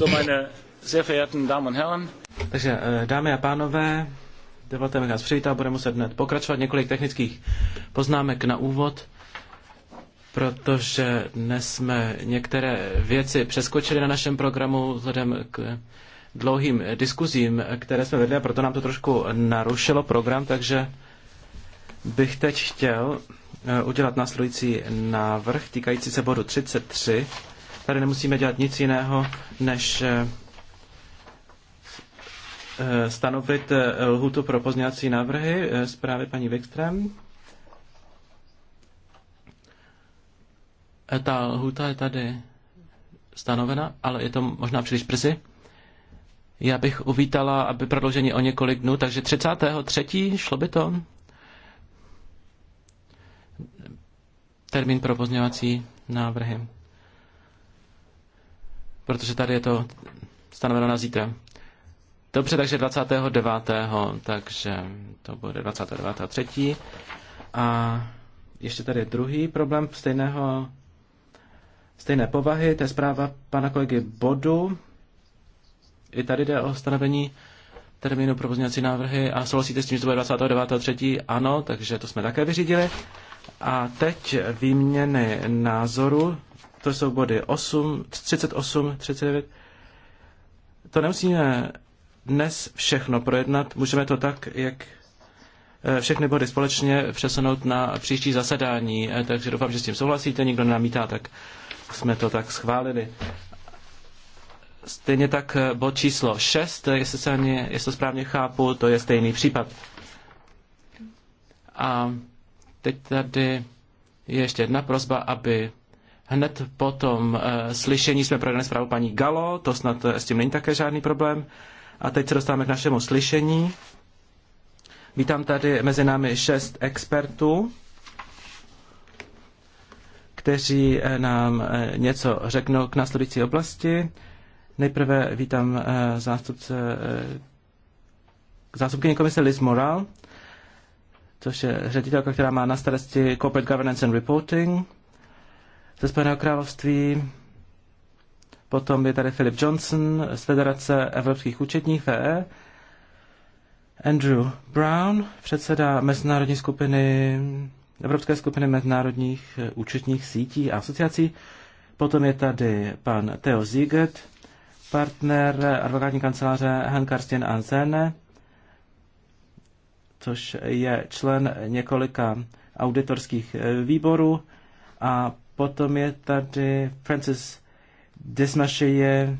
So, meine sehr verehrten Damen und Herren. Takže eh, dámy a pánové, debaté nás přivítá, budeme muset hned pokračovat několik technických poznámek na úvod, protože dnes jsme některé věci přeskočili na našem programu vzhledem k dlouhým diskuzím, které jsme vedli a proto nám to trošku narušilo program, takže bych teď chtěl eh, udělat následující návrh týkající se bodu 33 Tady nemusíme dělat nic jiného, než eh, eh, stanovit eh, lhutu pro pozněvací návrhy zprávy paní Wikström. Ta lhuta je tady stanovena, ale je to možná příliš brzy. Já bych uvítala, aby prodloužení o několik dnů, takže 33. šlo by to. Termín pro pozněvací návrhy protože tady je to stanoveno na zítra. Dobře, takže 29. Takže to bude 29. třetí. A ještě tady je druhý problém stejného, stejné povahy, to je zpráva pana kolegy Bodu. I tady jde o stanovení termínu pro pozměňovací návrhy a souhlasíte s tím, že to bude 29. třetí? Ano, takže to jsme také vyřídili. A teď výměny názoru to jsou body 8, 38, 39. To nemusíme dnes všechno projednat, můžeme to tak, jak eh, všechny body společně přesunout na příští zasedání, eh, takže doufám, že s tím souhlasíte, nikdo nenamítá, tak jsme to tak schválili. Stejně tak eh, bod číslo 6, jestli, se ani, jestli to správně chápu, to je stejný případ. A teď tady je ještě jedna prozba, aby Hned po tom eh, slyšení jsme projeli zprávu paní Galo, to snad eh, s tím není také žádný problém. A teď se dostáváme k našemu slyšení. Vítám tady mezi námi šest expertů, kteří eh, nám něco řeknou k následující oblasti. Nejprve vítám zástupce, zástupkyně komise Liz Moral, což je ředitelka, která má na starosti Corporate Governance and Reporting ze Spojeného království. Potom je tady Philip Johnson z Federace evropských účetních VE. Andrew Brown, předseda mezinárodní skupiny, Evropské skupiny mezinárodních eh, účetních sítí a asociací. Potom je tady pan Theo Ziegert, partner advokátní kanceláře Hankarstien Anzene, což je člen několika auditorských eh, výborů a Potom je tady Francis Desnacheje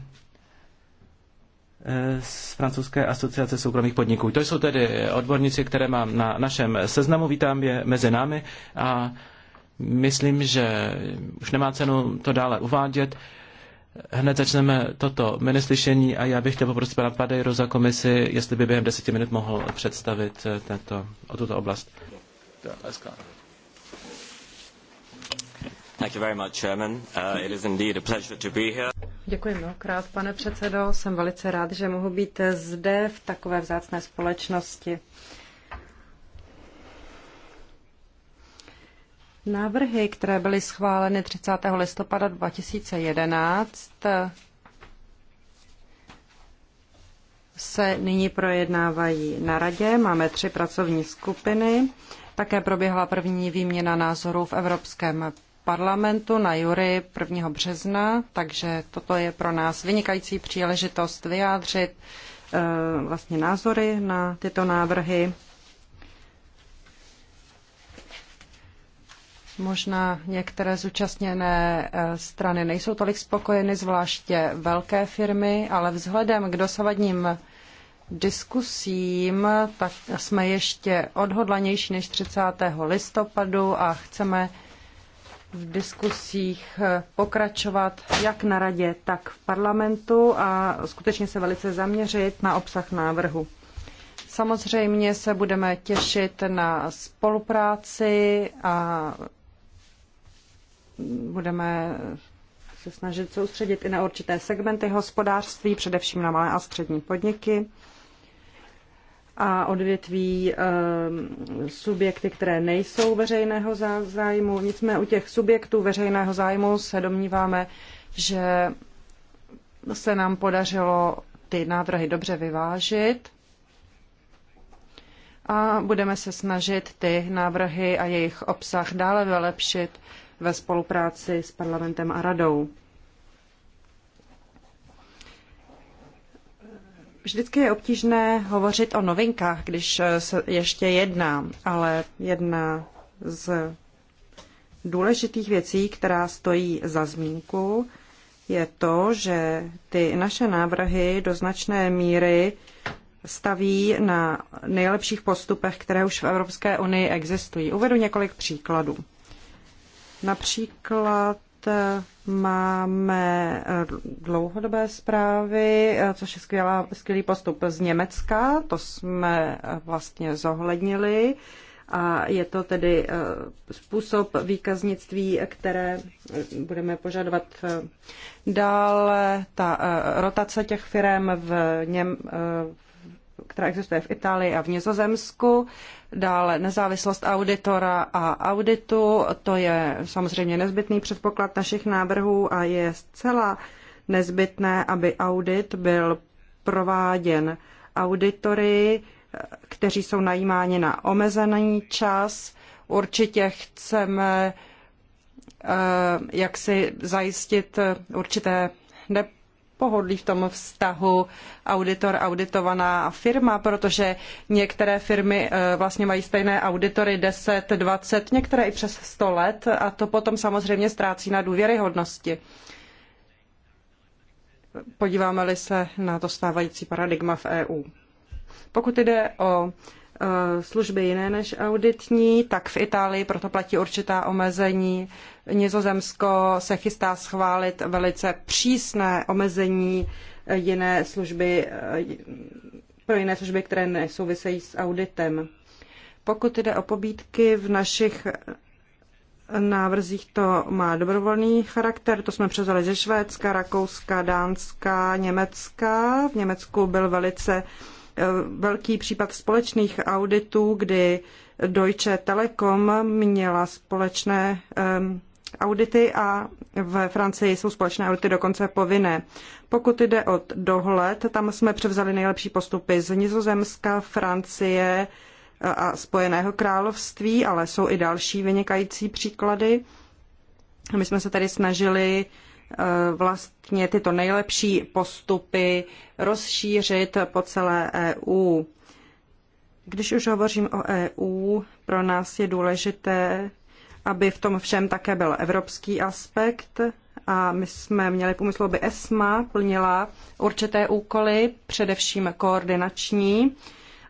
eh, z Francouzské asociace soukromých podniků. To jsou tedy odborníci, které mám na našem seznamu. Vítám je mezi námi a myslím, že už nemá cenu to dále uvádět. Hned začneme toto minislyšení a já bych chtěl poprosit pana Padejro za komisi, jestli by během deseti minut mohl představit eh, tento, o tuto oblast. Ja, Děkuji mnohokrát, pane předsedo. Jsem velice rád, že mohu být zde v takové vzácné společnosti. Návrhy, které byly schváleny 30. listopada 2011, se nyní projednávají na radě. Máme tři pracovní skupiny. Také proběhla první výměna názorů v Evropském parlamentu na jury 1. března, takže toto je pro nás vynikající příležitost vyjádřit eh, vlastně názory na tyto návrhy. Možná některé zúčastněné eh, strany nejsou tolik spokojeny, zvláště velké firmy, ale vzhledem k dosavadním diskusím, tak jsme ještě odhodlanější než 30. listopadu a chceme v diskusích eh, pokračovat jak na radě, tak v parlamentu a skutečně se velice zaměřit na obsah návrhu. Samozřejmě se budeme těšit na spolupráci a budeme se snažit soustředit i na určité segmenty hospodářství, především na malé a střední podniky a odvětví ehm, subjekty, které nejsou veřejného zájmu. Nicméně u těch subjektů veřejného zájmu se domníváme, že se nám podařilo ty návrhy dobře vyvážit a budeme se snažit ty návrhy a jejich obsah dále vylepšit ve spolupráci s parlamentem a radou. Vždycky je obtížné hovořit o novinkách, když se ještě jedná, ale jedna z důležitých věcí, která stojí za zmínku, je to, že ty naše návrhy do značné míry staví na nejlepších postupech, které už v Evropské unii existují. Uvedu několik příkladů. Například eh, Máme eh, dlouhodobé zprávy, eh, což je skvělá, skvělý postup z Německa, to jsme eh, vlastně zohlednili. A je to tedy způsob výkaznictví, které budeme požadovat dále. Ta rotace těch firm v, něm, která existuje v Itálii a v Nizozemsku. Dále nezávislost auditora a auditu, to je samozřejmě nezbytný předpoklad našich návrhů a je zcela nezbytné, aby audit byl prováděn auditory, kteří jsou najímáni na omezený čas. Určitě chceme eh, jak si zajistit určité pohodlí v tom vztahu auditor, auditovaná firma, protože některé firmy eh, vlastně mají stejné auditory 10, 20, některé i přes 100 let a to potom samozřejmě ztrácí na důvěryhodnosti. Podíváme-li se na to stávající paradigma v EU. Pokud jde o Eh, služby jiné než auditní, tak v Itálii proto platí určitá omezení. Nizozemsko se chystá schválit velice přísné omezení eh, jiné služby, eh, pro jiné služby, které nesouvisejí s auditem. Pokud jde o pobídky v našich návrzích to má dobrovolný charakter, to jsme převzali ze Švédska, Rakouska, Dánska, Německa. V Německu byl velice uh, velký případ společných auditů, kdy Deutsche Telekom měla společné audity a ve Francii jsou společné audity dokonce povinné. Pokud jde o dohled, tam jsme převzali nejlepší postupy z Nizozemska, Francie e, a Spojeného království, ale jsou i další vynikající příklady. My jsme se tady snažili uh, Eh, vlastně tyto nejlepší postupy rozšířit po celé EU. Když už hovořím o EU, pro nás je důležité, aby v tom všem také byl evropský aspekt a my jsme měli pomysl, aby ESMA plnila určité úkoly, především koordinační.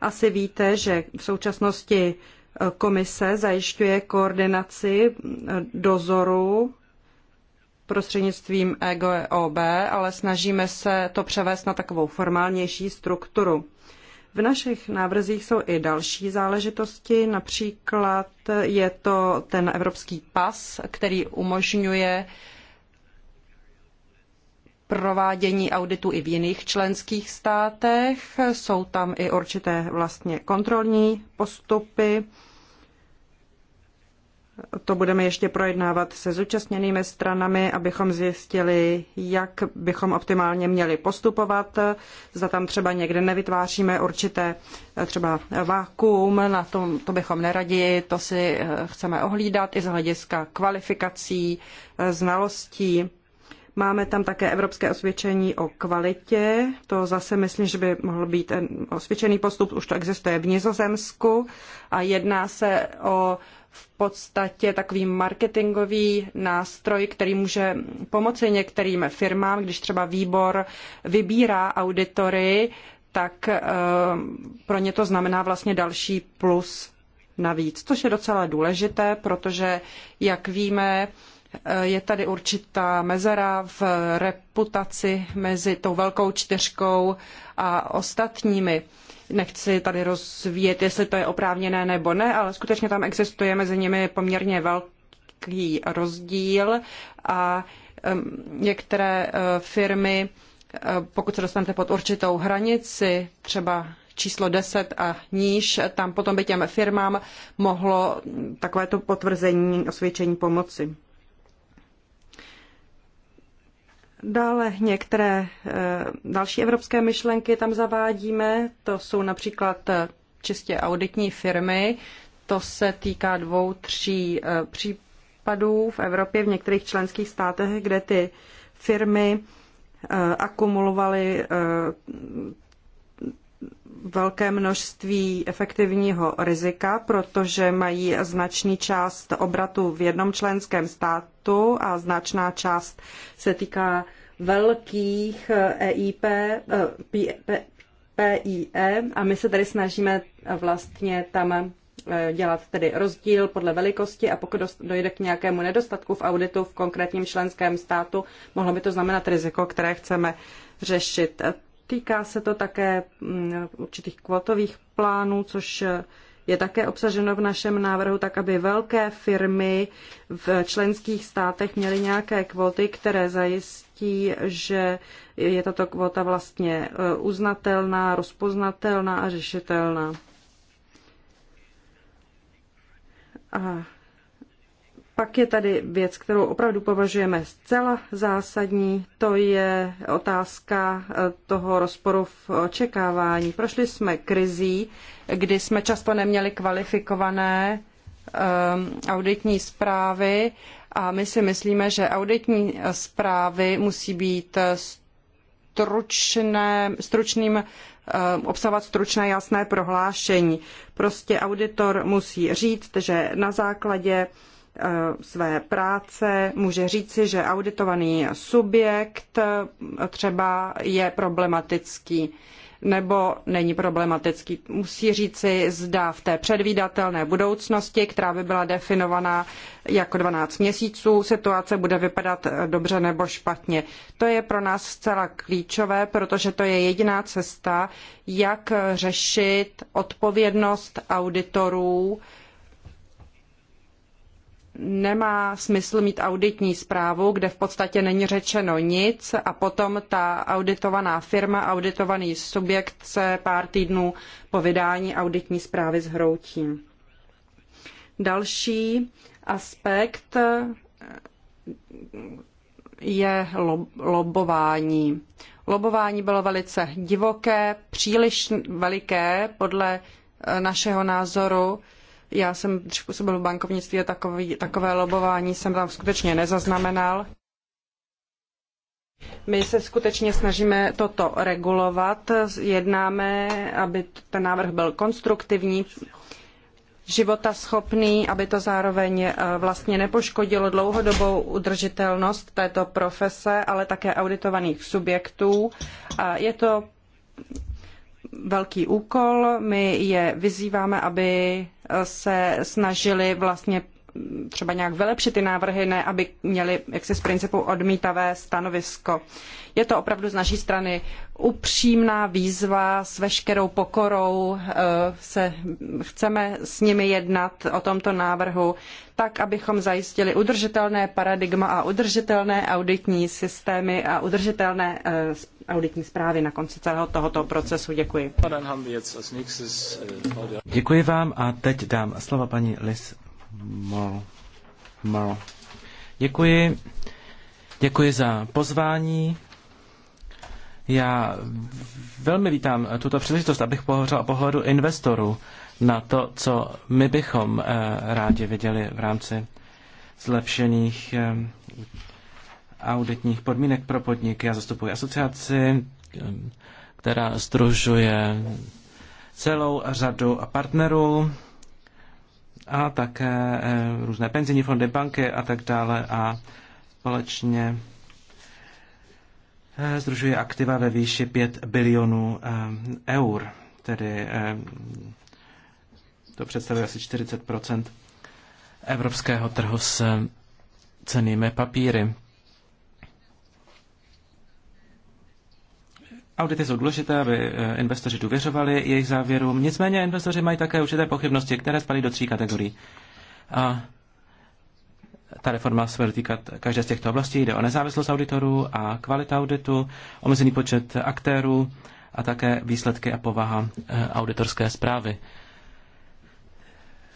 Asi víte, že v současnosti komise zajišťuje koordinaci dozoru prostřednictvím EGOB, ale snažíme se to převést na takovou formálnější strukturu. V našich návrzích jsou i další záležitosti, například je to ten evropský pas, který umožňuje provádění auditu i v jiných členských státech. Jsou tam i určité vlastně kontrolní postupy to budeme ještě projednávat se zúčastněnými stranami, abychom zjistili, jak bychom optimálně měli postupovat. Zda tam třeba někde nevytváříme určité eh, třeba vákuum, na tom to bychom neradi, to si eh, chceme ohlídat i z hlediska kvalifikací, eh, znalostí. Máme tam také evropské osvědčení o kvalitě. To zase myslím, že by mohl být osvědčený postup, už to existuje v Nizozemsku a jedná se o v podstatě takový marketingový nástroj, který může pomoci některým firmám, když třeba výbor vybírá auditory, tak eh, pro ně to znamená vlastně další plus navíc, což je docela důležité, protože, jak víme, eh, je tady určitá mezera v reputaci mezi tou velkou čtyřkou a ostatními. Nechci tady rozvíjet, jestli to je oprávněné nebo ne, ale skutečně tam existuje mezi nimi poměrně velký rozdíl a některé eh, firmy, eh, pokud se dostanete pod určitou hranici, třeba číslo 10 a níž, tam potom by těm firmám mohlo takovéto potvrzení osvědčení pomoci. Dále některé eh, další evropské myšlenky tam zavádíme. To jsou například eh, čistě auditní firmy. To se týká dvou, tří eh, případů v Evropě, v některých členských státech, kde ty firmy akumulovaly velké množství efektivního rizika, protože mají značný část obratu v jednom členském státu a značná část se týká velkých EIP, eh, e eh, PIE a my se tady snažíme vlastně tam eh, dělat tedy rozdíl podle velikosti a pokud dojde k nějakému nedostatku v auditu v konkrétním členském státu, mohlo by to znamenat riziko, které chceme řešit. Týká se to také mm, určitých kvotových plánů, což je také obsaženo v našem návrhu, tak aby velké firmy v členských státech měly nějaké kvoty, které zajistí, že je tato kvota vlastně eh, uznatelná, rozpoznatelná a řešitelná. A pak je tady věc, kterou opravdu považujeme zcela zásadní, to je otázka eh, toho rozporu v očekávání. Prošli jsme krizí, kdy jsme často neměli kvalifikované eh, auditní zprávy a my si myslíme, že auditní zprávy musí být eh, stručné, stručným obsahovat stručné jasné prohlášení. Prostě auditor musí říct, že na základě uh, Eh, své práce může říci, že auditovaný subjekt eh, třeba je problematický nebo není problematický. Musí říci, zda v té předvídatelné budoucnosti, která by byla definovaná jako 12 měsíců, situace bude vypadat eh, dobře nebo špatně. To je pro nás zcela klíčové, protože to je jediná cesta, jak řešit odpovědnost auditorů, nemá smysl mít auditní zprávu, kde v podstatě není řečeno nic a potom ta auditovaná firma, auditovaný subjekt se pár týdnů po vydání auditní zprávy zhroutí. Další aspekt eh, je lo- lobování. Lobování bylo velice divoké, příliš veliké podle eh, našeho názoru já jsem, dřív působil v bankovnictví a takový, takové lobování jsem tam skutečně nezaznamenal. My se skutečně snažíme toto regulovat, jednáme, aby ten návrh byl konstruktivní, života schopný, aby to zároveň eh, vlastně nepoškodilo dlouhodobou udržitelnost této profese, ale také auditovaných subjektů. A je to velký úkol. My je vyzýváme, aby se snažili vlastně třeba nějak vylepšit ty návrhy, ne aby měli jaksi z principu odmítavé stanovisko. Je to opravdu z naší strany upřímná výzva s veškerou pokorou. Eh, se, chceme s nimi jednat o tomto návrhu tak, abychom zajistili udržitelné paradigma a udržitelné auditní systémy a udržitelné eh, auditní zprávy na konci celého tohoto procesu. Děkuji. Děkuji vám a teď dám slova paní Lis mal, mal. Děkuji. Děkuji za pozvání. Já velmi vítám tuto příležitost, abych pohořel o pohledu investorů na to, co my bychom eh, rádi viděli v rámci zlepšených eh, auditních podmínek pro podniky. Já zastupuji asociaci, eh, která združuje celou řadu partnerů a také eh, různé penzijní fondy, banky a tak dále a společně eh, združuje aktiva ve výši 5 bilionů eh, eur, tedy to představuje asi 40 evropského trhu s cenými papíry. Audity jsou důležité, aby eh, investoři důvěřovali jejich závěrům. Nicméně investoři mají také určité pochybnosti, které spadají do tří kategorií. A ta reforma se bude týkat každé z těchto oblastí. Jde o nezávislost auditorů a kvalita auditu, omezený počet aktérů a také výsledky a povaha eh, auditorské zprávy.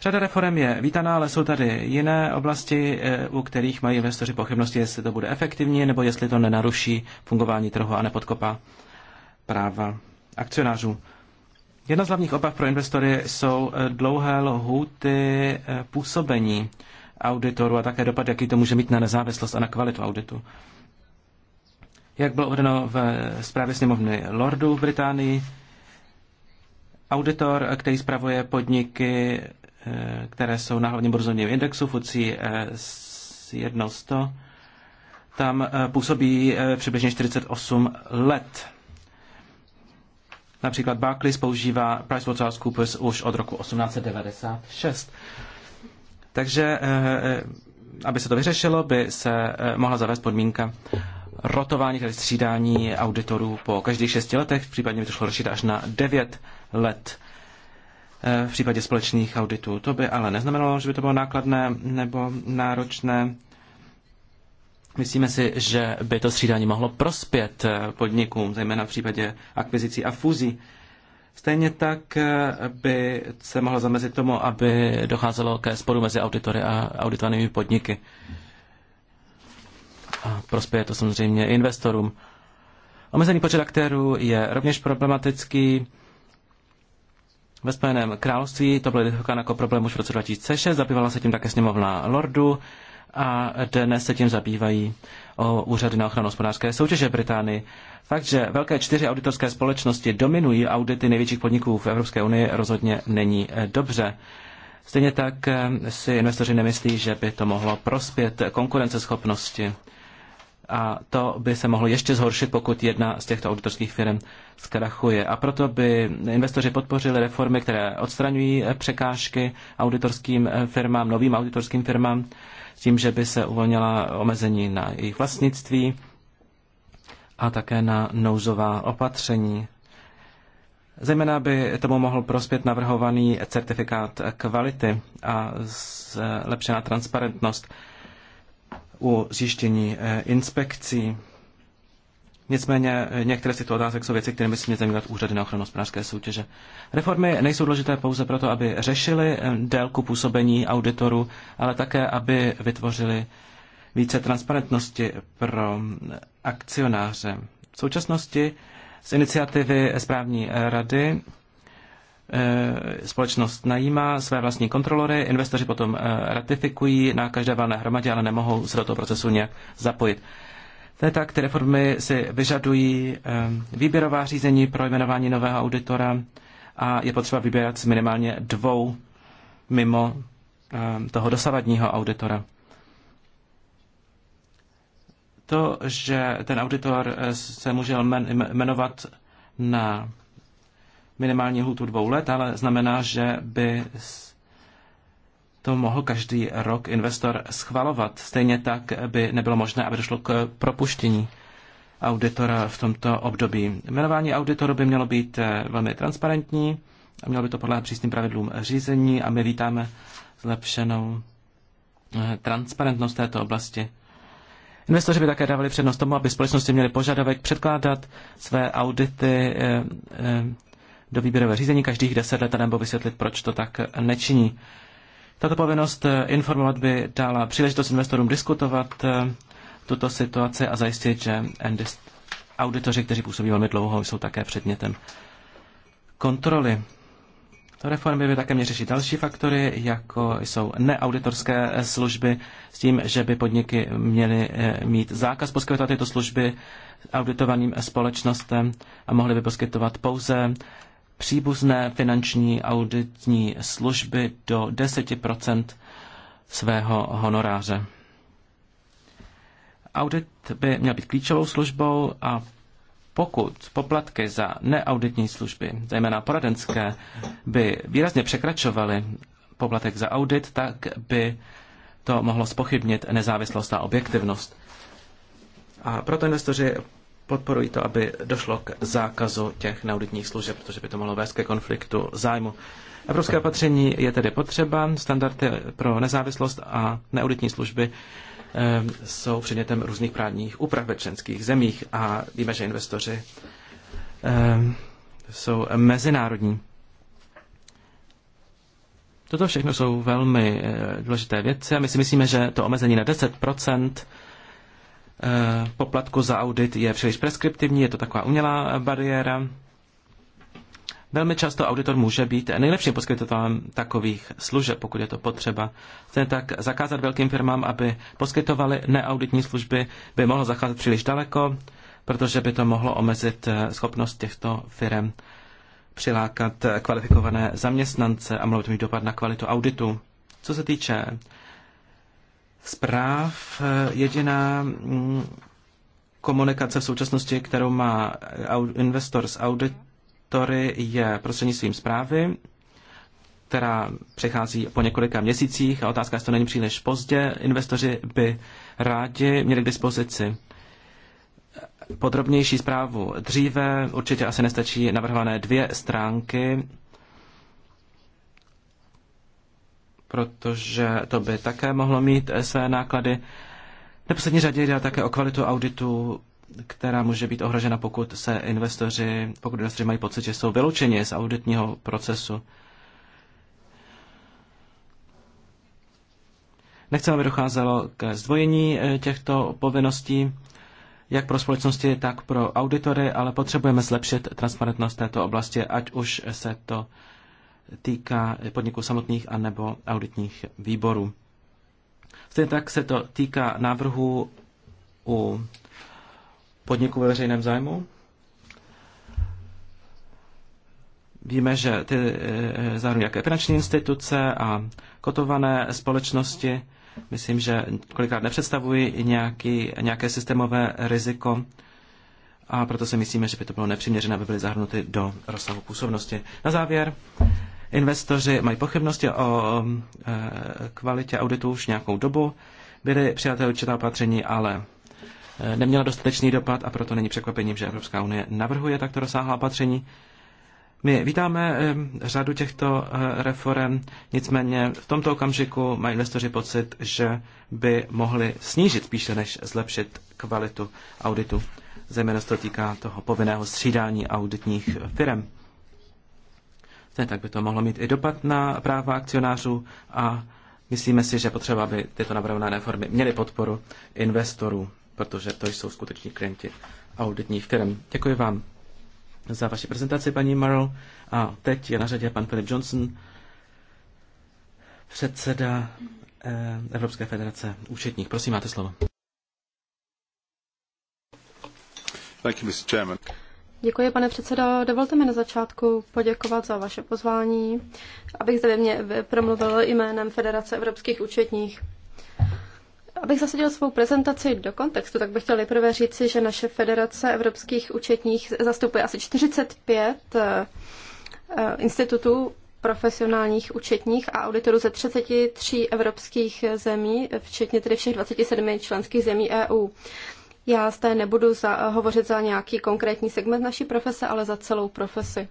Řada reform je vítaná, ale jsou tady jiné oblasti, eh, u kterých mají investoři pochybnosti, jestli to bude efektivní, nebo jestli to nenaruší fungování trhu a nepodkopá práva akcionářů. Jedna z hlavních obav pro investory jsou eh, dlouhé lhůty eh, působení auditoru a také dopad, jaký to může mít na nezávislost a na kvalitu auditu. Jak bylo uvedeno v eh, zprávě sněmovny Lordů v Británii, auditor, který zpravuje podniky, které jsou na hlavním burzovním indexu FUCI z 100, tam působí přibližně 48 let. Například Barclays používá PricewaterhouseCoopers už od roku 1896. Takže, eh, eh, aby se to vyřešilo, by se eh, mohla zavést podmínka rotování, tedy střídání auditorů po každých šesti letech, případně by to šlo rozšířit až na devět let v případě společných auditů. To by ale neznamenalo, že by to bylo nákladné nebo náročné. Myslíme si, že by to střídání mohlo prospět eh, podnikům, zejména v případě akvizicí a fúzí. Stejně tak eh, by se mohlo zamezit tomu, aby docházelo ke sporu mezi auditory a auditovanými podniky. A prospěje to samozřejmě investorům. Omezený počet aktérů je rovněž problematický. Ve Spojeném království to bylo identifikováno jako problém už v roce 2006, zabývala se tím také sněmovna Lordu a dnes se tím zabývají o úřady na ochranu hospodářské soutěže Británii. Fakt, že velké čtyři auditorské společnosti dominují audity největších podniků v Evropské unii, rozhodně není e, dobře. Stejně tak e, si investoři nemyslí, že by to mohlo prospět konkurenceschopnosti a to by se mohlo ještě zhoršit, pokud jedna z těchto auditorských firm zkrachuje. A proto by investoři podpořili reformy, které odstraňují překážky auditorským firmám, novým auditorským firmám, s tím, že by se uvolnila omezení na jejich vlastnictví a také na nouzová opatření. Zejména by tomu mohl prospět navrhovaný certifikát kvality a zlepšená transparentnost u zjištění eh, inspekcí. Nicméně eh, některé z těchto otázek jsou věci, které se mě zajímat úřady na ochranu hospodářské soutěže. Reformy nejsou důležité pouze proto, aby řešili eh, délku působení auditorů, ale také, aby vytvořili více transparentnosti pro akcionáře. V současnosti z iniciativy správní rady Eh, společnost najímá své vlastní kontrolory, investoři potom eh, ratifikují na každé valné hromadě, ale nemohou se do toho procesu nějak zapojit. To je tak, ty reformy si vyžadují eh, výběrová řízení pro jmenování nového auditora a je potřeba vybírat minimálně dvou mimo toho dosavadního auditora. To, že ten auditor se může jmenovat na minimální hlutu dvou let, ale znamená, že by to mohl každý rok investor schvalovat. Stejně tak by nebylo možné, aby došlo k propuštění auditora v tomto období. Jmenování auditoru by mělo být eh, velmi transparentní a mělo by to podléhat přísným pravidlům řízení a my vítáme zlepšenou eh, transparentnost této oblasti. Investoři by také dávali přednost tomu, aby společnosti měly požadavek předkládat své audity eh, do výběrového řízení každých deset let nebo vysvětlit, proč to tak nečiní. Tato povinnost eh, informovat by dala příležitost investorům diskutovat eh, tuto situaci a zajistit, že auditoři, kteří působí velmi dlouho, jsou také předmětem kontroly. To reformy by také mě řešit další faktory, jako jsou neauditorské služby, s tím, že by podniky měly eh, mít zákaz poskytovat tyto služby auditovaným společnostem a mohly by poskytovat pouze příbuzné finanční auditní služby do 10 svého honoráře. Audit by měl být klíčovou službou a pokud poplatky za neauditní služby, zejména poradenské, by výrazně překračovaly poplatek za audit, tak by to mohlo spochybnit nezávislost a objektivnost. A proto investoři podporují to, aby došlo k zákazu těch neauditních služeb, protože by to mohlo vést ke konfliktu zájmu. Evropské opatření je tedy potřeba, standardy pro nezávislost a neauditní služby ehm, jsou předmětem různých právních úprav ve členských zemích a víme, že investoři ehm, jsou mezinárodní. Toto všechno jsou velmi eh, důležité věci a my si myslíme, že to omezení na 10 Eh, poplatku za audit je příliš preskriptivní, je to taková umělá bariéra. Velmi často auditor může být nejlepším poskytovatelem takových služeb, pokud je to potřeba. Ten tak zakázat velkým firmám, aby poskytovali neauditní služby, by mohlo zacházet příliš daleko, protože by to mohlo omezit eh, schopnost těchto firm přilákat kvalifikované zaměstnance a mohlo by to mít dopad na kvalitu auditu. Co se týče zpráv. Jediná mm, komunikace v současnosti, kterou má investor s auditory, je prostřednictvím zprávy, která přechází po několika měsících a otázka, jestli to není příliš pozdě. Investoři by rádi měli k dispozici podrobnější zprávu dříve. Určitě asi nestačí navrhované dvě stránky protože to by také mohlo mít eh, své náklady. V neposlední řadě jde také o kvalitu auditu, která může být ohrožena, pokud se investoři, pokud investoři mají pocit, že jsou vyloučeni z auditního procesu. Nechceme, aby docházelo ke zdvojení eh, těchto povinností, jak pro společnosti, tak pro auditory, ale potřebujeme zlepšit transparentnost této oblasti, ať už se to týká podniků samotných anebo auditních výborů. Stejně tak se to týká návrhu u podniku ve veřejném zájmu. Víme, že ty eh, zahrnují jaké finanční instituce a kotované společnosti. Myslím, že kolikrát nepředstavují nějaký, nějaké systémové riziko a proto si myslíme, že by to bylo nepřiměřené, aby byly zahrnuty do rozsahu působnosti. Na závěr Investoři mají pochybnosti o um, eh, kvalitě auditu už nějakou dobu. Byly přijaté určitá opatření, ale eh, neměla dostatečný dopad a proto není překvapením, že Evropská unie navrhuje takto rozsáhlá opatření. My vítáme řadu těchto eh, reform, nicméně v tomto okamžiku mají investoři pocit, že by mohli snížit spíše než zlepšit kvalitu auditu. Zejména se to týká toho povinného střídání auditních firm ne, tak by to mohlo mít i dopad na práva akcionářů a myslíme si, že potřeba, aby tyto navrhované formy měly podporu investorů, protože to jsou skuteční klienti auditních firm. Děkuji vám za vaši prezentaci, paní Merrill. A teď je na řadě pan Philip Johnson, předseda eh, Evropské federace účetních. Prosím, máte slovo. Thank you, Mr. Chairman. Děkuji, pane předsedo. Dovolte mi na začátku poděkovat za vaše pozvání, abych zde mě promluvil jménem Federace evropských účetních. Abych zasadil svou prezentaci do kontextu, tak bych chtěl nejprve říci, že naše Federace evropských účetních zastupuje asi 45 eh, eh, institutů profesionálních účetních a auditorů ze 33 evropských zemí, včetně tedy všech 27 členských zemí EU. Já zde nebudu za, hovořit za nějaký konkrétní segment naší profese, ale za celou profesi.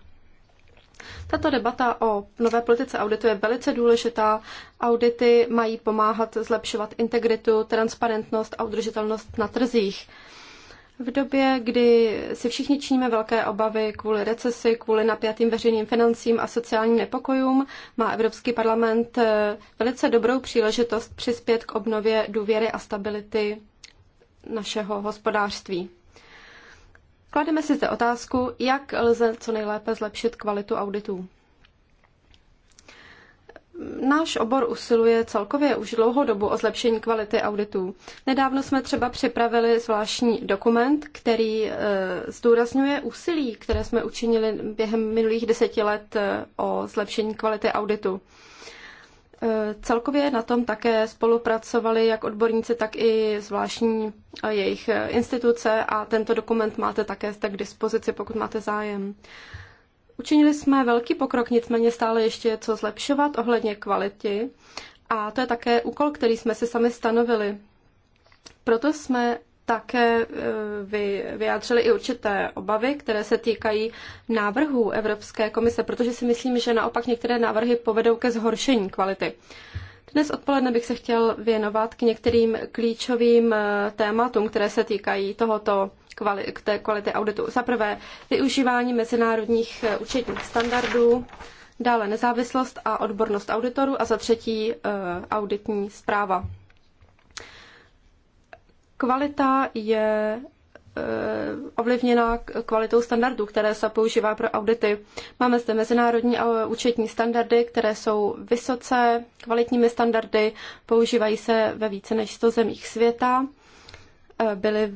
Tato debata o nové politice auditu je velice důležitá. Audity mají pomáhat zlepšovat integritu, transparentnost a udržitelnost na trzích. V době, kdy si všichni činíme velké obavy kvůli recesi, kvůli napjatým veřejným financím a sociálním nepokojům, má Evropský parlament eh, velice dobrou příležitost přispět k obnově důvěry a stability našeho hospodářství. Klademe si zde otázku, jak lze co nejlépe zlepšit kvalitu auditů. Náš obor usiluje celkově už dlouhou dobu o zlepšení kvality auditů. Nedávno jsme třeba připravili zvláštní dokument, který e, zdůrazňuje úsilí, které jsme učinili během minulých deseti let eh, o zlepšení kvality auditu. Celkově na tom také spolupracovali jak odborníci, tak i zvláštní eh, jejich eh, instituce a tento dokument máte také zde k dispozici, pokud máte zájem. Učinili jsme velký pokrok, nicméně stále ještě je co zlepšovat ohledně kvality a to je také úkol, který jsme si sami stanovili. Proto jsme také e, vyjádřili i určité obavy, které se týkají návrhů Evropské komise, protože si myslím, že naopak některé návrhy povedou ke zhoršení kvality. Dnes odpoledne bych se chtěl věnovat k některým klíčovým e, tématům, které se týkají tohoto kvali- té kvality auditu. Za prvé využívání mezinárodních e, účetních standardů, dále nezávislost a odbornost auditorů a za třetí auditní zpráva. Kvalita je eh, ovlivněna kvalitou standardů, které se používá pro audity. Máme zde mezinárodní a eh, účetní standardy, které jsou vysoce kvalitními standardy, používají se ve více než 100 zemích světa, eh, byly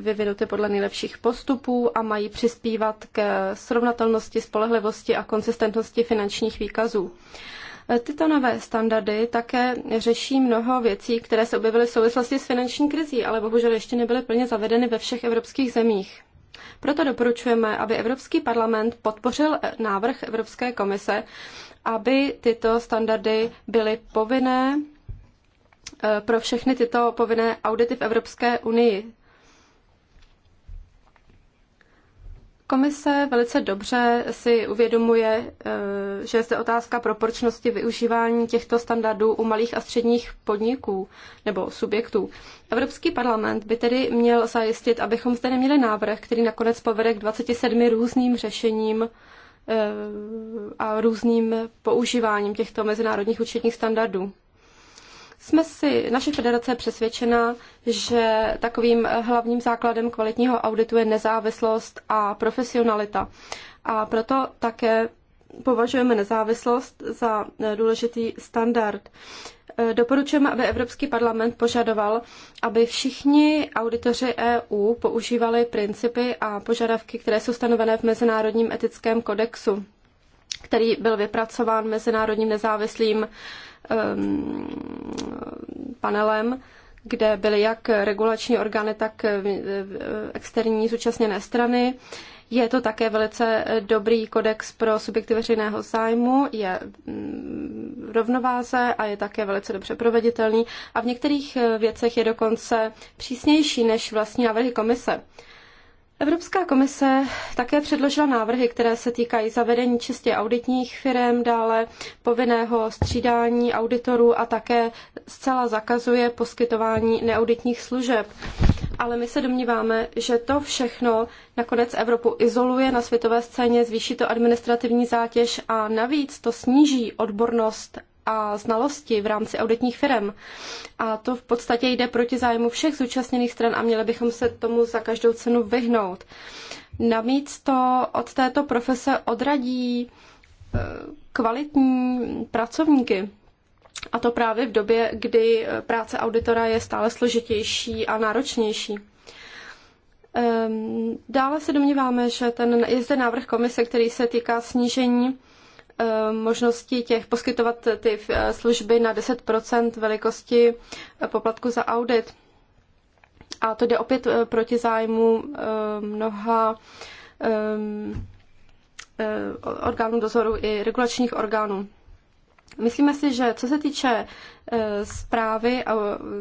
vyvinuty podle nejlepších postupů a mají přispívat k srovnatelnosti, spolehlivosti a konsistentnosti finančních výkazů. Tyto nové standardy také řeší mnoho věcí, které se objevily v souvislosti s finanční krizí, ale bohužel ještě nebyly plně zavedeny ve všech evropských zemích. Proto doporučujeme, aby Evropský parlament podpořil návrh Evropské komise, aby tyto standardy byly povinné eh, pro všechny tyto povinné audity v Evropské unii. Komise velice dobře si uvědomuje, eh, že je zde otázka proporčnosti využívání těchto standardů u malých a středních podniků nebo subjektů. Evropský parlament by tedy měl zajistit, abychom zde neměli návrh, který nakonec povede k 27 různým řešením eh, a různým používáním těchto mezinárodních účetních standardů jsme si, naše federace je přesvědčena, že takovým hlavním základem kvalitního auditu je nezávislost a profesionalita. A proto také považujeme nezávislost za eh, důležitý standard. Eh, doporučujeme, aby Evropský parlament požadoval, aby všichni auditoři EU používali principy a požadavky, které jsou stanovené v Mezinárodním etickém kodexu, který byl vypracován Mezinárodním nezávislým Ehm, panelem, kde byly jak regulační orgány, tak eh, eh, externí zúčastněné strany. Je to také velice dobrý kodex pro subjekty veřejného zájmu, je v mm, rovnováze a je také velice dobře proveditelný a v některých eh, věcech je dokonce přísnější než vlastní návrhy komise. Evropská komise také předložila návrhy, které se týkají zavedení čistě auditních firm, dále povinného střídání auditorů a také zcela zakazuje poskytování neauditních služeb. Ale my se domníváme, že to všechno nakonec Evropu izoluje na světové scéně, zvýší to administrativní zátěž a navíc to sníží odbornost a znalosti v rámci auditních firm. A to v podstatě jde proti zájmu všech zúčastněných stran a měli bychom se tomu za každou cenu vyhnout. Navíc to od této profese odradí eh, kvalitní pracovníky. A to právě v době, kdy eh, práce auditora je stále složitější a náročnější. Ehm, dále se domníváme, že ten, je zde návrh komise, který se týká snížení Eh, možnosti těch poskytovat ty eh, služby na 10 velikosti eh, poplatku za audit. A to jde opět proti zájmu mnoha orgánů dozoru i regulačních orgánů. Myslíme si, že co se týče zprávy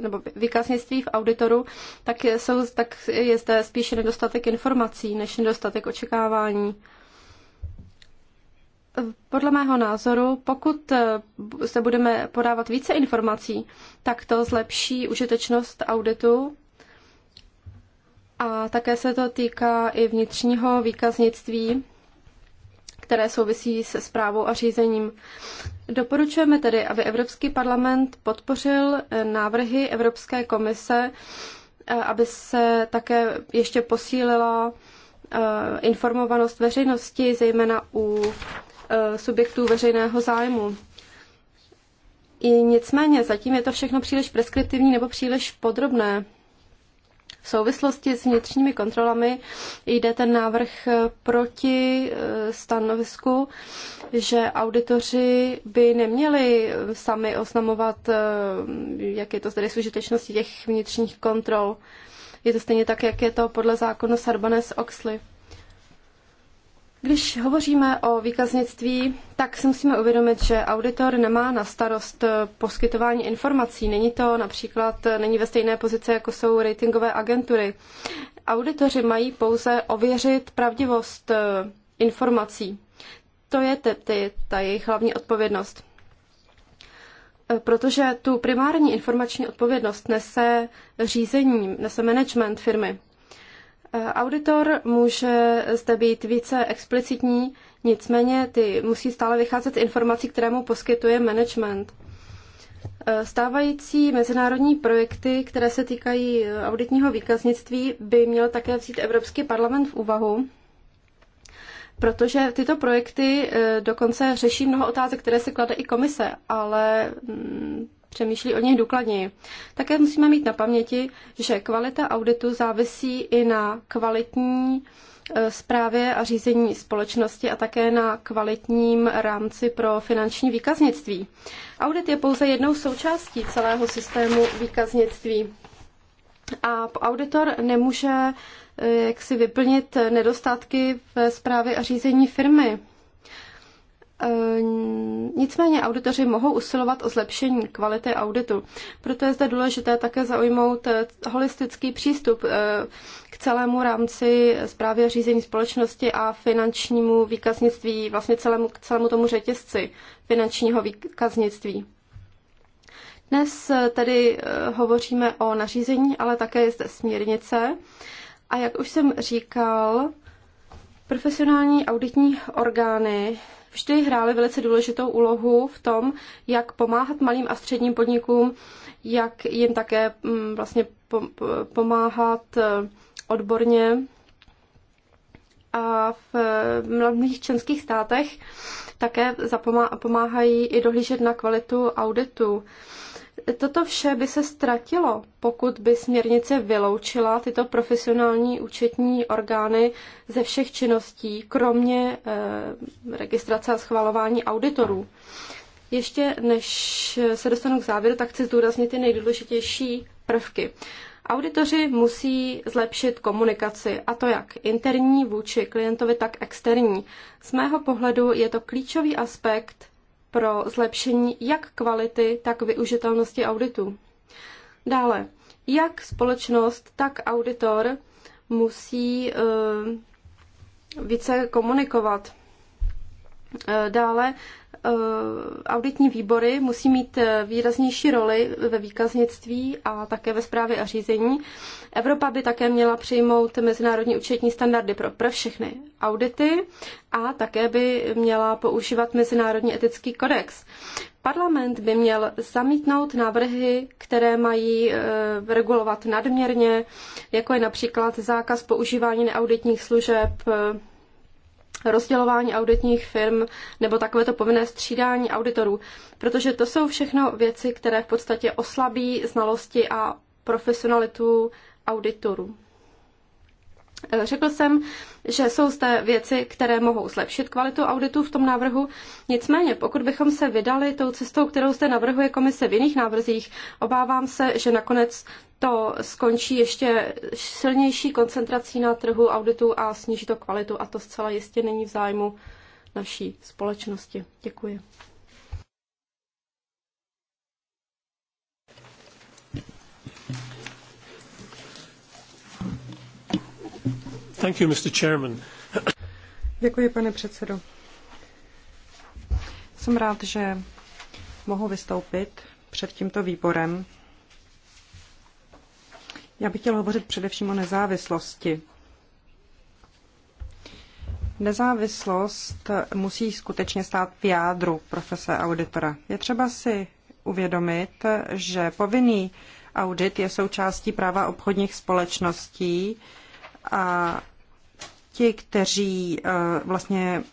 nebo výkaznictví v auditoru, tak, jsou, tak je zde spíše nedostatek informací než nedostatek očekávání. Podle mého názoru, pokud eh, se budeme podávat více informací, tak to zlepší užitečnost auditu a také se to týká i vnitřního výkaznictví, které souvisí se zprávou a řízením. Doporučujeme tedy, aby Evropský parlament podpořil eh, návrhy Evropské komise, eh, aby se také ještě posílila informovanost veřejnosti, zejména u Eh, subjektů veřejného zájmu. I nicméně zatím je to všechno příliš preskriptivní nebo příliš podrobné. V souvislosti s vnitřními kontrolami jde ten návrh eh, proti eh, stanovisku, že auditoři by neměli sami oznamovat, jak je to tedy s užitečností těch vnitřních kontrol. Je to stejně tak, jak je to podle zákonu Sarbanes-Oxley. Když hovoříme o výkaznictví, tak si musíme uvědomit, že auditor nemá na starost eh, poskytování informací. Není to například, eh, není ve stejné pozici, jako jsou ratingové agentury. Auditoři mají pouze ověřit pravdivost eh, informací. To je te, ta jejich hlavní odpovědnost. Protože tu primární informační odpovědnost nese řízení, nese management firmy. Auditor může zde být více explicitní, nicméně ty musí stále vycházet z informací, které mu poskytuje management. Stávající mezinárodní projekty, které se týkají auditního výkaznictví, by měl také vzít Evropský parlament v úvahu, protože tyto projekty eh, dokonce řeší mnoho otázek, které se klade i komise, ale mm, přemýšlí o nich důkladněji. Také musíme mít na paměti, že kvalita auditu závisí i na kvalitní zprávě e, a řízení společnosti a také na kvalitním rámci pro finanční výkaznictví. Audit je pouze jednou součástí celého systému výkaznictví. A auditor nemůže e, jak si vyplnit nedostatky ve zprávě a řízení firmy. Ehm, nicméně auditoři mohou usilovat o zlepšení kvality auditu. Proto je zde důležité také zaujmout eh, holistický přístup eh, k celému rámci zprávy a řízení společnosti a finančnímu výkaznictví, vlastně celému, k celému tomu řetězci finančního výkaznictví. Dnes eh, tedy hovoříme o nařízení, ale také je zde směrnice. A jak už jsem říkal, profesionální auditní orgány vždy hrály velice důležitou úlohu v tom, jak pomáhat malým a středním podnikům, jak jim také mm, vlastně pomáhat eh, odborně. A v eh, mnohých členských státech také zapomáhají i dohlížet na kvalitu auditu toto vše by se ztratilo, pokud by směrnice vyloučila tyto profesionální účetní orgány ze všech činností, kromě eh, registrace a schvalování auditorů. Ještě než se dostanu k závěru, tak chci zdůraznit ty nejdůležitější prvky. Auditoři musí zlepšit komunikaci, a to jak interní vůči klientovi, tak externí. Z mého pohledu je to klíčový aspekt pro zlepšení jak kvality, tak využitelnosti auditu. Dále, jak společnost, tak auditor musí eh, více komunikovat. Eh, dále eh, auditní výbory musí mít eh, výraznější roli ve výkaznictví a také ve správě a řízení. Evropa by také měla přijmout mezinárodní účetní standardy pro, pro všechny audity a také by měla používat mezinárodní etický kodex. Parlament by měl zamítnout návrhy, které mají regulovat nadměrně, jako je například zákaz používání neauditních služeb rozdělování auditních firm nebo takovéto povinné střídání auditorů, protože to jsou všechno věci, které v podstatě oslabí znalosti a profesionalitu auditorů. Eh, řekl jsem, že jsou zde věci, které mohou zlepšit kvalitu auditu v tom návrhu. Nicméně, pokud bychom se vydali tou cestou, kterou zde navrhuje komise v jiných návrzích, obávám se, že nakonec to skončí ještě silnější koncentrací na trhu auditu a sníží to kvalitu a to zcela jistě není v zájmu naší společnosti. Děkuji. Thank you, Mr. Chairman. Děkuji, pane předsedo. Jsem rád, že mohu vystoupit před tímto výborem já bych chtěla hovořit především o nezávislosti. Nezávislost musí skutečně stát v jádru profese auditora. Je třeba si uvědomit, že povinný audit je součástí práva obchodních společností a ti, kteří eh, vlastně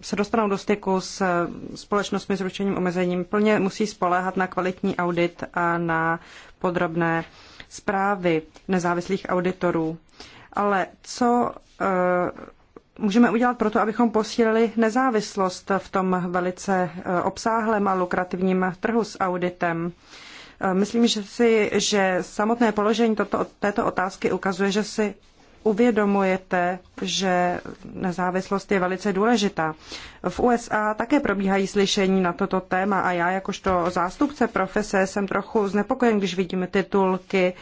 se dostanou do styku s eh, společnostmi s ručením omezením, plně musí spoléhat na kvalitní audit a na podrobné zprávy nezávislých auditorů. Ale co eh, můžeme udělat pro to, abychom posílili nezávislost v tom velice eh, obsáhlém a lukrativním trhu s auditem? Eh, myslím že si, že samotné položení toto, této otázky ukazuje, že si uvědomujete, že nezávislost je velice důležitá. V USA také probíhají slyšení na toto téma a já jakožto zástupce profese jsem trochu znepokojen, když vidím titulky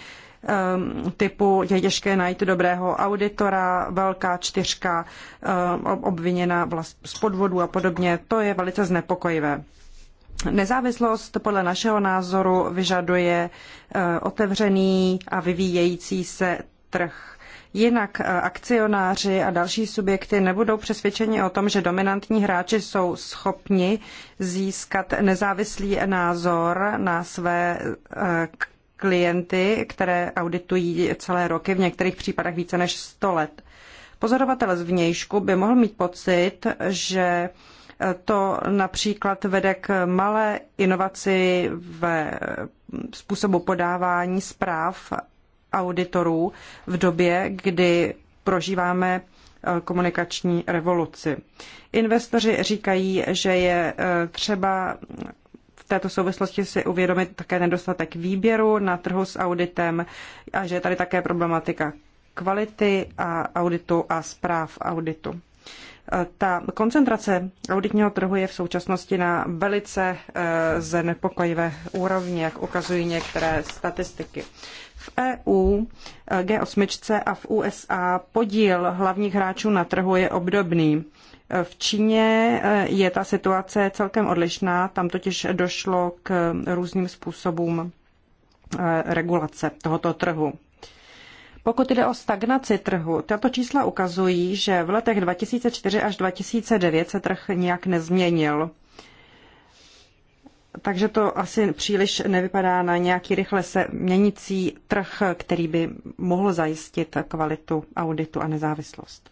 ehm, typu je těžké najít dobrého auditora, velká čtyřka ehm, obviněna z podvodu a podobně. To je velice znepokojivé. Nezávislost podle našeho názoru vyžaduje eh, otevřený a vyvíjející se trh Jinak eh, akcionáři a další subjekty nebudou přesvědčeni o tom, že dominantní hráči jsou schopni získat nezávislý názor na své eh, klienty, které auditují celé roky, v některých případech více než 100 let. Pozorovatel z vnějšku by mohl mít pocit, že eh, to například vede k malé inovaci ve hm, způsobu podávání zpráv auditorů v době, kdy prožíváme eh, komunikační revoluci. Investoři říkají, že je eh, třeba v této souvislosti si uvědomit také nedostatek výběru na trhu s auditem a že je tady také problematika kvality a auditu a zpráv auditu. Eh, ta koncentrace auditního trhu je v současnosti na velice znepokojivé úrovni, jak ukazují některé statistiky. V EU, eh, G8 a v USA podíl hlavních hráčů na trhu je obdobný. Eh, v Číně eh, je ta situace celkem odlišná, tam totiž došlo k různým způsobům regulace tohoto trhu. Pokud jde o stagnaci trhu, tato čísla ukazují, že v letech 2004 až 2009 se trh nijak nezměnil takže to asi příliš nevypadá na nějaký rychle se měnící trh, který by mohl zajistit kvalitu auditu a nezávislost.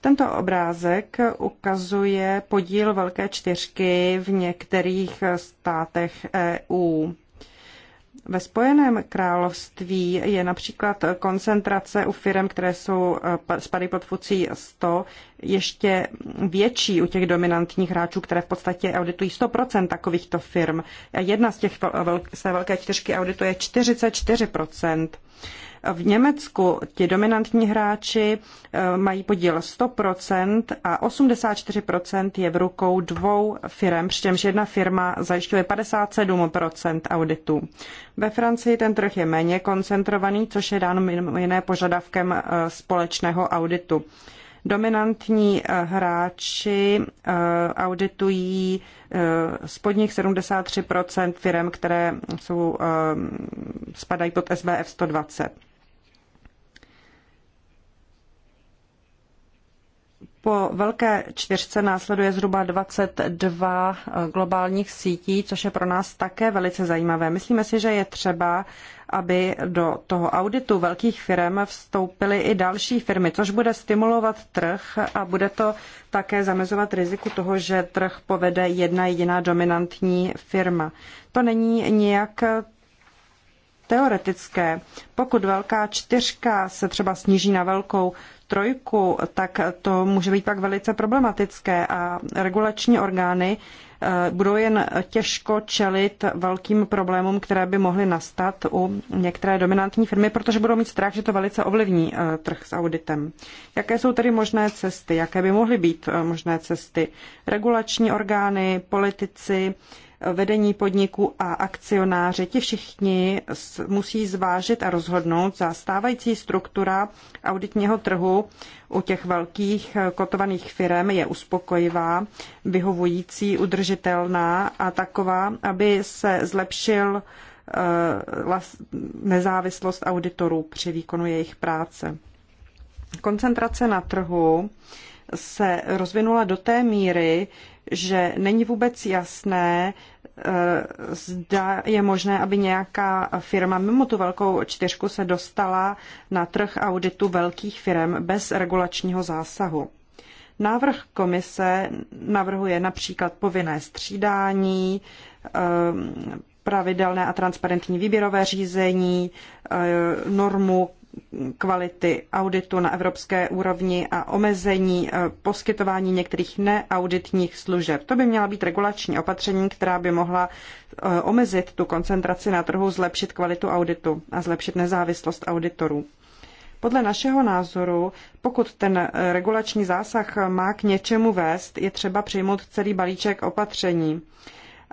Tento obrázek ukazuje podíl Velké čtyřky v některých státech EU. Ve Spojeném království je například koncentrace u firm, které jsou eh, spadají pod fucí 100, ještě větší u těch dominantních hráčů, které v podstatě auditují 100% takovýchto firm. Jedna z těch z té velké čtyřky audituje 44%. V Německu ti dominantní hráči eh, mají podíl 100% a 84% je v rukou dvou firm, přičemž jedna firma zajišťuje 57% auditů. Ve Francii ten trh je méně koncentrovaný, což je dáno mimo jiné požadavkem eh, společného auditu dominantní eh, hráči auditují spodních 73 firm, které jsou, spadají pod SBF 120. Po velké čtyřce následuje zhruba 22 eh, globálních sítí, což je pro nás také velice zajímavé. Myslíme si, že je třeba, aby do toho auditu velkých firm vstoupily i další firmy, což bude stimulovat trh a bude to také zamezovat riziku toho, že trh povede jedna jediná dominantní firma. To není nijak teoretické. Pokud velká čtyřka se třeba sníží na velkou trojku, tak to může být pak velice problematické a regulační orgány eh, budou jen těžko čelit velkým problémům, které by mohly nastat u některé dominantní firmy, protože budou mít strach, že to velice ovlivní eh, trh s auditem. Jaké jsou tedy možné cesty? Jaké by mohly být eh, možné cesty? Regulační orgány, politici, vedení podniku a akcionáři, ti všichni musí zvážit a rozhodnout za stávající struktura auditního trhu u těch velkých eh, kotovaných firm je uspokojivá, vyhovující, udržitelná a taková, aby se zlepšil eh, nezávislost auditorů při výkonu jejich práce. Koncentrace na trhu se rozvinula do té míry, že není vůbec jasné, Eh, zda je možné, aby nějaká firma mimo tu velkou čtyřku se dostala na trh auditu velkých firm bez regulačního zásahu. Návrh komise navrhuje například povinné střídání, eh, pravidelné a transparentní výběrové řízení, eh, normu kvality auditu na evropské úrovni a omezení eh, poskytování některých neauditních služeb. To by měla být regulační opatření, která by mohla eh, omezit tu koncentraci na trhu, zlepšit kvalitu auditu a zlepšit nezávislost auditorů. Podle našeho názoru, pokud ten eh, regulační zásah má k něčemu vést, je třeba přijmout celý balíček opatření.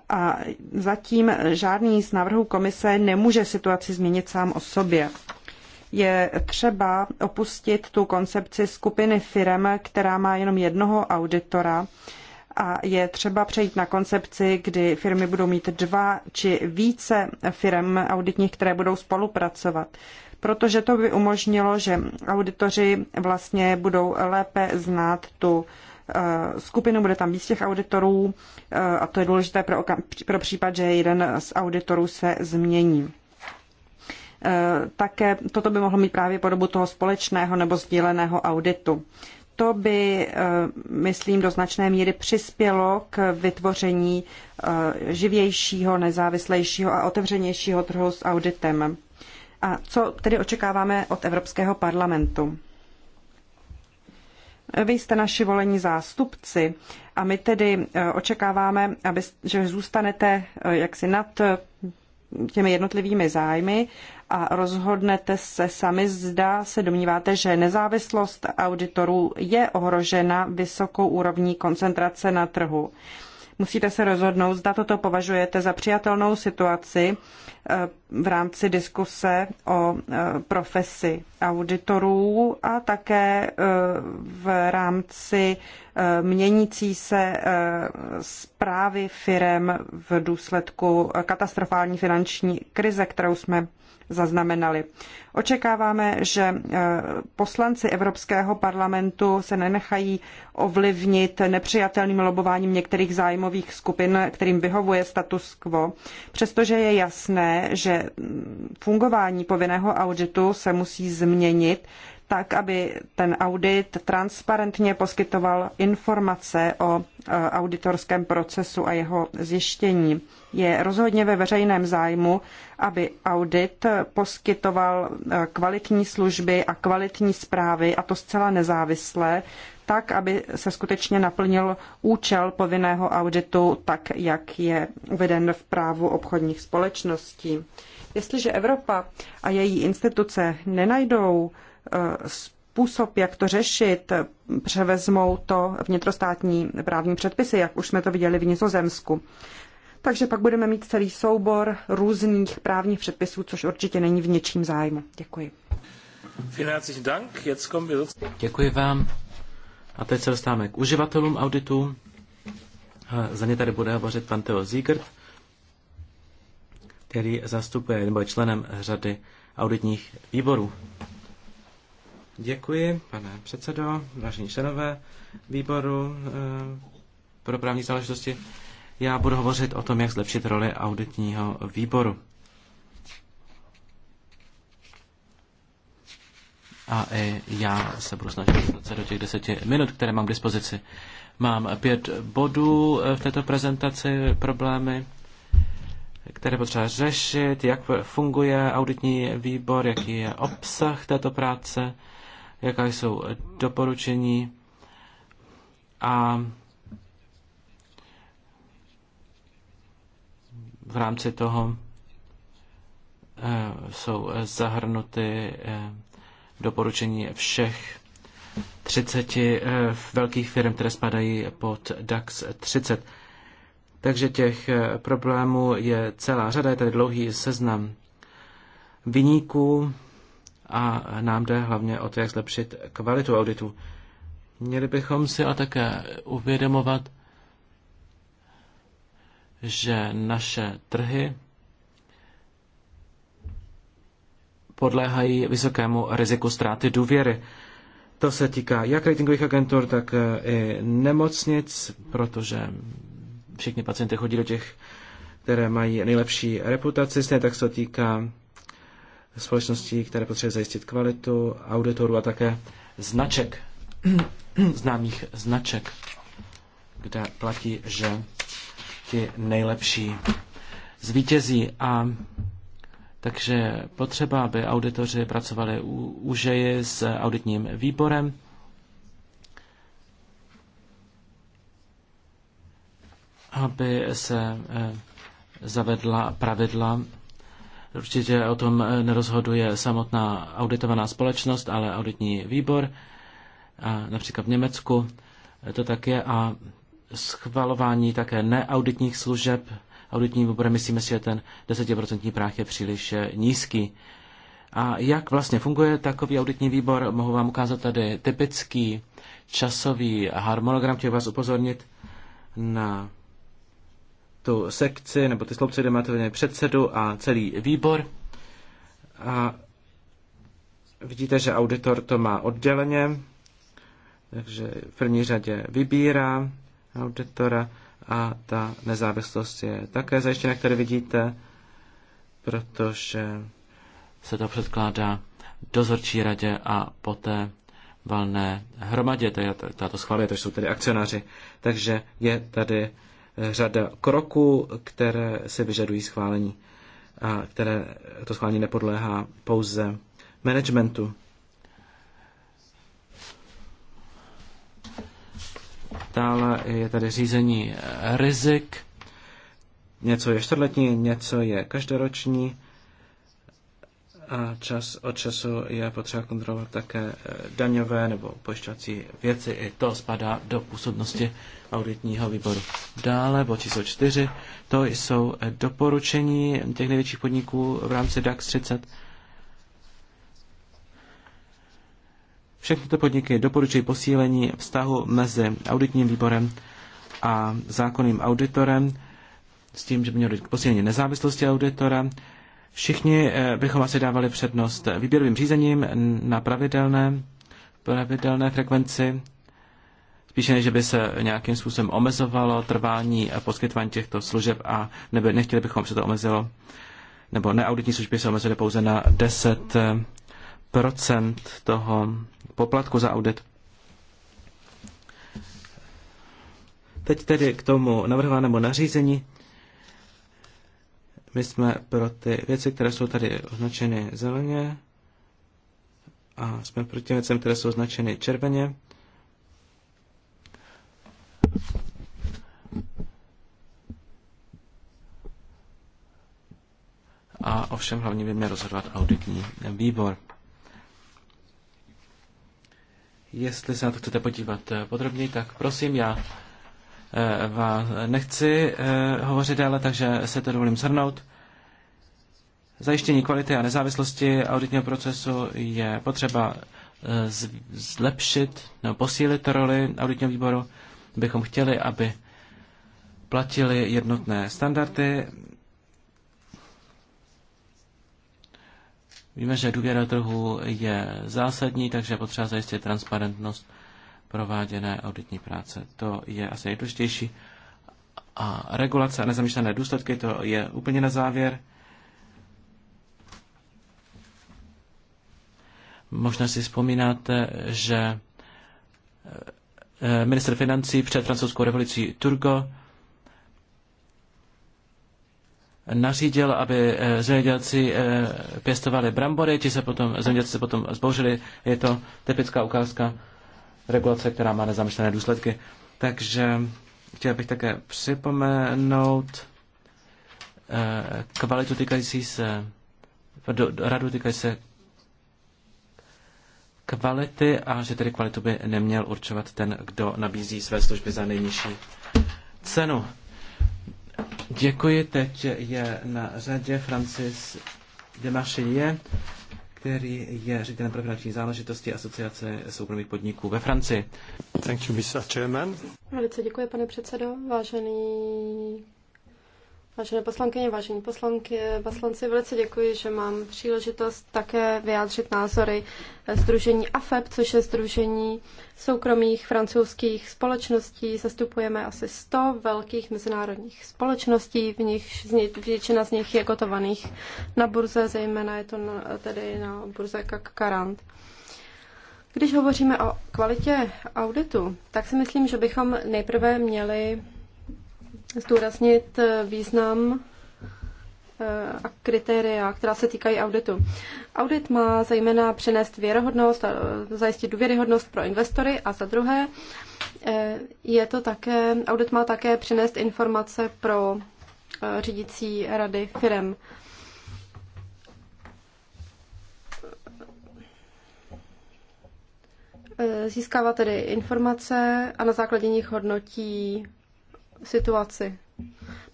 A zatím žádný z návrhů komise nemůže situaci změnit sám o sobě je třeba opustit tu koncepci skupiny firm, která má jenom jednoho auditora a je třeba přejít na koncepci, kdy firmy budou mít dva či více firm auditních, které budou spolupracovat protože to by umožnilo, že auditoři vlastně budou lépe znát tu eh, skupinu, bude tam víc těch auditorů eh, a to je důležité pro, pro případ, že jeden z auditorů se změní. Eh, také toto by mohlo mít právě podobu toho společného nebo sdíleného auditu. To by, eh, myslím, do značné míry přispělo k vytvoření eh, živějšího, nezávislejšího a otevřenějšího trhu s auditem. A co tedy očekáváme od Evropského parlamentu? Vy jste naši volení zástupci a my tedy očekáváme, aby, že zůstanete jaksi nad těmi jednotlivými zájmy a rozhodnete se sami, zda se domníváte, že nezávislost auditorů je ohrožena vysokou úrovní koncentrace na trhu. Musíte se rozhodnout, zda toto považujete za přijatelnou situaci eh, v rámci diskuse o eh, profesi auditorů a také eh, v rámci měnící se zprávy firem v důsledku katastrofální finanční krize, kterou jsme zaznamenali. Očekáváme, že eh, poslanci Evropského parlamentu se nenechají ovlivnit nepřijatelným lobováním některých zájmových skupin, kterým vyhovuje status quo, přestože je jasné, že mm, fungování povinného auditu se musí změnit tak, aby ten audit transparentně poskytoval informace o e, auditorském procesu a jeho zjištění. Je rozhodně ve veřejném zájmu, aby audit poskytoval e, kvalitní služby a kvalitní zprávy, a to zcela nezávislé, tak, aby se skutečně naplnil účel povinného auditu, tak jak je uveden v právu obchodních společností. Jestliže Evropa a její instituce nenajdou způsob, jak to řešit, převezmou to vnitrostátní právní předpisy, jak už jsme to viděli v Nizozemsku. Takže pak budeme mít celý soubor různých právních předpisů, což určitě není v něčím zájmu. Děkuji. Děkuji vám. A teď se dostáváme k uživatelům auditu. Za ně tady bude hovořit pan Theo Ziegert, který zastupuje nebo je členem řady auditních výborů. Děkuji, pane předsedo, vážení členové výboru eh, pro právní záležitosti. Já budu hovořit o tom, jak zlepšit roli auditního výboru. A i já se budu snažit se do těch deseti minut, které mám k dispozici. Mám pět bodů eh, v této prezentaci, problémy, které potřeba řešit, jak funguje auditní výbor, jaký je obsah této práce, jaká jsou doporučení a v rámci toho eh, jsou zahrnuty eh, doporučení všech 30 eh, velkých firm, které spadají pod DAX 30. Takže těch problémů je celá řada, je tady dlouhý seznam vyníků a nám jde hlavně o to, jak zlepšit kvalitu auditu. Měli bychom si a také uvědomovat, že naše trhy podléhají vysokému riziku ztráty důvěry. To se týká jak ratingových agentur, tak eh, i nemocnic, protože všichni pacienty chodí do těch, které mají nejlepší reputaci, stejně tak se to týká společností, které potřebují zajistit kvalitu, auditorů a také značek, známých značek, kde platí, že ti nejlepší zvítězí. A takže potřeba, aby auditoři pracovali úžeji s auditním výborem. aby se eh, zavedla pravidla Určitě o tom eh, nerozhoduje samotná auditovaná společnost, ale auditní výbor, a například v Německu eh, to tak je, a schvalování také neauditních služeb auditní výbor, myslíme si, že ten 10% práh je příliš eh, nízký. A jak vlastně funguje takový auditní výbor? Mohu vám ukázat tady typický časový harmonogram, chtěl vás upozornit na tu sekci, nebo ty sloupce, kde máte předsedu a celý výbor. A vidíte, že auditor to má odděleně, takže v první řadě vybírá auditora a ta nezávislost je také zajištěna, které vidíte, protože se to předkládá dozorčí radě a poté valné hromadě, tato schvaluje, to jsou tedy akcionáři. Takže je tady řada kroků, které se vyžadují schválení a které to schválení nepodléhá pouze managementu. Dále je tady řízení rizik. Něco je čtvrtletní, něco je každoroční a čas od času je potřeba kontrolovat také eh, daňové nebo pojišťovací věci. I to spadá do působnosti auditního výboru. Dále, bod číslo čtyři, to jsou eh, doporučení těch největších podniků v rámci DAX 30. Všechny ty podniky doporučují posílení vztahu mezi auditním výborem a zákonným auditorem s tím, že by mělo dojít k posílení nezávislosti auditora, Všichni eh, bychom asi dávali přednost výběrovým řízením na pravidelné, pravidelné frekvenci, spíše než by se nějakým způsobem omezovalo trvání a eh, poskytování těchto služeb a neby, nechtěli bychom, se to omezilo, nebo neauditní služby se omezily pouze na 10 eh, toho poplatku za audit. Teď tedy k tomu navrhovanému nařízení. My jsme pro ty věci, které jsou tady označeny zeleně a jsme ty věcem, které jsou označeny červeně. A ovšem hlavně by měl rozhodovat auditní výbor. Jestli se na to chcete podívat podrobněji, tak prosím, já Eh, vás nechci eh, hovořit déle, takže se to dovolím shrnout. Zajištění kvality a nezávislosti auditního procesu je potřeba eh, zlepšit nebo posílit roli auditního výboru. Bychom chtěli, aby platili jednotné standardy. Víme, že důvěra trhu je zásadní, takže potřeba zajistit transparentnost prováděné auditní práce. To je asi nejdůležitější. A regulace a nezamýšlené důsledky, to je úplně na závěr. Možná si vzpomínáte, že eh, eh, minister financí před francouzskou revolucí Turgo nařídil, aby eh, zemědělci pěstovali brambory, ti se potom, zemědělci se potom zbouřili. Je to typická ukázka regulace, která má nezamýšlené důsledky. Takže chtěl bych také připomenout eh, kvalitu týkající se, radu týkající se kvality a že tedy kvalitu by neměl určovat ten, kdo nabízí své služby za nejnižší cenu. Děkuji, teď je na řadě Francis de Demarchelier který je ředitelem pro finanční záležitosti Asociace soukromých podniků ve Francii. Thank you, Mr. Chairman. Velice děkuji, pane předsedo. Vážený Vážené poslankyně, vážení poslanky, poslanci, velice děkuji, že mám příležitost také vyjádřit názory Združení eh, AFEP, což je Združení soukromých francouzských společností. Zastupujeme asi 100 velkých mezinárodních společností, v nich, většina z nich je kotovaných na burze, zejména je to na, tedy na burze CAC 40. Když hovoříme o kvalitě auditu, tak si myslím, že bychom nejprve měli zdůraznit eh, význam eh, a kritéria, která se týkají auditu. Audit má zejména přinést věrohodnost, a eh, zajistit důvěryhodnost pro investory a za druhé je to také, audit má také přinést informace pro řídící rady firm. Získává tedy informace a na základě nich hodnotí situaci.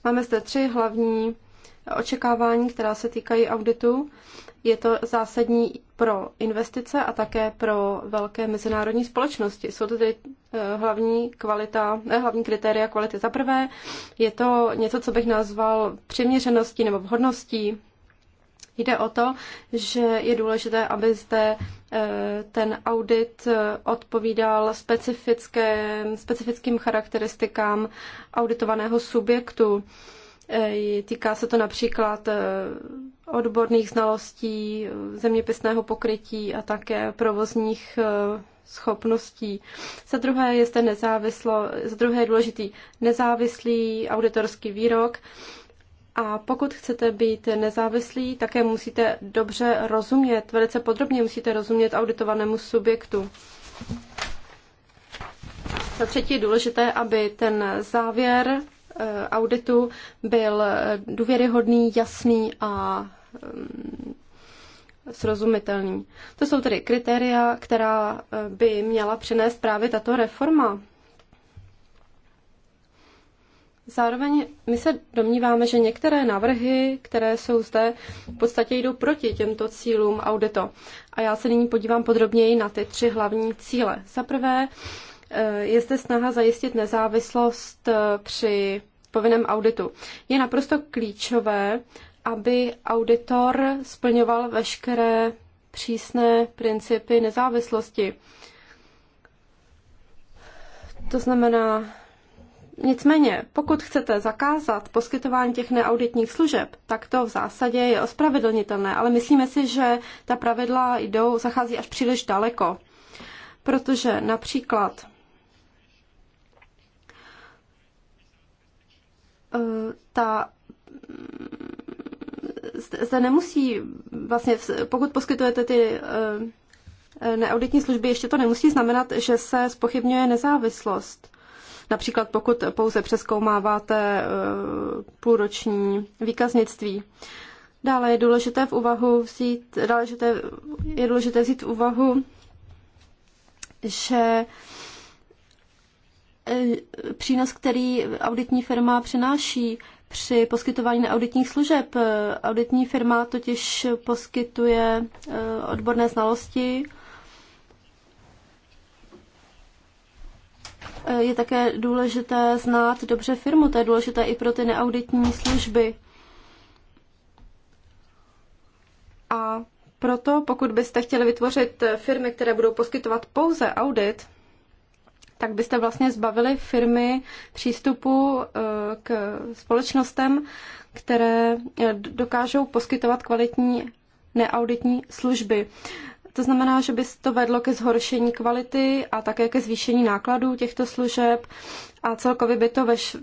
Máme zde tři hlavní očekávání, která se týkají auditu. Je to zásadní pro investice a také pro velké mezinárodní společnosti. Jsou to tedy eh, hlavní, kvalita, ne, eh, hlavní kritéria kvality. Za prvé je to něco, co bych nazval přiměřeností nebo vhodností Jde o to, že je důležité, aby zde eh, ten audit eh, odpovídal specifické, specifickým charakteristikám auditovaného subjektu. Eh, týká se to například odborných znalostí, zeměpisného pokrytí a také provozních schopností. Za druhé je zde nezávislo, za druhé je důležitý nezávislý auditorský výrok a pokud chcete být nezávislí, také musíte dobře rozumět, velice podrobně musíte rozumět auditovanému subjektu. Za třetí je důležité, aby ten závěr eh, auditu byl eh, důvěryhodný, jasný a ehm, srozumitelný. To jsou tedy kritéria, která eh, by měla přinést právě tato reforma Zároveň my se domníváme, že některé návrhy, které jsou zde, v podstatě jdou proti těmto cílům audito. A já se nyní podívám podrobněji na ty tři hlavní cíle. Za prvé eh, je zde snaha zajistit nezávislost eh, při povinném auditu. Je naprosto klíčové, aby auditor splňoval veškeré přísné principy nezávislosti. To znamená, Nicméně, pokud chcete zakázat poskytování těch neauditních služeb, tak to v zásadě je ospravedlnitelné, ale myslíme si, že ta pravidla jdou, zachází až příliš daleko. Protože například eh, ta mm, zde nemusí, vlastně, pokud poskytujete ty eh, neauditní služby, ještě to nemusí znamenat, že se spochybňuje nezávislost. Například pokud pouze přeskoumáváte eh, půlroční výkaznictví. Dále je důležité v úvahu vzít, dále je důležité vzít v úvahu, že eh, přínos, který auditní firma přináší při poskytování neauditních služeb. Eh, auditní firma totiž poskytuje odborné znalosti Je také důležité znát dobře firmu, to je důležité i pro ty neauditní služby. A proto, pokud byste chtěli vytvořit firmy, které budou poskytovat pouze audit, tak byste vlastně zbavili firmy přístupu eh, k společnostem, které eh, dokážou poskytovat kvalitní neauditní služby. To znamená, že by to vedlo ke zhoršení kvality a také ke zvýšení nákladů těchto služeb a celkově by to, veš,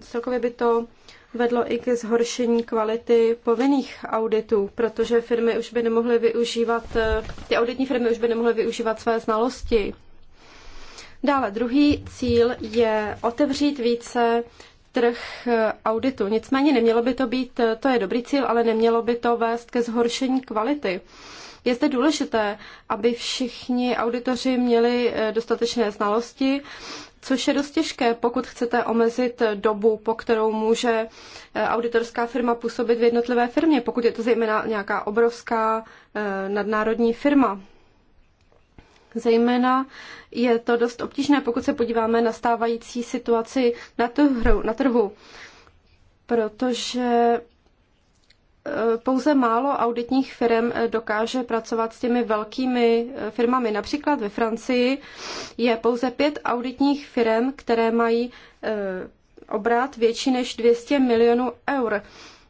celkově by to vedlo i ke zhoršení kvality povinných auditů, protože firmy už by nemohly využívat, ty auditní firmy už by nemohly využívat své znalosti. Dále druhý cíl je otevřít více trh auditu. Nicméně nemělo by to být, to je dobrý cíl, ale nemělo by to vést ke zhoršení kvality. Je zde důležité, aby všichni auditoři měli eh, dostatečné znalosti, což je dost těžké, pokud chcete omezit dobu, po kterou může eh, auditorská firma působit v jednotlivé firmě, pokud je to zejména nějaká obrovská eh, nadnárodní firma. Zejména je to dost obtížné, pokud se podíváme na stávající situaci na trhu, na trhu protože pouze málo auditních firm dokáže pracovat s těmi velkými eh, firmami. Například ve Francii je pouze pět auditních firm, které mají eh, obrat větší než 200 milionů eur.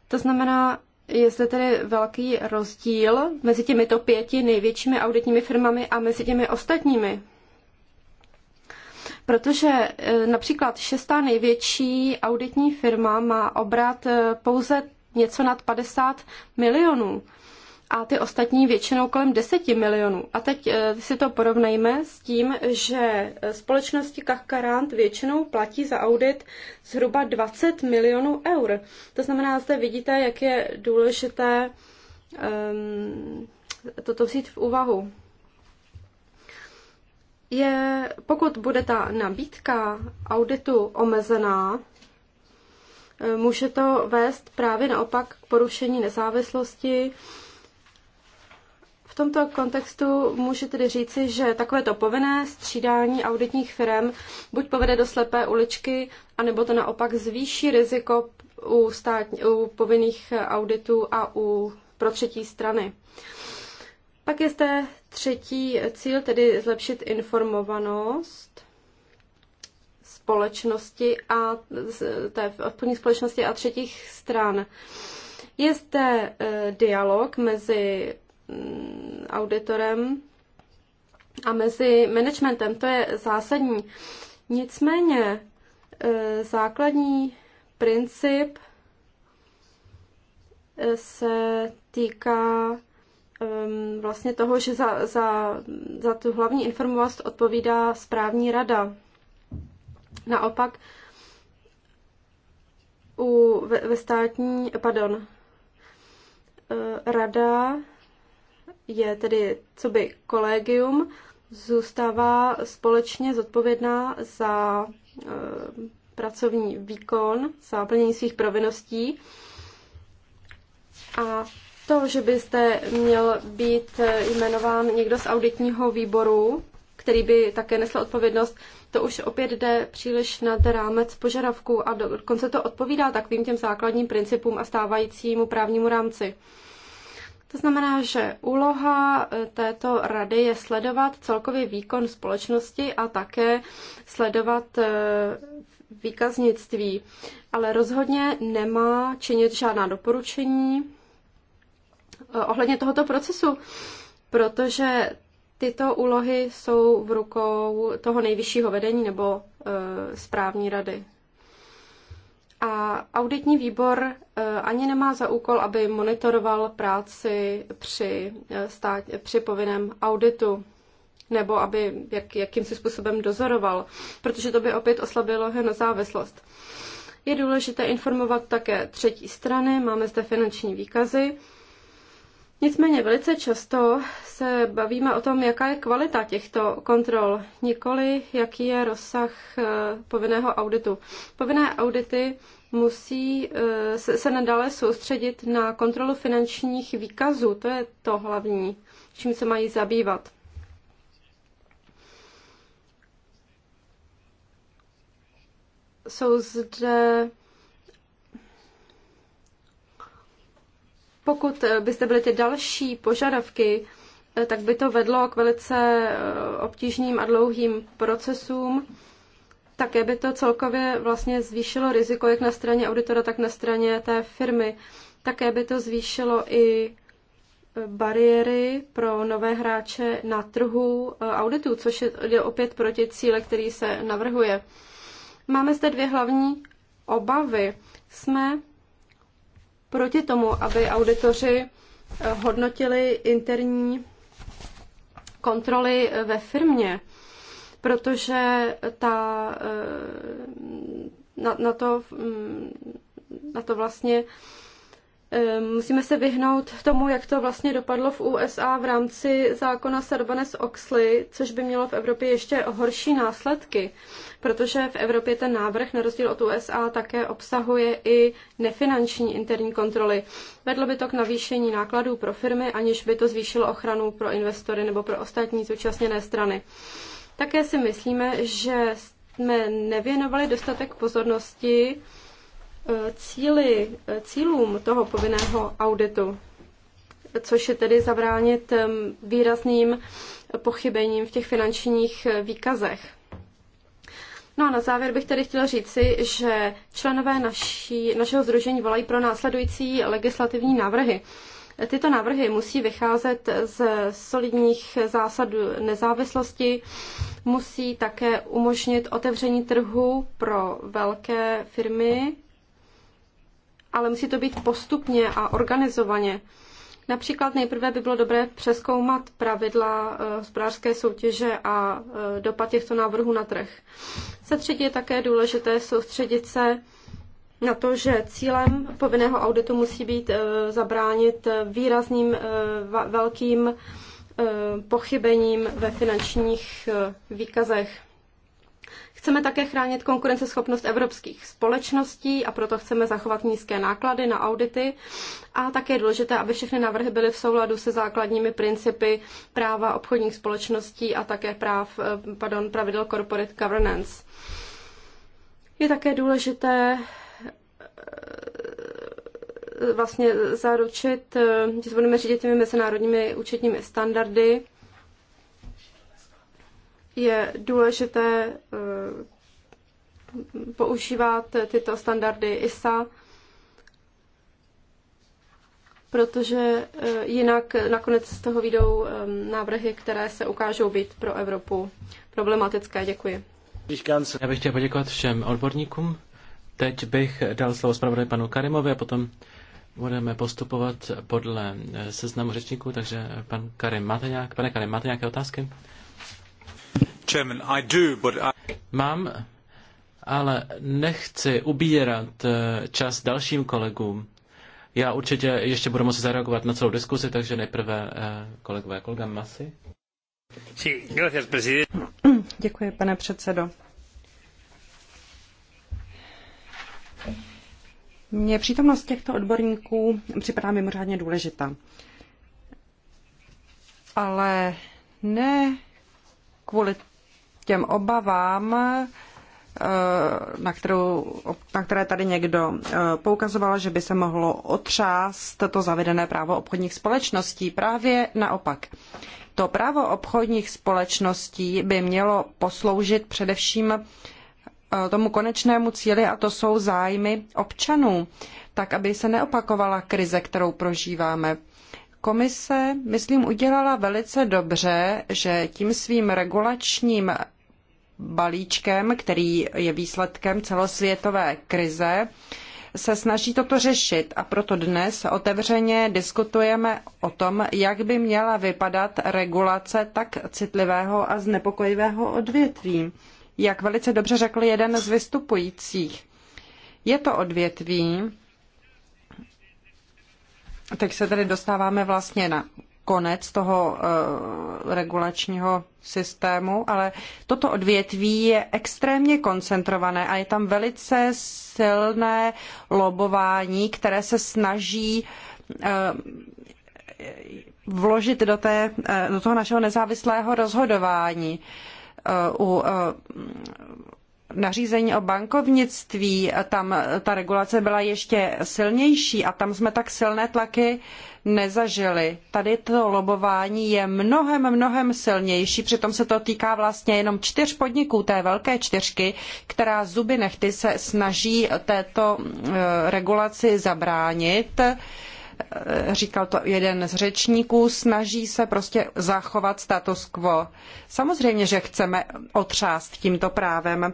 To znamená, je zde tedy velký rozdíl mezi těmito pěti největšími auditními firmami a mezi těmi ostatními. Protože eh, například šestá největší auditní firma má obrat pouze něco nad 50 milionů a ty ostatní většinou kolem 10 milionů. A teď eh, si to porovnejme s tím, že eh, společnosti Kachkarant většinou platí za audit zhruba 20 milionů eur. To znamená, zde vidíte, jak je důležité um, toto vzít v úvahu. Je, pokud bude ta nabídka auditu omezená, Eh, může to vést právě naopak k porušení nezávislosti. V tomto kontextu může tedy říci, že takovéto povinné střídání auditních firm buď povede do slepé uličky, anebo to naopak zvýší riziko u, státní, u povinných auditů a u pro třetí strany. Pak je zde třetí cíl, tedy zlepšit informovanost společnosti a té obchodní společnosti a třetích stran. Je zde e, dialog mezi mm, auditorem a mezi managementem, to je zásadní. Nicméně e, základní princip e, se týká vlastně toho, že za, za, za tu hlavní informovost odpovídá správní rada. Naopak u, ve, ve státní, pardon, eh, rada je tedy co by kolegium, zůstává společně zodpovědná za eh, pracovní výkon, za plnění svých provinností. A to, že byste měl být eh, jmenován někdo z auditního výboru, který by také nesl odpovědnost, to už opět jde příliš nad rámec požadavků a dokonce to odpovídá takovým těm základním principům a stávajícímu právnímu rámci. To znamená, že úloha eh, této rady je sledovat celkový výkon společnosti a také sledovat eh, výkaznictví, ale rozhodně nemá činit žádná doporučení eh, ohledně tohoto procesu, protože Tyto úlohy jsou v rukou toho nejvyššího vedení nebo e, správní rady. A auditní výbor e, ani nemá za úkol, aby monitoroval práci při, e, stát, při povinném auditu nebo aby jak, jakým si způsobem dozoroval, protože to by opět oslabilo jeho nezávislost. Je důležité informovat také třetí strany, máme zde finanční výkazy, Nicméně velice často se bavíme o tom, jaká je kvalita těchto kontrol, nikoli jaký je rozsah eh, povinného auditu. Povinné audity musí eh, se, nadále soustředit na kontrolu finančních výkazů. To je to hlavní, čím se mají zabývat. Jsou zde Pokud eh, by zde byly ty další požadavky, eh, tak by to vedlo k velice eh, obtížným a dlouhým procesům. Také by to celkově vlastně zvýšilo riziko jak na straně auditora, tak na straně té firmy. Také by to zvýšilo i bariéry pro nové hráče na trhu auditů, což je opět proti cíle, který se navrhuje. Máme zde dvě hlavní obavy. Jsme proti tomu, aby auditoři eh, hodnotili interní kontroly eh, ve firmě, protože ta, eh, na, na, to, mm, na to vlastně Ehm, musíme se vyhnout tomu, jak to vlastně dopadlo v USA v rámci zákona Sarbanes-Oxley, což by mělo v Evropě ještě horší následky, protože v Evropě ten návrh, na rozdíl od USA, také obsahuje i nefinanční interní kontroly. Vedlo by to k navýšení nákladů pro firmy, aniž by to zvýšilo ochranu pro investory nebo pro ostatní zúčastněné strany. Také si myslíme, že jsme nevěnovali dostatek pozornosti Eh, cíli, eh, cílům toho povinného auditu, což je tedy zabránit výrazným pochybením v těch finančních eh, výkazech. No a na závěr bych tedy chtěla říci, že členové naší, našeho združení volají pro následující legislativní návrhy. Tyto návrhy musí vycházet z solidních zásad nezávislosti, musí také umožnit otevření trhu pro velké firmy, ale musí to být postupně a organizovaně. Například nejprve by bylo dobré přeskoumat pravidla eh, hospodářské soutěže a eh, dopad těchto návrhů na trh. Za třetí je také důležité soustředit se na to, že cílem povinného auditu musí být eh, zabránit výrazným velkým pochybením ve finančních výkazech. Chceme také chránit konkurenceschopnost evropských společností a proto chceme zachovat nízké náklady na audity. A také je důležité, aby všechny návrhy byly v souladu se základními principy práva obchodních společností a také práv, eh, pardon, pravidel corporate governance. Je také důležité eh, vlastně zaručit, eh, že se budeme řídit těmi mezinárodními účetními standardy je důležité eh, používat tyto standardy ISA, protože eh, jinak nakonec z toho vyjdou eh, návrhy, které se ukážou být pro Evropu problematické. Děkuji. Já bych chtěl poděkovat všem odborníkům. Teď bych dal slovo zpravodaj panu Karimovi a potom budeme postupovat podle seznamu řečníků, takže pan Karim, máte nějak, pane Karim, máte nějaké otázky? Mám, ale nechci ubírat eh, čas dalším kolegům. Já určitě ještě budu moci zareagovat na celou diskusi, takže nejprve eh, kolegové kolega Masy. Děkuji, pane předsedo. Mně přítomnost těchto odborníků připadá mimořádně důležitá. Ale ne kvůli těm obavám, eh, na, kterou, na které tady někdo eh, poukazoval, že by se mohlo otřást to zavedené právo obchodních společností. Právě naopak. To právo obchodních společností by mělo posloužit především eh, tomu konečnému cíli a to jsou zájmy občanů, tak aby se neopakovala krize, kterou prožíváme. Komise, myslím, udělala velice dobře, že tím svým regulačním balíčkem, který je výsledkem celosvětové krize, se snaží toto řešit a proto dnes otevřeně diskutujeme o tom, jak by měla vypadat regulace tak citlivého a znepokojivého odvětví. Jak velice dobře řekl jeden z vystupujících, je to odvětví, teď se tedy dostáváme vlastně na konec toho eh, regulačního systému, ale toto odvětví je extrémně koncentrované a je tam velice silné lobování, které se snaží eh, vložit do, té, eh, do toho našeho nezávislého rozhodování. U nařízení o bankovnictví, tam ta regulace byla ještě silnější a tam jsme tak silné tlaky nezažili. Tady to lobování je mnohem, mnohem silnější, přitom se to týká vlastně jenom čtyř podniků té velké čtyřky, která zuby nechty se snaží této eh, regulaci zabránit říkal to jeden z řečníků, snaží se prostě zachovat status quo. Samozřejmě, že chceme otřást tímto právem, eh,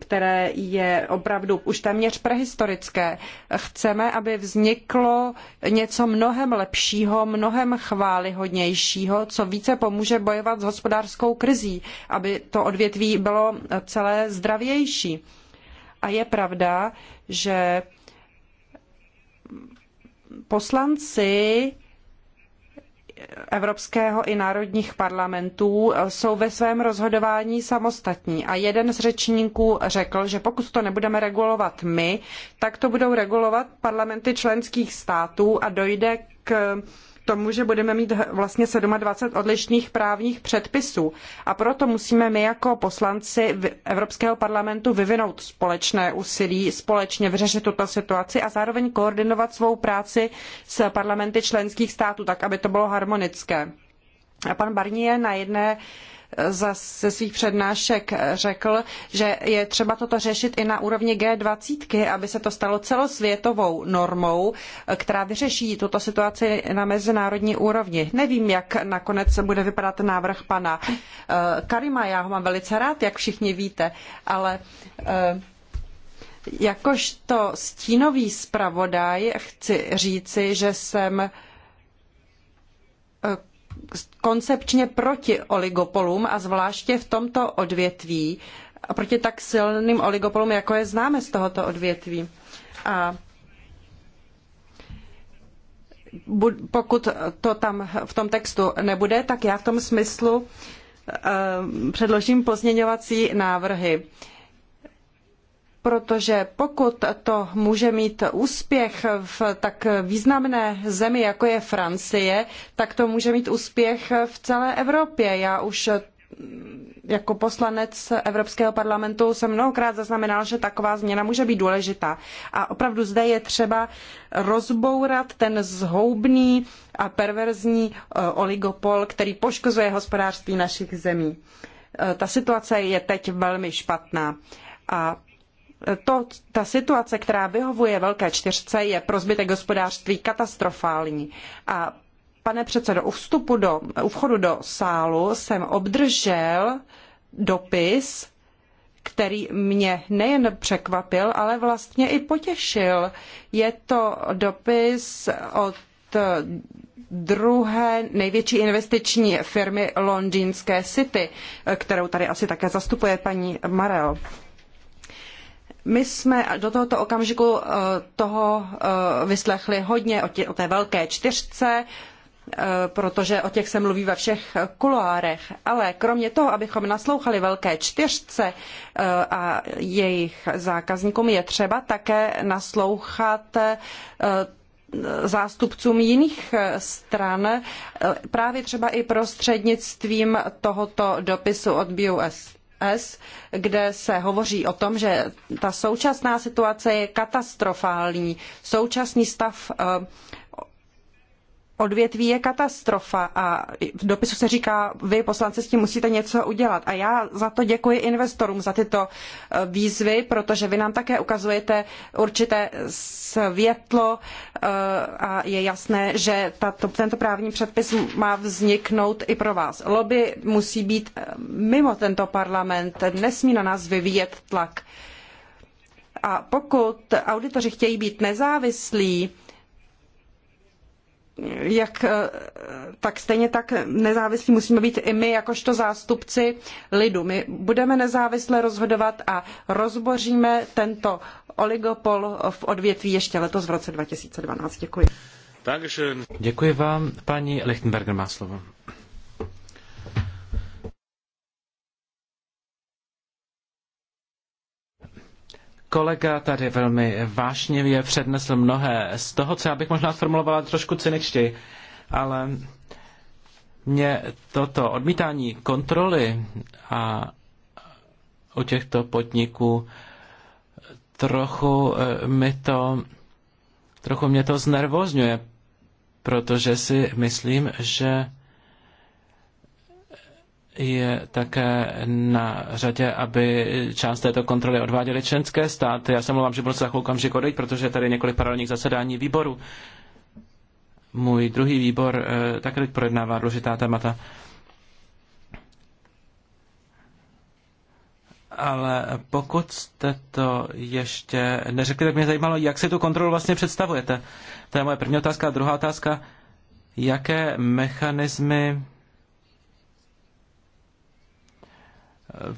které je opravdu už téměř prehistorické. Chceme, aby vzniklo něco mnohem lepšího, mnohem chválihodnějšího, co více pomůže bojovat s hospodářskou krizí, aby to odvětví bylo celé zdravější. A je pravda, že poslanci Evropského i národních parlamentů jsou ve svém rozhodování samostatní. A jeden z řečníků řekl, že pokud to nebudeme regulovat my, tak to budou regulovat parlamenty členských států a dojde k tomu, že budeme mít vlastně 27 odlišných právních předpisů. A proto musíme my jako poslanci Evropského parlamentu vyvinout společné úsilí, společně vyřešit tuto situaci a zároveň koordinovat svou práci s parlamenty členských států, tak aby to bylo harmonické. A pan Barnier na jedné ze svých přednášek řekl, že je třeba toto řešit i na úrovni G20, aby se to stalo celosvětovou normou, která vyřeší tuto situaci na mezinárodní úrovni. Nevím, jak nakonec bude vypadat návrh pana eh, Karima, já ho mám velice rád, jak všichni víte, ale eh, jakožto stínový zpravodaj chci říci, že jsem koncepčně proti oligopolům a zvláště v tomto odvětví, a proti tak silným oligopolům, jako je známe z tohoto odvětví. A pokud to tam v tom textu nebude, tak já v tom smyslu eh, předložím pozměňovací návrhy. Uh, protože pokud to může mít úspěch v tak významné zemi, jako je Francie, tak to může mít úspěch v celé Evropě. Já už mm, jako poslanec Evropského parlamentu jsem mnohokrát zaznamenal, že taková změna může být důležitá. A opravdu zde je třeba rozbourat ten zhoubný a perverzní e, oligopol, který poškozuje hospodářství našich zemí. E, ta situace je teď velmi špatná. A to, ta situace, která vyhovuje Velké čtyřce, je pro zbytek hospodářství katastrofální. A pane předsedo, u vstupu do, u vchodu do sálu jsem obdržel dopis, který mě nejen překvapil, ale vlastně i potěšil. Je to dopis od druhé největší investiční firmy londýnské City, kterou tady asi také zastupuje paní Marel. My jsme do tohoto okamžiku eh, toho eh, vyslechli hodně o té velké čtyřce, eh, protože o těch se mluví ve všech kuloárech. Ale kromě toho, abychom naslouchali velké čtyřce a jejich zákazníkům, je třeba také naslouchat zástupcům jiných stran, právě třeba i prostřednictvím tohoto dopisu od BUST OBS, kde se hovoří o tom, že ta současná situace je katastrofální. Současný stav eh, odvětví je katastrofa a v dopisu se říká, vy poslanci s tím musíte něco udělat. A já za to děkuji investorům za tyto e, výzvy, protože vy nám také ukazujete určité světlo e, a je jasné, že tato, tento právní předpis má vzniknout i pro vás. Lobby musí být e, mimo tento parlament, nesmí na nás vyvíjet tlak. A pokud auditoři chtějí být nezávislí, jak, eh, tak stejně tak nezávislí musíme být i my, jakožto zástupci lidu. My budeme nezávisle rozhodovat a rozboříme tento oligopol v odvětví ještě letos v roce 2012. Děkuji. Děkuji vám. Paní Lichtenberger má slovo. kolega tady velmi vášnivě přednesl mnohé z toho, co já bych možná sformulovala trošku cyničtěji, ale mě toto odmítání kontroly a u těchto podniků trochu eh, mi to trochu mě to znervozňuje, protože si myslím, že je také na řadě, aby část této kontroly odváděly členské státy. Já se mluvám, že budu se za okamžik odejít, protože tady je několik paralelních zasedání výboru. Můj druhý výbor eh, také teď projednává důležitá témata. Ale pokud jste to ještě neřekli, tak mě zajímalo, jak si tu kontrolu vlastně představujete. To je moje první otázka. A druhá otázka, jaké mechanismy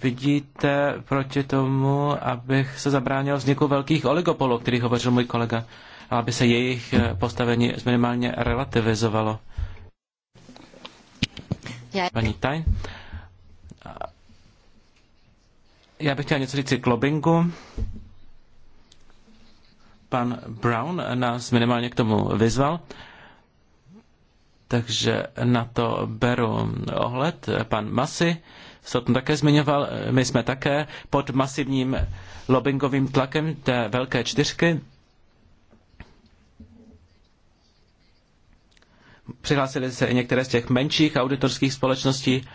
vidíte proti tomu, abych se zabránil vzniku velkých oligopolů, o kterých hovořil můj kolega, a aby se jejich eh, postavení minimálně relativizovalo? Paní Taj? Já bych chtěl něco říct k lobingu. Pan Brown nás minimálně k tomu vyzval, takže na to beru ohled. Pan Masy Stolten také zmiňoval, my jsme také pod masivním lobbyingovým tlakem té velké čtyřky. Přihlásili se i některé z těch menších auditorských společností.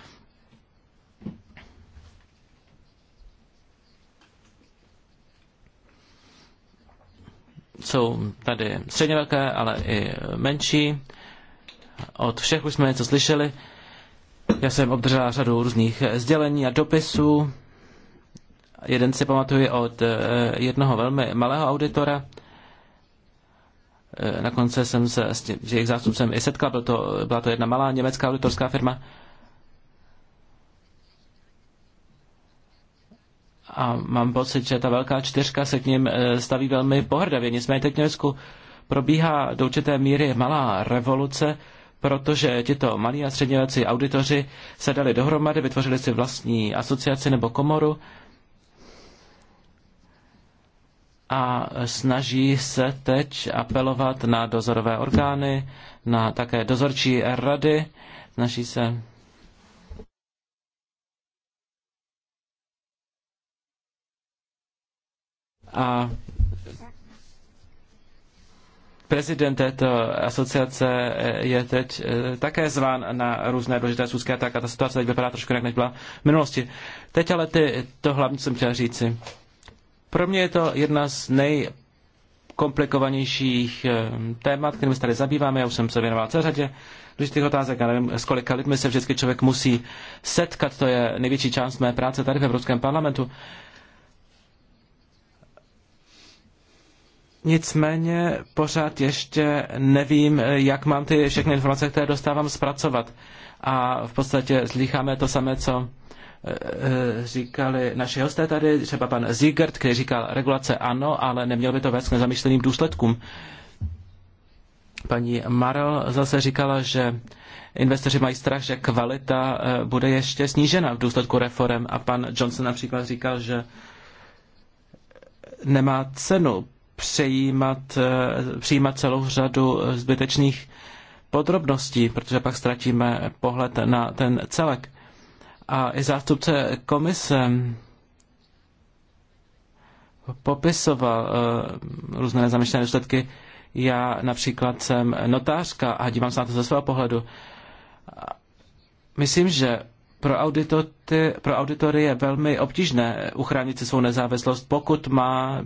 Jsou tady středně velké, ale i menší. Od všech už jsme něco slyšeli. Já jsem obdržela řadu různých eh, sdělení a dopisů. Jeden si pamatuju od eh, jednoho velmi malého auditora. Eh, na konce jsem se s tím, s jejich zástupcem i setkal, byl to, byla to jedna malá německá auditorská firma. A mám pocit, že ta velká čtyřka se k ním staví velmi pohrdavě. Nicméně teď v Německu probíhá do určité míry malá revoluce, protože tito malí a středně velcí auditoři se dali dohromady, vytvořili si vlastní asociaci nebo komoru a snaží se teď apelovat na dozorové orgány, na také dozorčí rady, snaží se a Prezident této asociace eh, je teď eh, také zván na různé důležité schůzky, tak a ta situace teď vypadá trošku jinak, než byla v minulosti. Teď ale ty, to hlavní, co jsem chtěl říci. Pro mě je to jedna z nejkomplikovanějších eh, témat, kterými se tady zabýváme. Já už jsem se věnoval celé řadě důležitých otázek. Já nevím, s kolika lidmi se vždycky člověk musí setkat. To je největší část mé práce tady v Evropském parlamentu. Nicméně pořád ještě nevím, jak mám ty všechny informace, které dostávám, zpracovat. A v podstatě slycháme to samé, co eh, eh, říkali naši hosté tady, třeba pan Ziegert, který říkal, regulace ano, ale neměl by to vést k nezamýšleným důsledkům. Paní Marel zase říkala, že investoři mají strach, že kvalita eh, bude ještě snížena v důsledku reform a pan Johnson například říkal, že nemá cenu přijímat eh, přijímat celou řadu eh, zbytečných podrobností, protože pak ztratíme pohled na ten celek. A i zástupce komise popisoval eh, různé nezamýšlené důsledky. Já například jsem notářka a dívám se na to ze svého pohledu. Myslím, že pro, auditoty, pro auditory je velmi obtížné uchránit si svou nezávislost, pokud má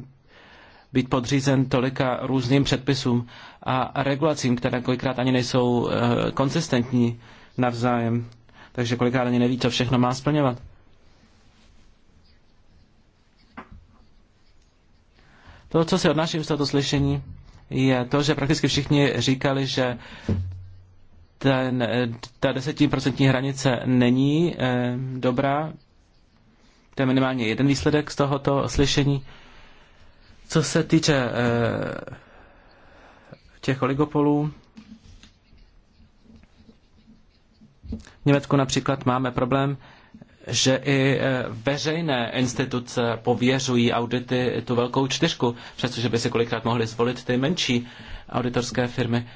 být podřízen tolika různým předpisům a regulacím, které kolikrát ani nejsou eh, konzistentní navzájem. Takže kolikrát ani neví, co všechno má splňovat. To, co si odnáším z toho slyšení, je to, že prakticky všichni říkali, že ten, ta desetiprocentní hranice není e, dobrá. To je minimálně jeden výsledek z tohoto slyšení. Co se týče eh, těch oligopolů, v Německu například máme problém, že i eh, veřejné instituce pověřují audity tu velkou čtyřku, přestože by si kolikrát mohli zvolit ty menší auditorské firmy.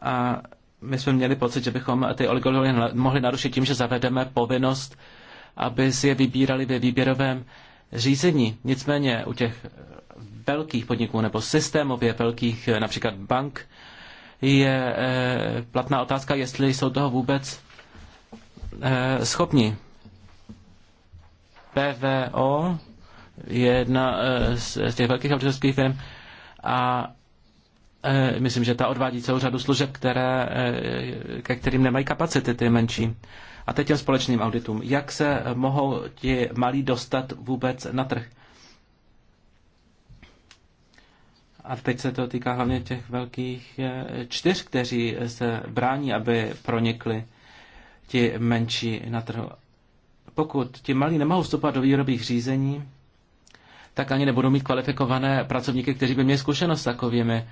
A my jsme měli pocit, že bychom ty oligopoly mohli narušit tím, že zavedeme povinnost, aby si je vybírali ve výběrovém řízení. Nicméně u těch velkých podniků nebo systémově velkých, například bank, je eh, platná otázka, jestli jsou toho vůbec eh, schopni. PVO je jedna eh, z těch velkých autorských firm a myslím, že ta odvádí celou řadu služeb, které, ke kterým nemají kapacity ty menší a teď těm společným auditům. Jak se mohou ti malí dostat vůbec na trh? A teď se to týká hlavně těch velkých eh, čtyř, kteří se brání, aby pronikli ti menší na trhu. Pokud ti malí nemohou vstupovat do výrobních řízení, tak ani nebudou mít kvalifikované pracovníky, kteří by měli zkušenost s takovými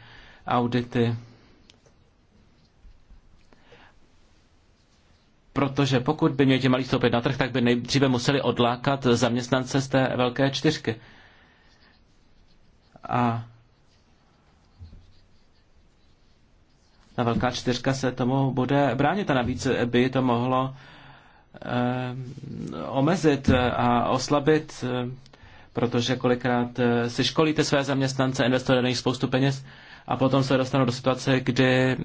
audity. Protože pokud by měli ti malí vstoupit na trh, tak by nejdříve museli odlákat zaměstnance z té velké čtyřky. A ta velká čtyřka se tomu bude bránit a navíc by to mohlo eh, omezit a oslabit, eh, protože kolikrát eh, si školíte své zaměstnance, investujete na nich spoustu peněz a potom se dostanou do situace, kdy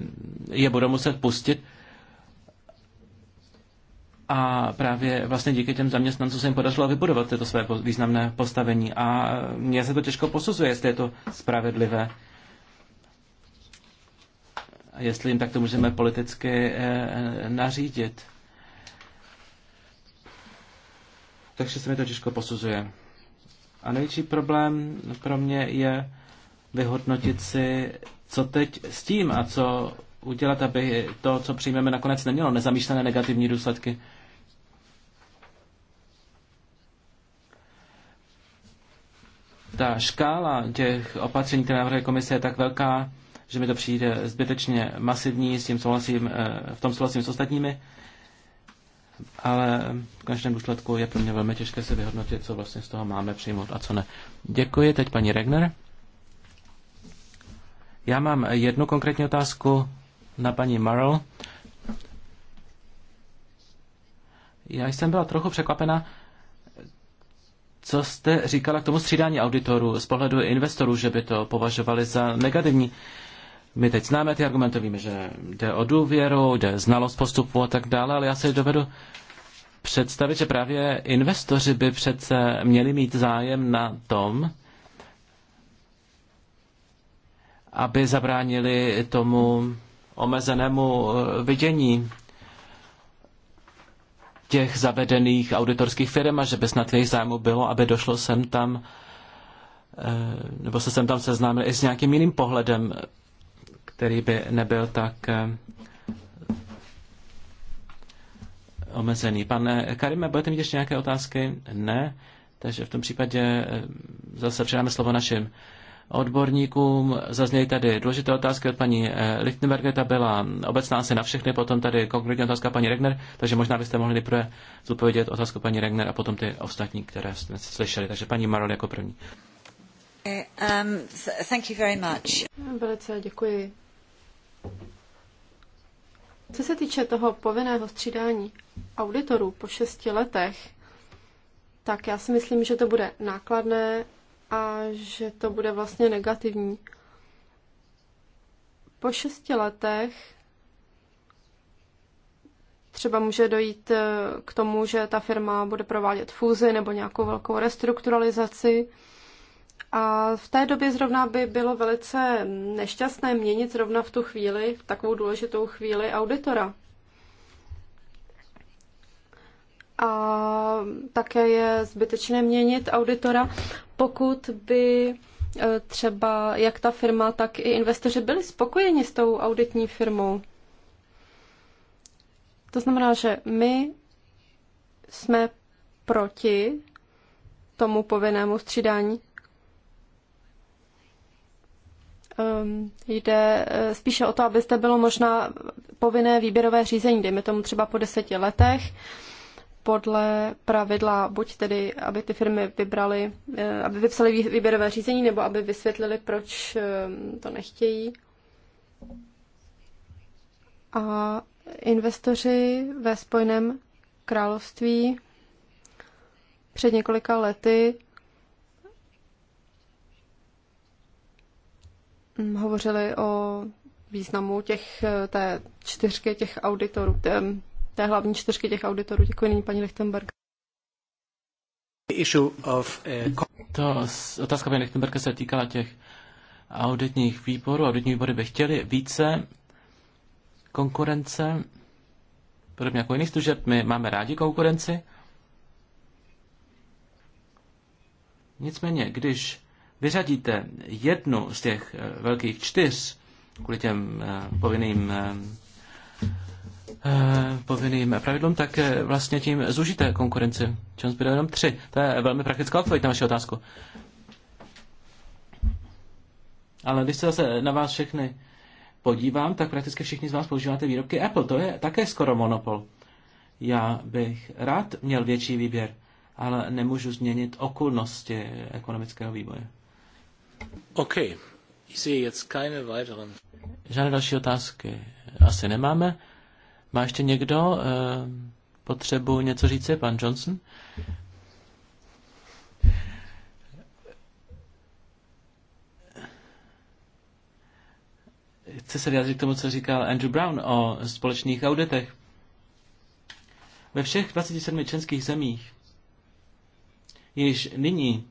je budou muset pustit eh, a právě vlastně díky těm zaměstnancům se jim podařilo vybudovat tyto své významné postavení. A mně se to těžko posuzuje, jestli je to spravedlivé. A jestli jim tak to můžeme politicky eh, nařídit. Takže se mi to těžko posuzuje. A největší problém pro mě je vyhodnotit si, co teď s tím a co udělat, aby to, co přijmeme, nakonec nemělo nezamýšlené negativní důsledky. ta škála těch opatření, které navrhuje komise, je tak velká, že mi to přijde zbytečně masivní, s tím souhlasím, eh, v tom souhlasím s ostatními, ale v konečném důsledku je pro mě velmi těžké se vyhodnotit, co vlastně z toho máme přijmout a co ne. Děkuji, teď paní Regner. Já mám jednu konkrétní otázku na paní Marl. Já jsem byla trochu překvapena, co jste říkala k tomu střídání auditorů z pohledu investorů, že by to považovali za negativní? My teď známe ty argumenty, víme, že jde o důvěru, jde znalost postupu a tak dále, ale já si dovedu představit, že právě investoři by přece měli mít zájem na tom, aby zabránili tomu omezenému eh, vidění těch zavedených auditorských firm a že by snad jejich zájmu bylo, aby došlo sem tam eh, nebo se sem tam seznámil i s nějakým jiným pohledem, který by nebyl tak eh, omezený. Pane eh, Karime, budete mít ještě nějaké otázky? Ne. Takže v tom případě zase předáme slovo našim odborníkům. Zazněly tady důležité otázky od paní eh, Lichtenberger, ta byla obecná asi na všechny, potom tady konkrétní otázka paní Regner, takže možná byste mohli nejprve zodpovědět otázku paní Regner a potom ty ostatní, které jsme slyšeli. Takže paní Marol jako první. Eh, um, thank you very much. Velice děkuji. Co se týče toho povinného střídání auditorů po šesti letech, tak já si myslím, že to bude nákladné a že to bude vlastně negativní. Po šesti letech třeba může dojít eh, k tomu, že ta firma bude provádět fúzi nebo nějakou velkou restrukturalizaci. A v té době zrovna by bylo velice nešťastné měnit zrovna v tu chvíli, v takovou důležitou chvíli auditora. a také je zbytečné měnit auditora, pokud by e, třeba jak ta firma, tak i investoři byli spokojeni s tou auditní firmou. To znamená, že my jsme proti tomu povinnému střídání. Um, jde e, spíše o to, aby zde bylo možná povinné výběrové řízení, dejme tomu třeba po deseti letech. Um, podle pravidla, buď tedy, aby ty firmy vybrali, eh, aby vypsali výběrové řízení, nebo aby vysvětlili, proč eh, to nechtějí. A investoři ve Spojeném království před několika lety hm, hovořili o významu těch eh, té čtyřky těch auditorů, té hlavní čtyřky těch auditorů. Děkuji nyní paní Lichtenberg. Eh, to otázka paní Lichtenberga se týkala těch auditních výborů. Auditní výbory by chtěli více konkurence. Podobně jako jiných služeb, my máme rádi konkurenci. Nicméně, když vyřadíte jednu z těch eh, velkých čtyř kvůli těm eh, povinným Eh, povinným pravidlům, tak eh, vlastně tím zúžíte konkurenci. Čem zbydou jenom tři. To je velmi praktická odpověď na vaši otázku. Ale když se zase na vás všechny podívám, tak prakticky všichni z vás používáte výrobky Apple. To je také skoro monopol. Já bych rád měl větší výběr, ale nemůžu změnit okolnosti ekonomického vývoje. OK. Žádné další otázky asi nemáme. Má ještě někdo eh, potřebu něco říct, Pan Johnson? Chce se vyjádřit k tomu, co říkal Andrew Brown o společných auditech. Ve všech 27 členských zemích již nyní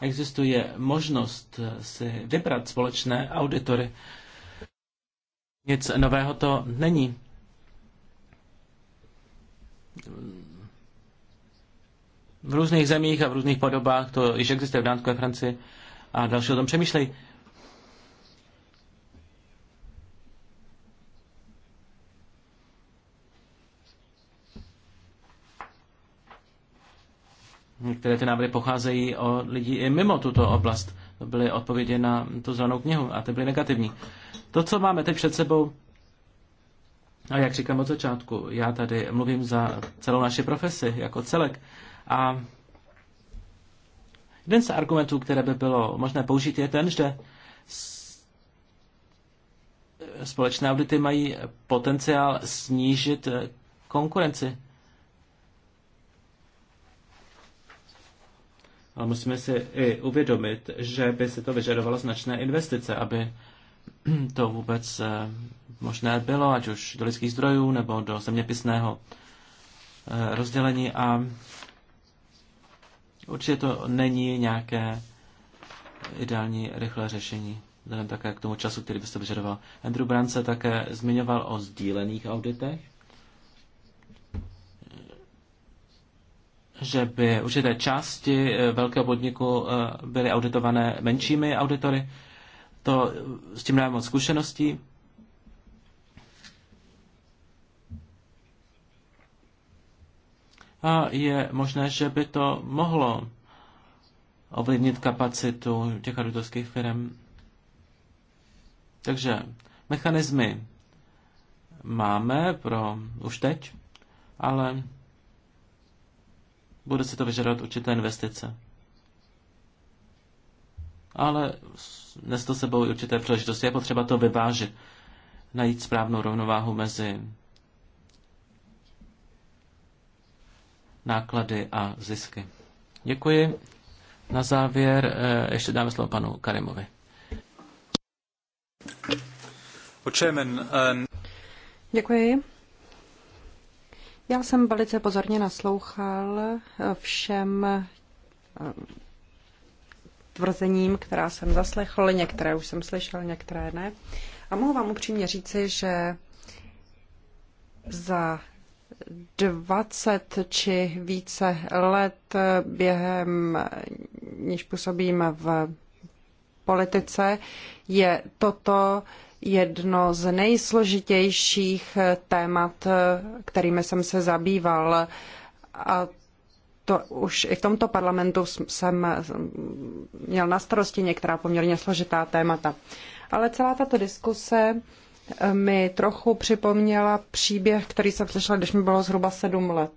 existuje možnost si vybrat společné auditory. Nic nového to není v různých zemích a v různých podobách, to již existuje v Dánsku a Francii a další o tom přemýšlej. Některé ty návrhy pocházejí od lidí i mimo tuto oblast. To byly odpovědi na tu zelenou knihu a ty byly negativní. To, co máme teď před sebou, a jak říkám od začátku, já tady mluvím za celou naši profesi jako celek. A jeden z argumentů, které by bylo možné použít, je ten, že společné audity mají potenciál snížit konkurenci. Ale musíme si i uvědomit, že by se to vyžadovalo značné investice, aby to vůbec eh, možné bylo, ať už do lidských zdrojů nebo do zeměpisného eh, rozdělení a určitě to není nějaké ideální rychlé řešení. Vzhledem také k tomu času, který byste vyžadoval. Andrew Brand se také zmiňoval o sdílených auditech, že by určité části eh, velkého podniku eh, byly auditované menšími auditory. To s tím nemám moc zkušeností. a je možné, že by to mohlo ovlivnit kapacitu těch auditorských firm. Takže mechanismy máme pro už teď, ale bude se to vyžadovat určité investice. Ale nes to sebou určité příležitosti. Je potřeba to vyvážit, najít správnou rovnováhu mezi náklady a zisky. Děkuji. Na závěr eh, ještě dáme slovo panu Karimovi. Um, Děkuji. Já jsem velice pozorně naslouchal eh, všem eh, tvrzením, která jsem zaslechl, některé už jsem slyšel, některé ne. A mohu vám upřímně říci, že za 20 či více let, během níž působím v politice, je toto jedno z nejsložitějších témat, kterými jsem se zabýval. A to už i v tomto parlamentu jsem měl na starosti některá poměrně složitá témata. Ale celá tato diskuse mi trochu připomněla příběh, který jsem slyšela, když mi bylo zhruba sedm let.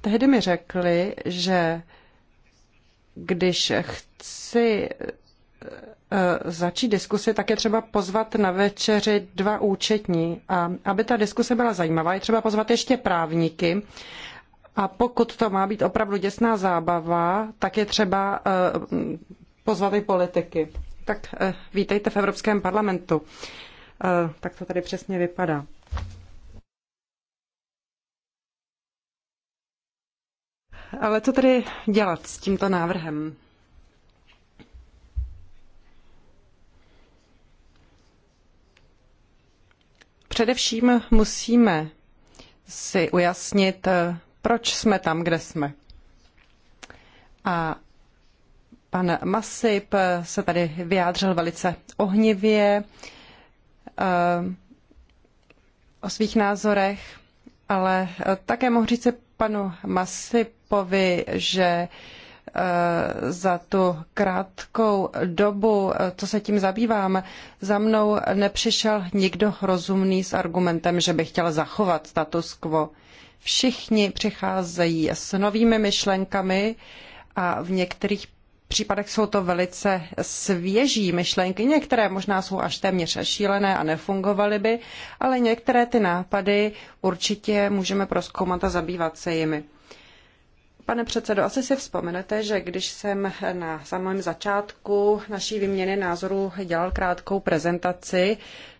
Tehdy mi řekli, že když chci eh, začít diskusi, tak je třeba pozvat na večeři dva účetní. A aby ta diskuse byla zajímavá, je třeba pozvat ještě právníky. A pokud to má být opravdu děsná zábava, tak je třeba eh, pozvat i politiky. Tak eh, vítejte v Evropském parlamentu tak to tady přesně vypadá. Ale co tady dělat s tímto návrhem? Především musíme si ujasnit, proč jsme tam, kde jsme. A pan Masip se tady vyjádřil velice ohnivě. Eh, o svých názorech, ale eh, také mohu říci panu Masipovi, že eh, za tu krátkou dobu, co se tím zabývám, za mnou nepřišel nikdo rozumný s argumentem, že by chtěl zachovat status quo. Všichni přicházejí s novými myšlenkami a v některých případech jsou to velice svěží myšlenky. Některé možná jsou až téměř šílené a nefungovaly by, ale některé ty nápady určitě můžeme proskoumat a zabývat se jimi. Pane předsedo, asi si vzpomenete, že když jsem na samém začátku naší výměny názorů dělal krátkou prezentaci,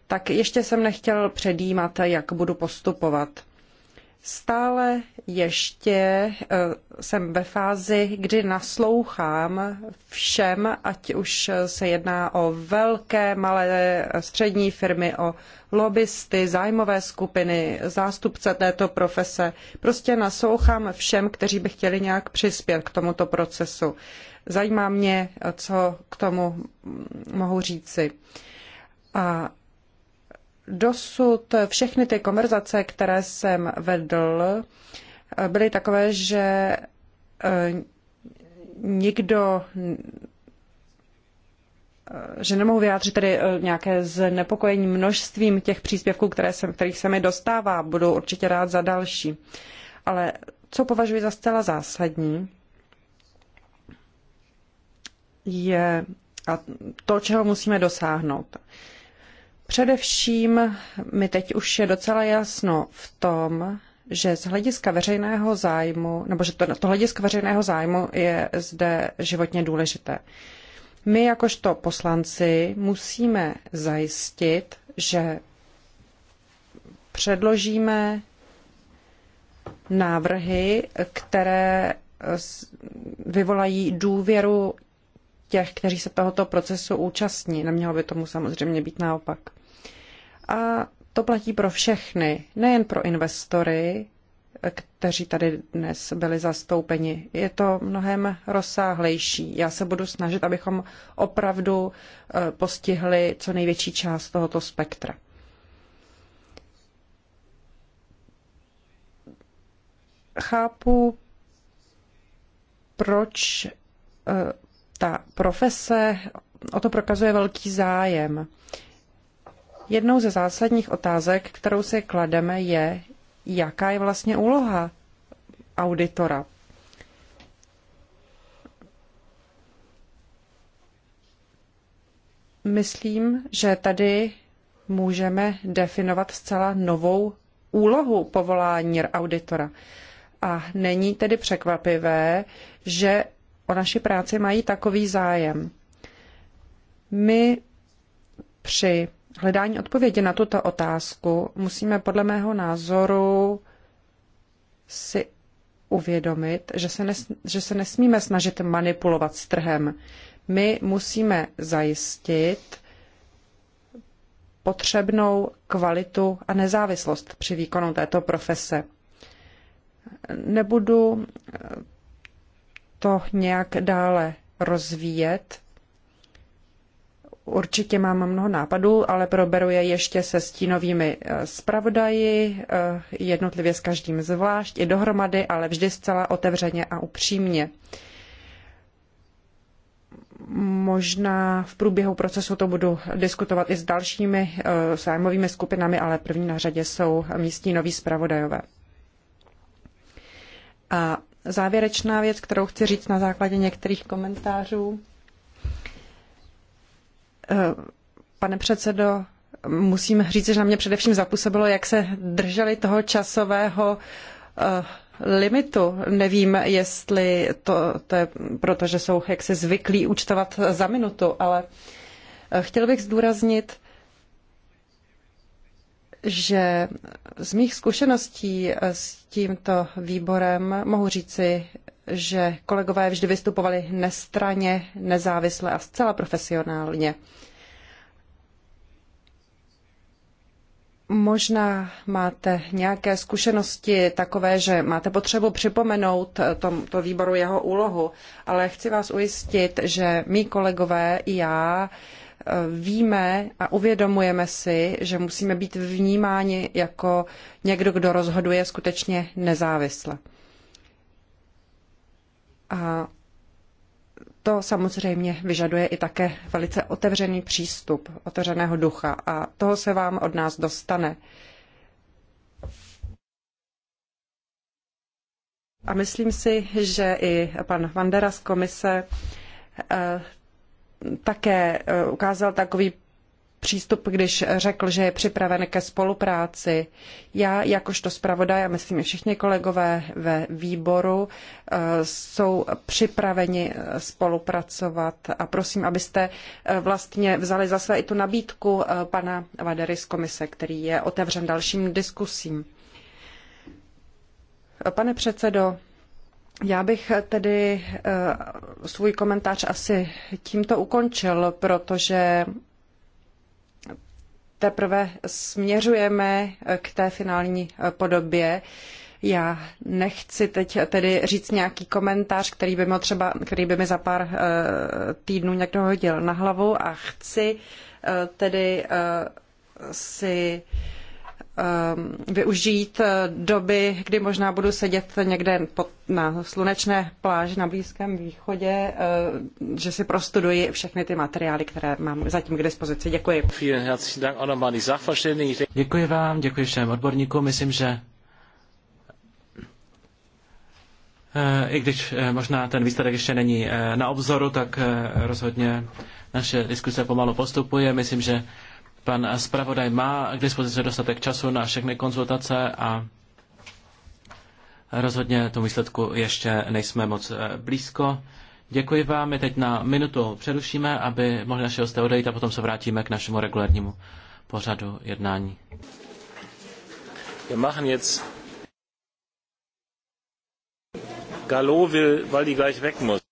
tak ještě jsem nechtěl předjímat, jak budu postupovat. Stále ještě eh, jsem ve fázi, kdy naslouchám všem, ať už se jedná o velké, malé, střední firmy, o lobbysty, zájmové skupiny, zástupce této profese. Prostě naslouchám všem, kteří by chtěli nějak přispět k tomuto procesu. Zajímá mě, co k tomu mohu říci. A Dosud všechny ty konverzace, které jsem vedl, byly takové, že eh, nikdo eh, že nemohu vyjádřit tedy eh, nějaké znepokojení množstvím těch příspěvků, které jsem, kterých se mi dostává. Budu určitě rád za další. Ale co považuji za zcela zásadní, je a to, čeho musíme dosáhnout. Především mi teď už je docela jasno v tom, že z hlediska veřejného zájmu, nebo že to, to hledisko veřejného zájmu je zde životně důležité. My jakožto poslanci musíme zajistit, že předložíme návrhy, které vyvolají důvěru těch, kteří se tohoto procesu účastní. Nemělo by tomu samozřejmě být naopak. A to platí pro všechny, nejen pro investory, kteří tady dnes byli zastoupeni. Je to mnohem rozsáhlejší. Já se budu snažit, abychom opravdu eh, postihli co největší část tohoto spektra. Chápu, proč eh, ta profese o to prokazuje velký zájem jednou ze zásadních otázek, kterou si klademe, je, jaká je vlastně úloha auditora. Myslím, že tady můžeme definovat zcela novou úlohu povolání auditora. A není tedy překvapivé, že o naši práci mají takový zájem. My při hledání odpovědi na tuto otázku musíme podle mého názoru si uvědomit, že se, nes, že se nesmíme snažit manipulovat s trhem. My musíme zajistit potřebnou kvalitu a nezávislost při výkonu této profese. Nebudu to nějak dále rozvíjet, Určitě mám mnoho nápadů, ale proberu je ještě se stínovými eh, zpravodaji, eh, jednotlivě s každým zvlášť, i dohromady, ale vždy zcela otevřeně a upřímně. Možná v průběhu procesu to budu diskutovat i s dalšími eh, zájmovými skupinami, ale první na řadě jsou místní noví zpravodajové. A závěrečná věc, kterou chci říct na základě některých komentářů, Eh, pane předsedo, musím říct, že na mě především zapůsobilo, jak se drželi toho časového eh, limitu. Nevím, jestli to, to je proto, že jsou jaksi zvyklí účtovat za minutu, ale eh, chtěl bych zdůraznit, že z mých zkušeností s tímto výborem mohu říci, že kolegové vždy vystupovali nestraně, nezávisle a zcela profesionálně. Možná máte nějaké zkušenosti takové, že máte potřebu připomenout tomto výboru jeho úlohu, ale chci vás ujistit, že mý kolegové i já eh, víme a uvědomujeme si, že musíme být vnímáni jako někdo, kdo rozhoduje skutečně nezávisle. A to samozřejmě vyžaduje i také velice otevřený přístup, otevřeného ducha a toho se vám od nás dostane. A myslím si, že i pan Vandera z komise eh, také eh, ukázal takový přístup, když řekl, že je připraven ke spolupráci. Já jakožto zpravodaj a myslím i všichni kolegové ve výboru eh, jsou připraveni eh, spolupracovat a prosím, abyste eh, vlastně vzali za své i tu nabídku pana Vadery z komise, který je otevřen dalším diskusím. Pane předsedo, já bych tedy svůj komentář asi tímto ukončil, protože teprve směřujeme eh, k té finální eh, podobě. Já nechci teď eh, tedy říct nějaký komentář, který by, třeba, který by mi za pár týdnů někdo hodil na hlavu a chci tedy si Ehm, využít eh, doby, kdy možná budu sedět někde na slunečné pláži na Blízkém východě, eh, že si prostuduji všechny ty materiály, které mám zatím k dispozici. Děkuji. Děkuji vám, děkuji všem odborníkům. Myslím, že eh, i když možná ten výsledek ještě není na obzoru, tak rozhodně naše diskuse pomalu postupuje. Myslím, že Pan zpravodaj má k dispozici dostatek času na všechny konzultace a rozhodně tomu výsledku ještě nejsme moc eh, blízko. Děkuji vám, my teď na minutu přerušíme, aby mohli naše hosté odejít a potom se vrátíme k našemu regulárnímu pořadu jednání. Wir machen jetzt Galo will, weil die gleich weg muss.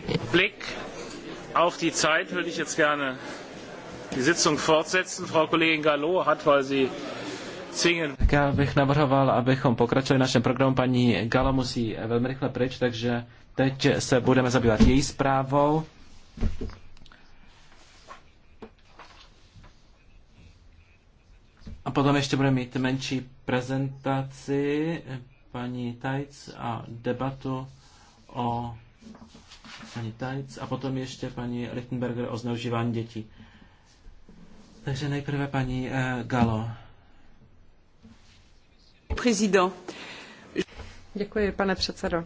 mit blick auf die zeit würde ich jetzt gerne die sitzung fortsetzen. frau kollegin gallo hat weil sie zwingend. tak já bych navrhoval abychom pokračovali v našem programu paní gallo musí eh, velmi rychle pryč takže teď se budeme zabývat její zprávou. A potom ještě budeme mít menší prezentaci eh, paní Tajc a debatu o paní Tajc a potom ještě paní Rittenberger o zneužívání dětí. Takže nejprve paní eh, Galo. Prezident. Děkuji, pane předsedo.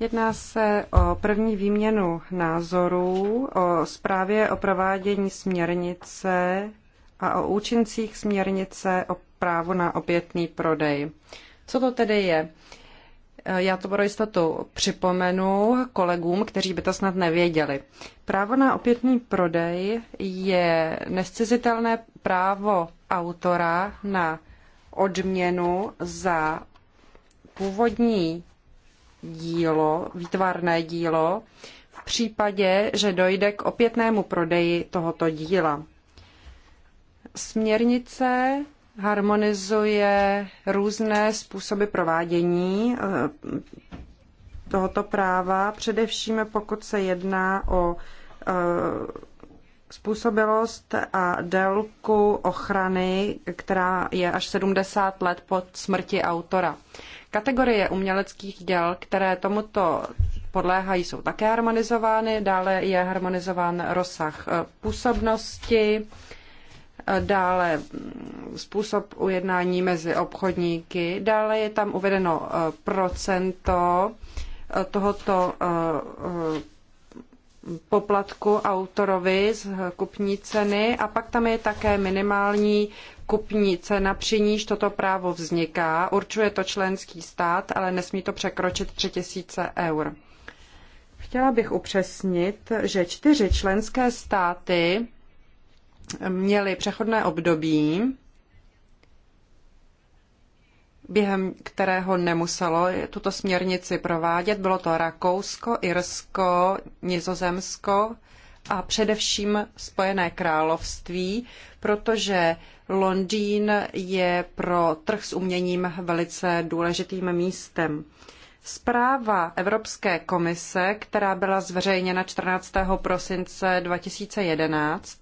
Jedná se o první výměnu názorů, o zprávě o provádění směrnice a o účincích směrnice o právu na obětný prodej. Co to tedy je? Eh, já to pro jistotu připomenu kolegům, kteří by to snad nevěděli. Právo na opětný prodej je nescizitelné právo autora na odměnu za původní dílo, výtvarné dílo, v případě, že dojde k opětnému prodeji tohoto díla. Směrnice harmonizuje různé způsoby provádění eh, tohoto práva, především pokud se jedná o eh, způsobilost a délku ochrany, která je až 70 let po smrti autora. Kategorie uměleckých děl, které tomuto podléhají, jsou také harmonizovány. Dále je harmonizován rozsah eh, působnosti, dále způsob ujednání mezi obchodníky, dále je tam uvedeno eh, procento eh, tohoto eh, poplatku autorovi z kupní ceny a pak tam je také minimální kupní cena, při níž toto právo vzniká. Určuje to členský stát, ale nesmí to překročit 3000 eur. Chtěla bych upřesnit, že čtyři členské státy měli přechodné období, během kterého nemuselo tuto směrnici provádět. Bylo to Rakousko, Irsko, Nizozemsko a především Spojené království, protože Londýn je pro trh s uměním velice důležitým místem. Zpráva Evropské komise, která byla zveřejněna 14. prosince 2011,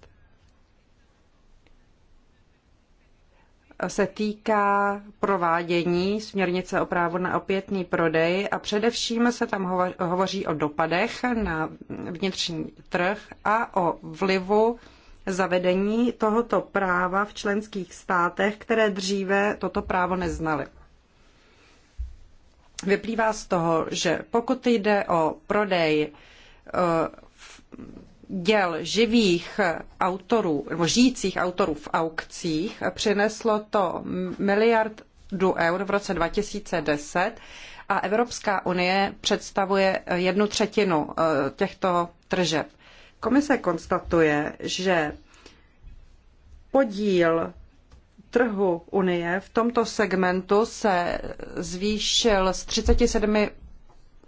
se týká provádění směrnice o právu na opětný prodej a především se tam hovoří o dopadech na vnitřní trh a o vlivu zavedení tohoto práva v členských státech, které dříve toto právo neznaly. Vyplývá z toho, že pokud jde o prodej eh, děl živých autorů, nebo žijících autorů v aukcích, přineslo to miliardu eur v roce 2010 a Evropská unie představuje jednu třetinu eh, těchto tržeb. Komise konstatuje, že podíl trhu Unie v tomto segmentu se zvýšil z 37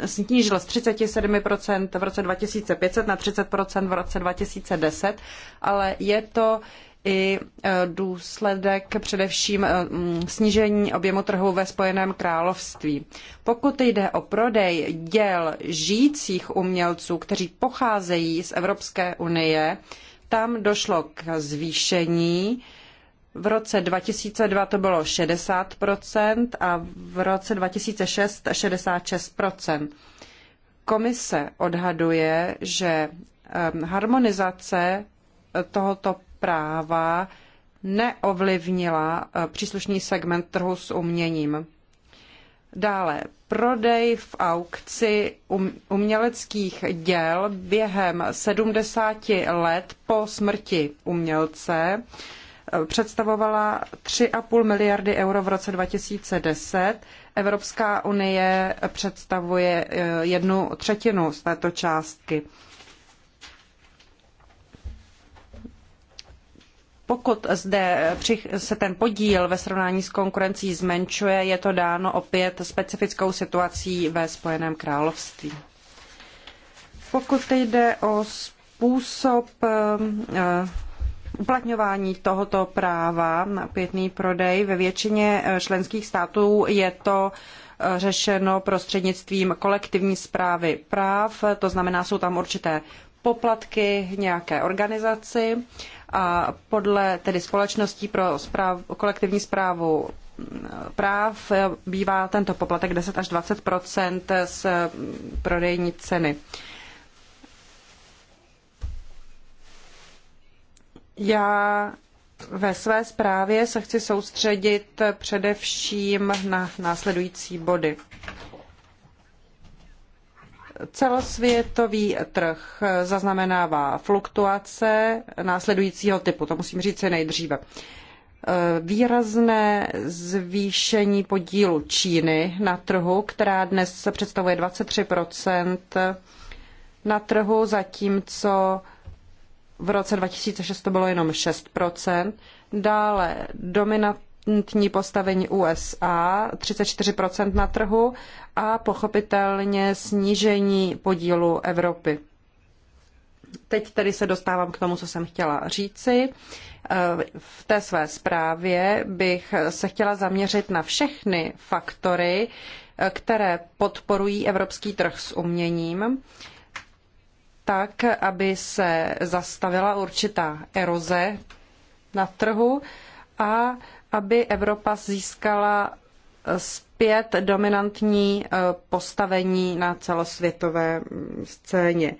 snížil z 37% v roce 2500 na 30% v roce 2010, ale je to i e, důsledek především e, snížení objemu trhu ve Spojeném království. Pokud jde o prodej děl žijících umělců, kteří pocházejí z Evropské unie, tam došlo k zvýšení v roce 2002 to bylo 60 a v roce 2006 66 Komise odhaduje, že harmonizace e, tohoto práva neovlivnila e, příslušný segment trhu s uměním. Dále, prodej v aukci um, uměleckých děl během 70 let po smrti umělce představovala 3,5 miliardy euro v roce 2010. Evropská unie představuje eh, jednu třetinu z této částky. Pokud zde se ten podíl ve srovnání s konkurencí zmenšuje, je to dáno opět specifickou situací ve Spojeném království. Pokud jde o způsob eh, uplatňování tohoto práva na pětný prodej ve většině eh, členských států je to eh, řešeno prostřednictvím kolektivní správy práv, to znamená, jsou tam určité poplatky nějaké organizaci a podle tedy společností pro správ, kolektivní správu mm, práv eh, bývá tento poplatek 10 až 20 z mm, prodejní ceny. Já ve své zprávě se chci soustředit především na následující body. Celosvětový trh zaznamenává fluktuace následujícího typu, to musím říct si nejdříve. Výrazné zvýšení podílu Číny na trhu, která dnes představuje 23 na trhu, zatímco v roce 2006 to bylo jenom 6%. Dále dominantní postavení USA 34% na trhu a pochopitelně snížení podílu Evropy. Teď tedy se dostávám k tomu, co jsem chtěla říci. V té své zprávě bych se chtěla zaměřit na všechny faktory, které podporují evropský trh s uměním tak, aby se zastavila určitá eroze na trhu a aby Evropa získala zpět dominantní eh, postavení na celosvětové mm, scéně.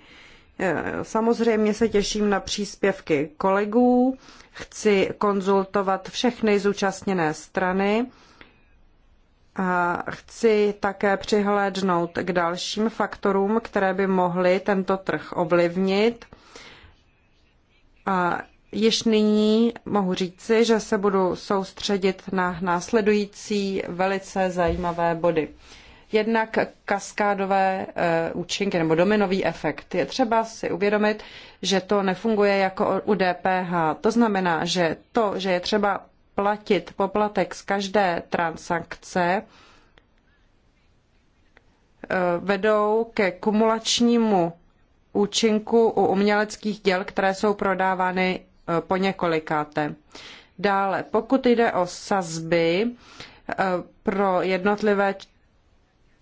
Eh, samozřejmě se těším na příspěvky kolegů, chci konzultovat všechny zúčastněné strany a chci také přihlédnout k dalším faktorům, které by mohly tento trh ovlivnit. A již nyní mohu říci, že se budu soustředit na následující velice zajímavé body. Jednak kaskádové eh, účinky nebo dominový efekt. Je třeba si uvědomit, že to nefunguje jako u DPH. To znamená, že to, že je třeba platit poplatek z každé transakce, eh, vedou ke kumulačnímu účinku u uměleckých děl, které jsou prodávány eh, po několikáté. Dále, pokud jde o sazby eh, pro jednotlivé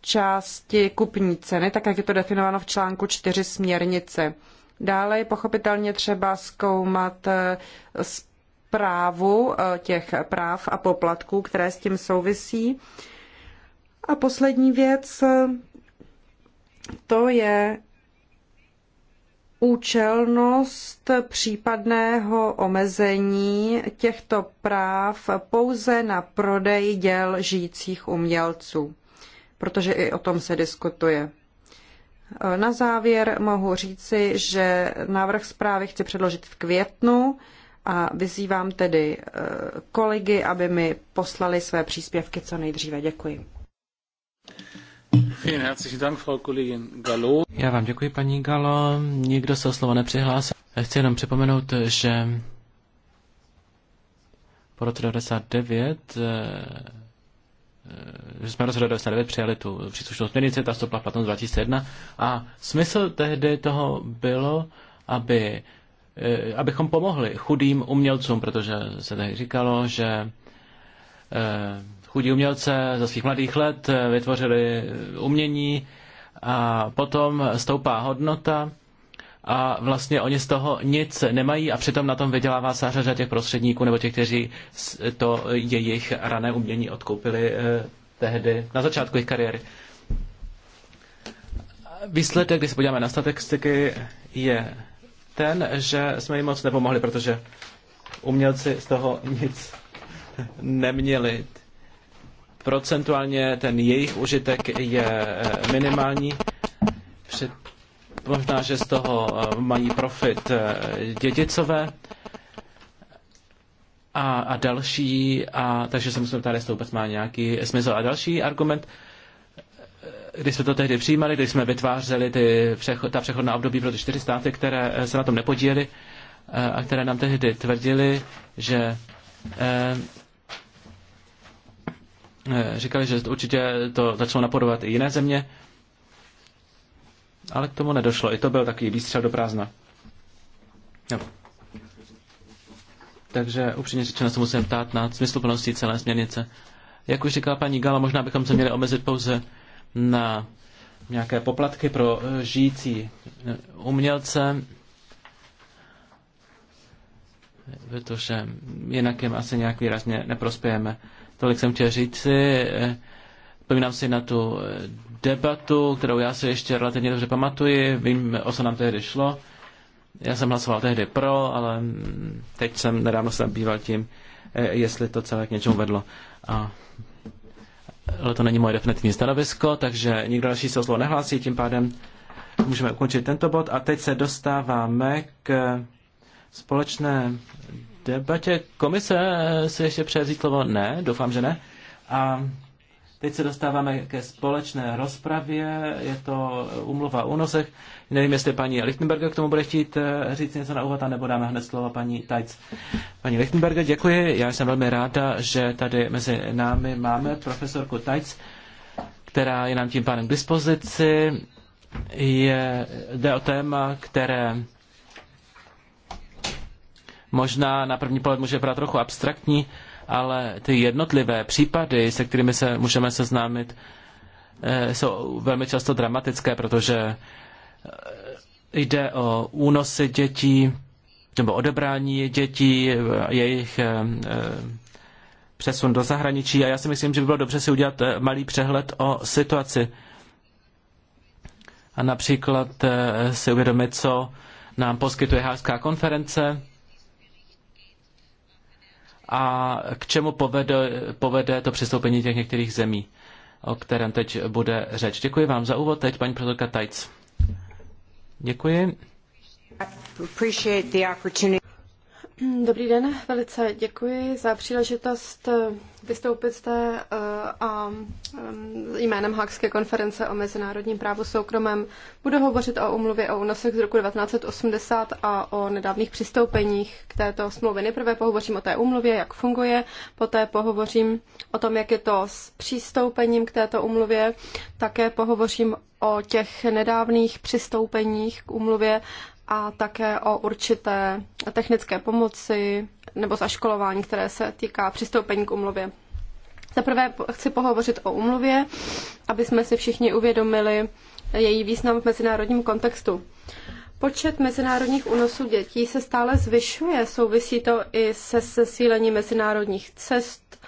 části kupní ceny, tak jak je to definováno v článku 4 směrnice. Dále je pochopitelně třeba zkoumat právu eh, těch práv a poplatků, které s tím souvisí. A poslední věc, to je účelnost případného omezení těchto práv pouze na prodej děl žijících umělců, protože i o tom se diskutuje. Eh, na závěr mohu říci, že návrh zprávy chci předložit v květnu a vyzývám tedy eh, kolegy, aby mi poslali své příspěvky co nejdříve. Děkuji. Já vám děkuji, paní Galo. Nikdo se o slovo nepřihlásil. chci jenom připomenout, že po roce 1999 eh, eh, že jsme v roce 99 přijali tu příslušnou směrnici, ta stopla platnost 2001 a smysl tehdy toho bylo, aby Eh, abychom pomohli chudým umělcům, protože se tak říkalo, že eh, chudí umělce za svých mladých let eh, vytvořili umění a potom stoupá hodnota a vlastně oni z toho nic nemají a přitom na tom vydělává sářaře těch prostředníků nebo těch, kteří to jejich rané umění odkoupili tehdy na začátku jejich kariéry. Výsledek, když se podíváme na statistiky, je ten, že jsme jim moc nepomohli, protože umělci z toho nic neměli. Procentuálně ten jejich užitek je eh, minimální. Před, možná, že z toho eh, mají profit eh, dědicové a, a další, a, takže se myslím, tady vůbec má nějaký smysl. A další argument, když jsme to tehdy přijímali, když jsme vytvářeli ty přechod, ta přechodná období pro ty čtyři státy, které eh, se na tom nepodílely eh, a které nám tehdy tvrdili, že eh, říkali, že určitě to začalo napodovat i jiné země, ale k tomu nedošlo. I to byl takový výstřel do prázdna. Jo. Takže upřímně řečeno se musím ptát na smysluplnosti celé směrnice. Jak už říkala paní Gala, možná bychom se měli omezit pouze na nějaké poplatky pro žijící eh, umělce, protože jinak jim asi nějak výrazně neprospějeme. Tolik jsem chtěl říci. Eh, vzpomínám si na tu eh, debatu, kterou já si ještě relativně dobře pamatuji. Vím, o co nám tehdy šlo. Já jsem hlasoval tehdy pro, ale teď jsem nedávno se býval tím, jestli to celé k něčemu vedlo. A ale to není moje definitivní stanovisko, takže nikdo další se o slovo nehlásí, tím pádem můžeme ukončit tento bod a teď se dostáváme k společné debatě. Komise si ještě převzít slovo? Ne, doufám, že ne. A teď se dostáváme ke společné rozpravě, je to umluva o únosech. Nevím, jestli paní Lichtenberger k tomu bude chtít eh, říct něco na úvod, nebo dáme hned slovo paní Tajc. Paní Lichtenberger, děkuji. Já jsem velmi ráda, že tady mezi námi máme profesorku Tajc, která je nám tím pádem k dispozici. Je, jde o téma, které možná na první pohled může být trochu abstraktní, ale ty jednotlivé případy, se kterými se můžeme seznámit, eh, jsou velmi často dramatické, protože Jde o únosy dětí nebo odebrání dětí, jejich eh, eh, přesun do zahraničí a já si myslím, že by bylo dobře si udělat eh, malý přehled o situaci a například si uvědomit, co nám poskytuje Hářská konference a k čemu povede, povede to přistoupení těch některých zemí, o kterém teď bude řeč. Děkuji vám za úvod. Teď paní profesorka Tajc. Děkuji. Dobrý den, velice děkuji za příležitost eh, vystoupit zde eh, a eh, jménem Hákské konference o mezinárodním právu soukromém budu hovořit o umluvě o únosech z roku 1980 a o nedávných přistoupeních k této smlouvě. Nejprve pohovořím o té umluvě, jak funguje, poté pohovořím o tom, jak je to s přistoupením k této umluvě, také pohovořím o těch nedávných přistoupeních k umluvě a také o určité technické pomoci nebo zaškolování, které se týká přistoupení k umluvě. Za prvé chci pohovořit o umluvě, aby jsme si všichni uvědomili její význam v mezinárodním kontextu. Počet mezinárodních únosů dětí se stále zvyšuje, souvisí to i se sesílením mezinárodních cest,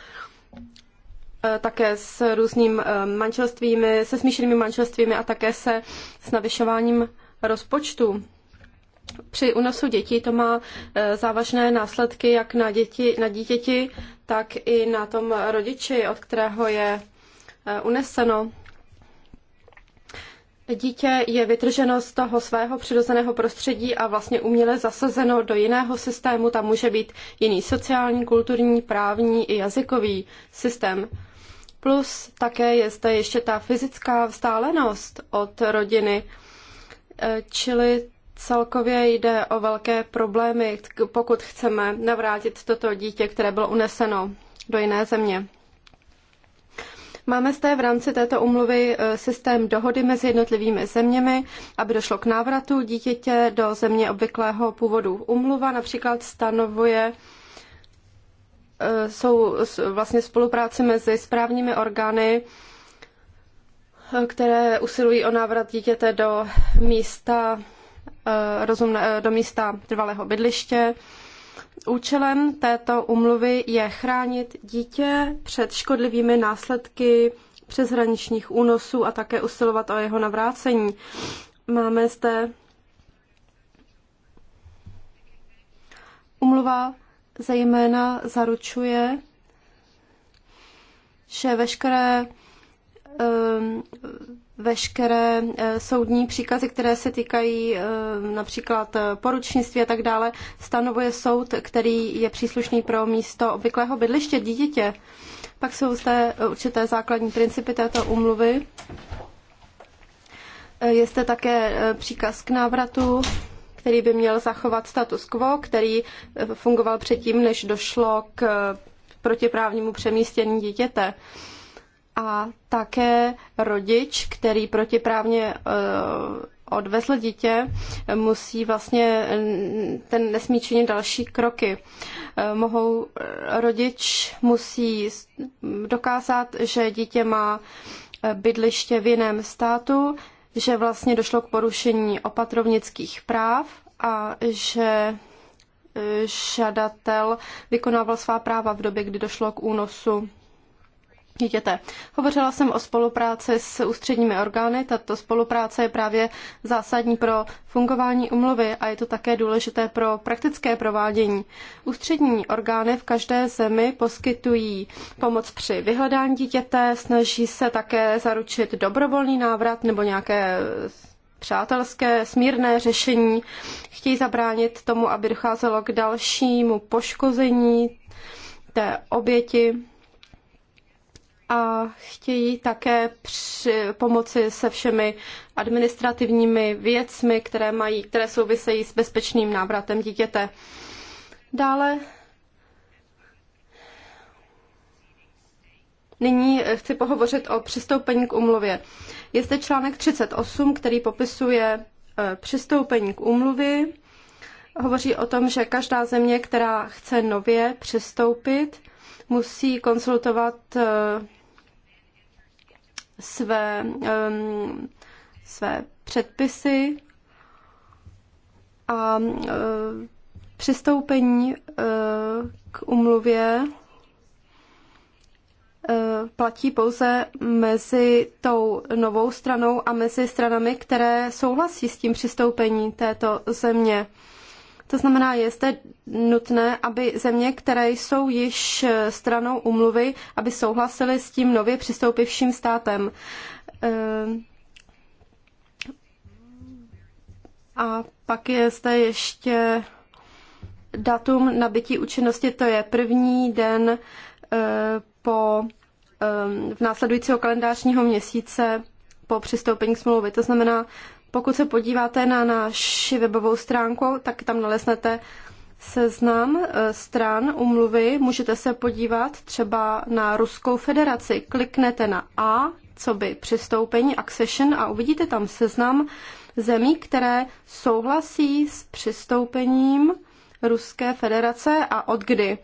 eh, také s různým eh, manželstvími, se smíšenými manželstvími a také se s navyšováním rozpočtu při unosu dětí to má e, závažné následky jak na, děti, na dítěti, tak i na tom rodiči, od kterého je e, uneseno. Dítě je vytrženo z toho svého přirozeného prostředí a vlastně uměle zasazeno do jiného systému. Tam může být jiný sociální, kulturní, právní i jazykový systém. Plus také je zde ještě ta fyzická vzdálenost od rodiny, e, čili Celkově jde o velké problémy, pokud chceme navrátit toto dítě, které bylo uneseno do jiné země. Máme zde v rámci této umluvy e, systém dohody mezi jednotlivými zeměmi, aby došlo k návratu dítěte do země obvyklého původu. Umluva například stanovuje e, jsou vlastně spolupráci mezi správními orgány, e, které usilují o návrat dítěte do místa Eh, rozumné, eh, do místa trvalého bydliště. Účelem této umluvy je chránit dítě před škodlivými následky přeshraničních únosů a také usilovat o jeho navrácení. Máme zde umluva zejména zaručuje, že veškeré um, veškeré eh, soudní příkazy, které se týkají eh, například eh, poručnictví a tak dále, stanovuje soud, který je příslušný pro místo obvyklého bydliště dítěte. Pak jsou zde určité základní principy této umluvy. Je zde také příkaz k návratu, který by měl zachovat status quo, který fungoval předtím, než došlo k protiprávnímu přemístění dítěte a také rodič, který protiprávně eh, odvezl dítě, musí vlastně, mm, ten nesmí činit další kroky. Eh, mohou, eh, rodič musí mm, dokázat, že dítě má bydliště v jiném státu, že vlastně došlo k porušení opatrovnických práv a že žadatel vykonával svá práva v době, kdy došlo k únosu dítěte. Hovořila jsem o spolupráci s ústředními orgány. Tato spolupráce je právě zásadní pro fungování umluvy a je to také důležité pro praktické provádění. Ústřední orgány v každé zemi poskytují pomoc při vyhledání dítěte, snaží se také zaručit dobrovolný návrat nebo nějaké přátelské, smírné řešení. Chtějí zabránit tomu, aby docházelo k dalšímu poškození té oběti a chtějí také při, pomoci se všemi administrativními věcmi, které, mají, které souvisejí s bezpečným návratem dítěte. Dále Nyní chci pohovořit o přistoupení k umluvě. Je zde článek 38, který popisuje e, přistoupení k umluvě. Hovoří o tom, že každá země, která chce nově přistoupit, musí konsultovat e, své, um, své předpisy a uh, přistoupení uh, k umluvě platí pouze mezi tou novou stranou a mezi stranami, které souhlasí s tím přistoupením této země. To znamená, je zde nutné, aby země, které jsou již stranou umluvy, aby souhlasily s tím nově přistoupivším státem. Eh, a pak je zde ještě datum nabití účinnosti, to je první den eh, po eh, v následujícího kalendářního měsíce po přistoupení k smlouvy. To znamená, pokud se podíváte na naši webovou stránku, tak tam naleznete seznam eh, stran umluvy. Můžete se podívat třeba na Ruskou federaci. Kliknete na A, co by přistoupení, accession a uvidíte tam seznam zemí, které souhlasí s přistoupením Ruské federace a od kdy.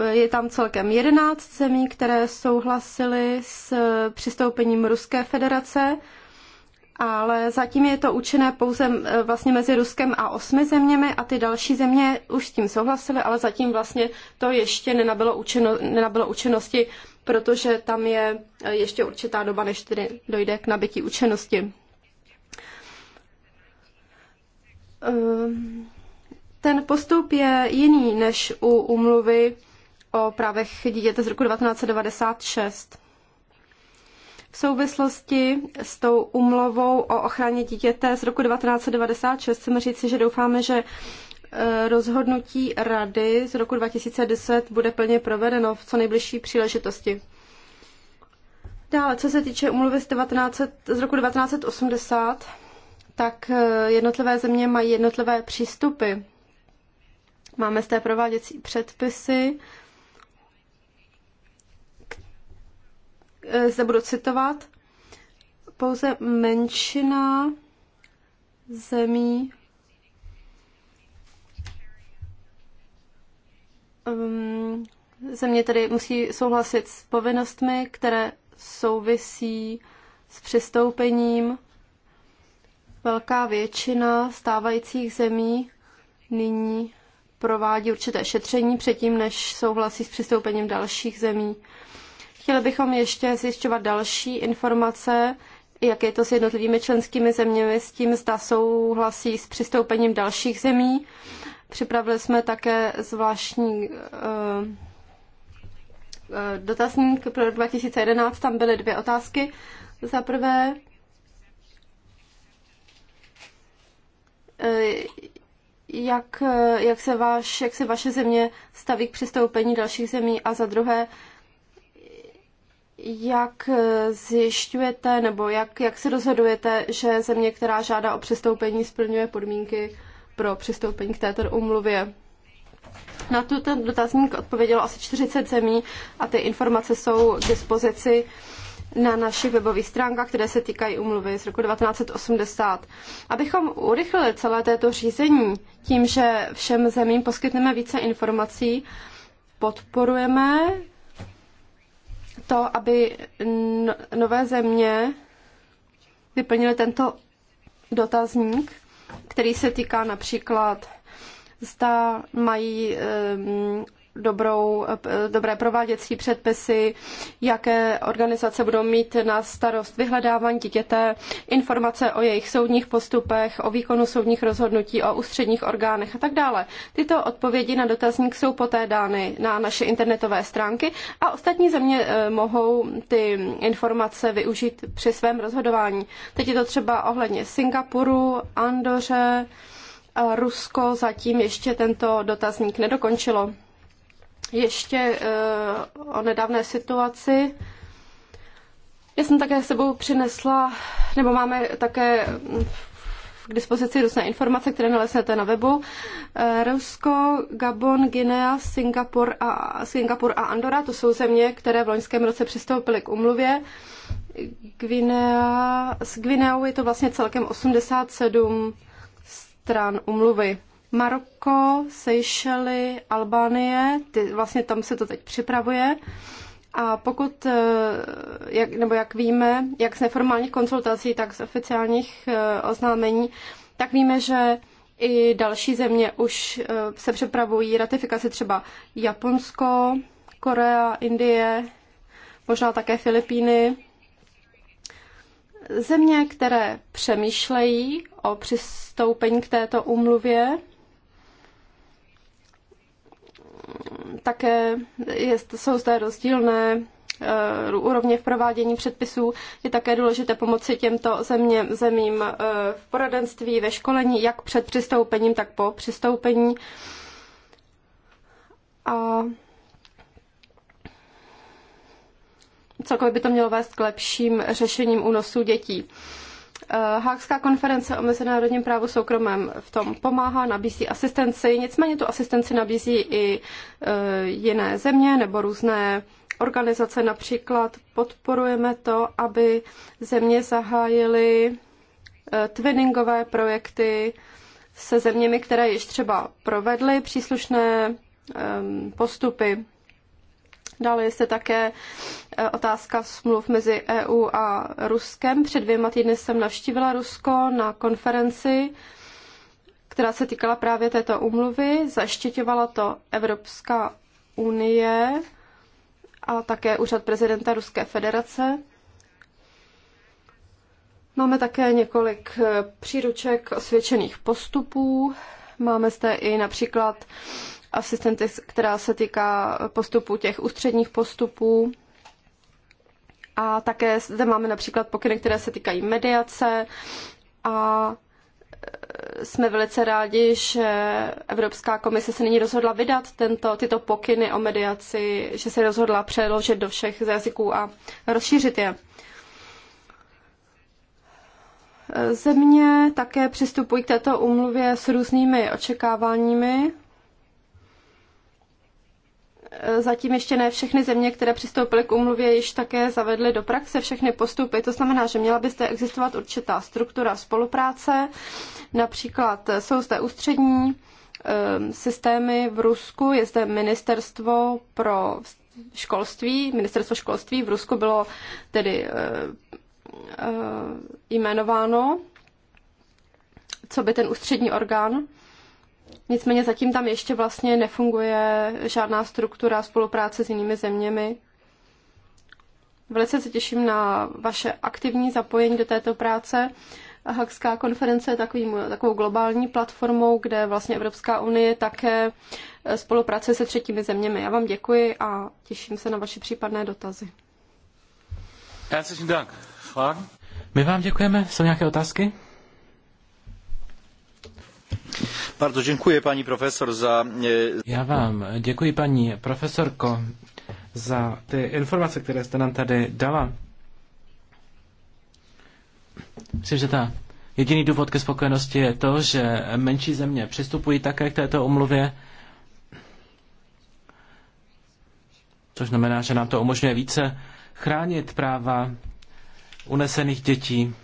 Eh, je tam celkem 11 zemí, které souhlasily s eh, přistoupením Ruské federace ale zatím je to učené pouze e, vlastně mezi Ruskem a osmi zeměmi a ty další země už s tím souhlasily, ale zatím vlastně to ještě nenabylo, učeno, nenabylo účinnosti, protože tam je e, ještě určitá doba, než tedy dojde k nabití účinnosti. Ehm, ten postup je jiný než u umluvy o právech dítěte z roku 1996 v souvislosti s tou umlovou o ochraně dítěte z roku 1996 chceme říci, že doufáme, že eh, rozhodnutí rady z roku 2010 bude plně provedeno v co nejbližší příležitosti. Dále, co se týče umluvy z, 19, z roku 1980, tak eh, jednotlivé země mají jednotlivé přístupy. Máme zde prováděcí předpisy, Eh, zde budu citovat, pouze menšina zemí ehm, země tedy musí souhlasit s povinnostmi, které souvisí s přistoupením. Velká většina stávajících zemí nyní provádí určité šetření předtím, než souhlasí s přistoupením dalších zemí. Chtěli bychom ještě zjišťovat další informace, jak je to s jednotlivými členskými zeměmi, s tím zda souhlasí s přistoupením dalších zemí. Připravili jsme také zvláštní eh, eh, dotazník pro 2011, tam byly dvě otázky. Za prvé, eh, jak, jak, se váš, jak se vaše země staví k přistoupení dalších zemí a za druhé, jak eh, zjišťujete nebo jak, jak se rozhodujete, že země, která žádá o přistoupení, splňuje podmínky pro přistoupení k této umluvě? Na tu ten dotazník odpovědělo asi 40 zemí a ty informace jsou k dispozici na našich webových stránkách, které se týkají umluvy z roku 1980. Abychom urychlili celé této řízení tím, že všem zemím poskytneme více informací, podporujeme to, aby nové země vyplnily tento dotazník, který se týká například, zda mají dobrou, dobré prováděcí předpisy, jaké organizace budou mít na starost vyhledávání dítěte, informace o jejich soudních postupech, o výkonu soudních rozhodnutí, o ústředních orgánech a tak dále. Tyto odpovědi na dotazník jsou poté dány na naše internetové stránky a ostatní země eh, mohou ty informace využít při svém rozhodování. Teď je to třeba ohledně Singapuru, Andoře, eh, Rusko zatím ještě tento dotazník nedokončilo ještě eh, o nedávné situaci. Já jsem také sebou přinesla, nebo máme také k dispozici různé informace, které naleznete na webu. Eh, Rusko, Gabon, Guinea, Singapur a, Singapur a Andora, to jsou země, které v loňském roce přistoupily k umluvě. Gvinea, s Gvineou je to vlastně celkem 87 stran umluvy. Maroko, Seychely, Albánie, ty, vlastně tam se to teď připravuje. A pokud, eh, jak, nebo jak víme, jak z neformálních konzultací, tak z oficiálních eh, oznámení, tak víme, že i další země už eh, se připravují ratifikace, třeba Japonsko, Korea, Indie, možná také Filipíny. Země, které přemýšlejí o přistoupení k této úmluvě, také je, jsou zde rozdílné eh, úrovně v provádění předpisů. Je také důležité pomoci těmto země, zemím eh, v poradenství, ve školení, jak před přistoupením, tak po přistoupení. A celkově by to mělo vést k lepším řešením únosů dětí. Eh, Hákská konference o mezinárodním právu soukromém v tom pomáhá, nabízí asistenci, nicméně tu asistenci nabízí i eh, jiné země nebo různé organizace. Například podporujeme to, aby země zahájily eh, twinningové projekty se zeměmi, které již třeba provedly příslušné ehm, postupy Dále je se také e, otázka smluv mezi EU a Ruskem. Před dvěma týdny jsem navštívila Rusko na konferenci, která se týkala právě této umluvy. Zaštěťovala to Evropská unie a také úřad prezidenta Ruské federace. Máme také několik e, příruček osvědčených postupů. Máme zde i například asistenty, která se týká postupu těch ústředních postupů. A také zde máme například pokyny, které se týkají mediace a e, jsme velice rádi, že Evropská komise se nyní rozhodla vydat tento, tyto pokyny o mediaci, že se rozhodla přeložit do všech jazyků a rozšířit je. Země také přistupují k této úmluvě s různými očekáváními. Zatím ještě ne všechny země, které přistoupily k úmluvě, již také zavedly do praxe všechny postupy. To znamená, že měla byste existovat určitá struktura spolupráce. Například jsou zde ústřední ehm, systémy v Rusku, je zde ministerstvo pro školství. Ministerstvo školství v Rusku bylo tedy ehm, ehm, jmenováno, co by ten ústřední orgán Nicméně zatím tam ještě vlastně nefunguje žádná struktura spolupráce s jinými zeměmi. Velice se těším na vaše aktivní zapojení do této práce. Hakská konference je takovým, takovou globální platformou, kde vlastně Evropská unie také eh, spolupracuje se třetími zeměmi. Já vám děkuji a těším se na vaše případné dotazy. My vám děkujeme. Jsou nějaké otázky? profesor e, Já vám děkuji paní profesorko za ty informace, které jste nám tady dala. Myslím, že ta jediný důvod ke spokojenosti je to, že menší země přistupují také k této umluvě, což znamená, že nám to umožňuje více chránit práva unesených dětí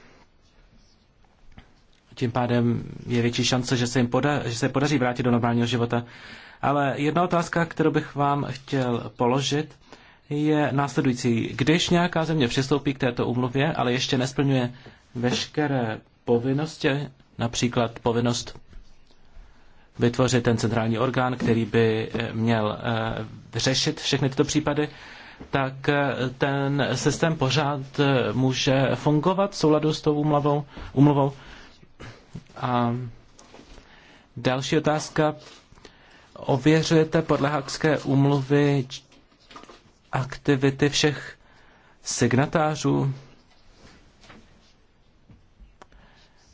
tím pádem je větší šance, že se jim poda- že se podaří vrátit do normálního života. Ale jedna otázka, kterou bych vám chtěl položit, je následující. Když nějaká země přistoupí k této úmluvě, ale ještě nesplňuje veškeré povinnosti, například povinnost vytvořit ten centrální orgán, který by eh, měl eh, řešit všechny tyto případy, tak eh, ten systém pořád může fungovat v souladu s tou umluvou. A další otázka. Ověřujete podle Hakské úmluvy aktivity všech signatářů?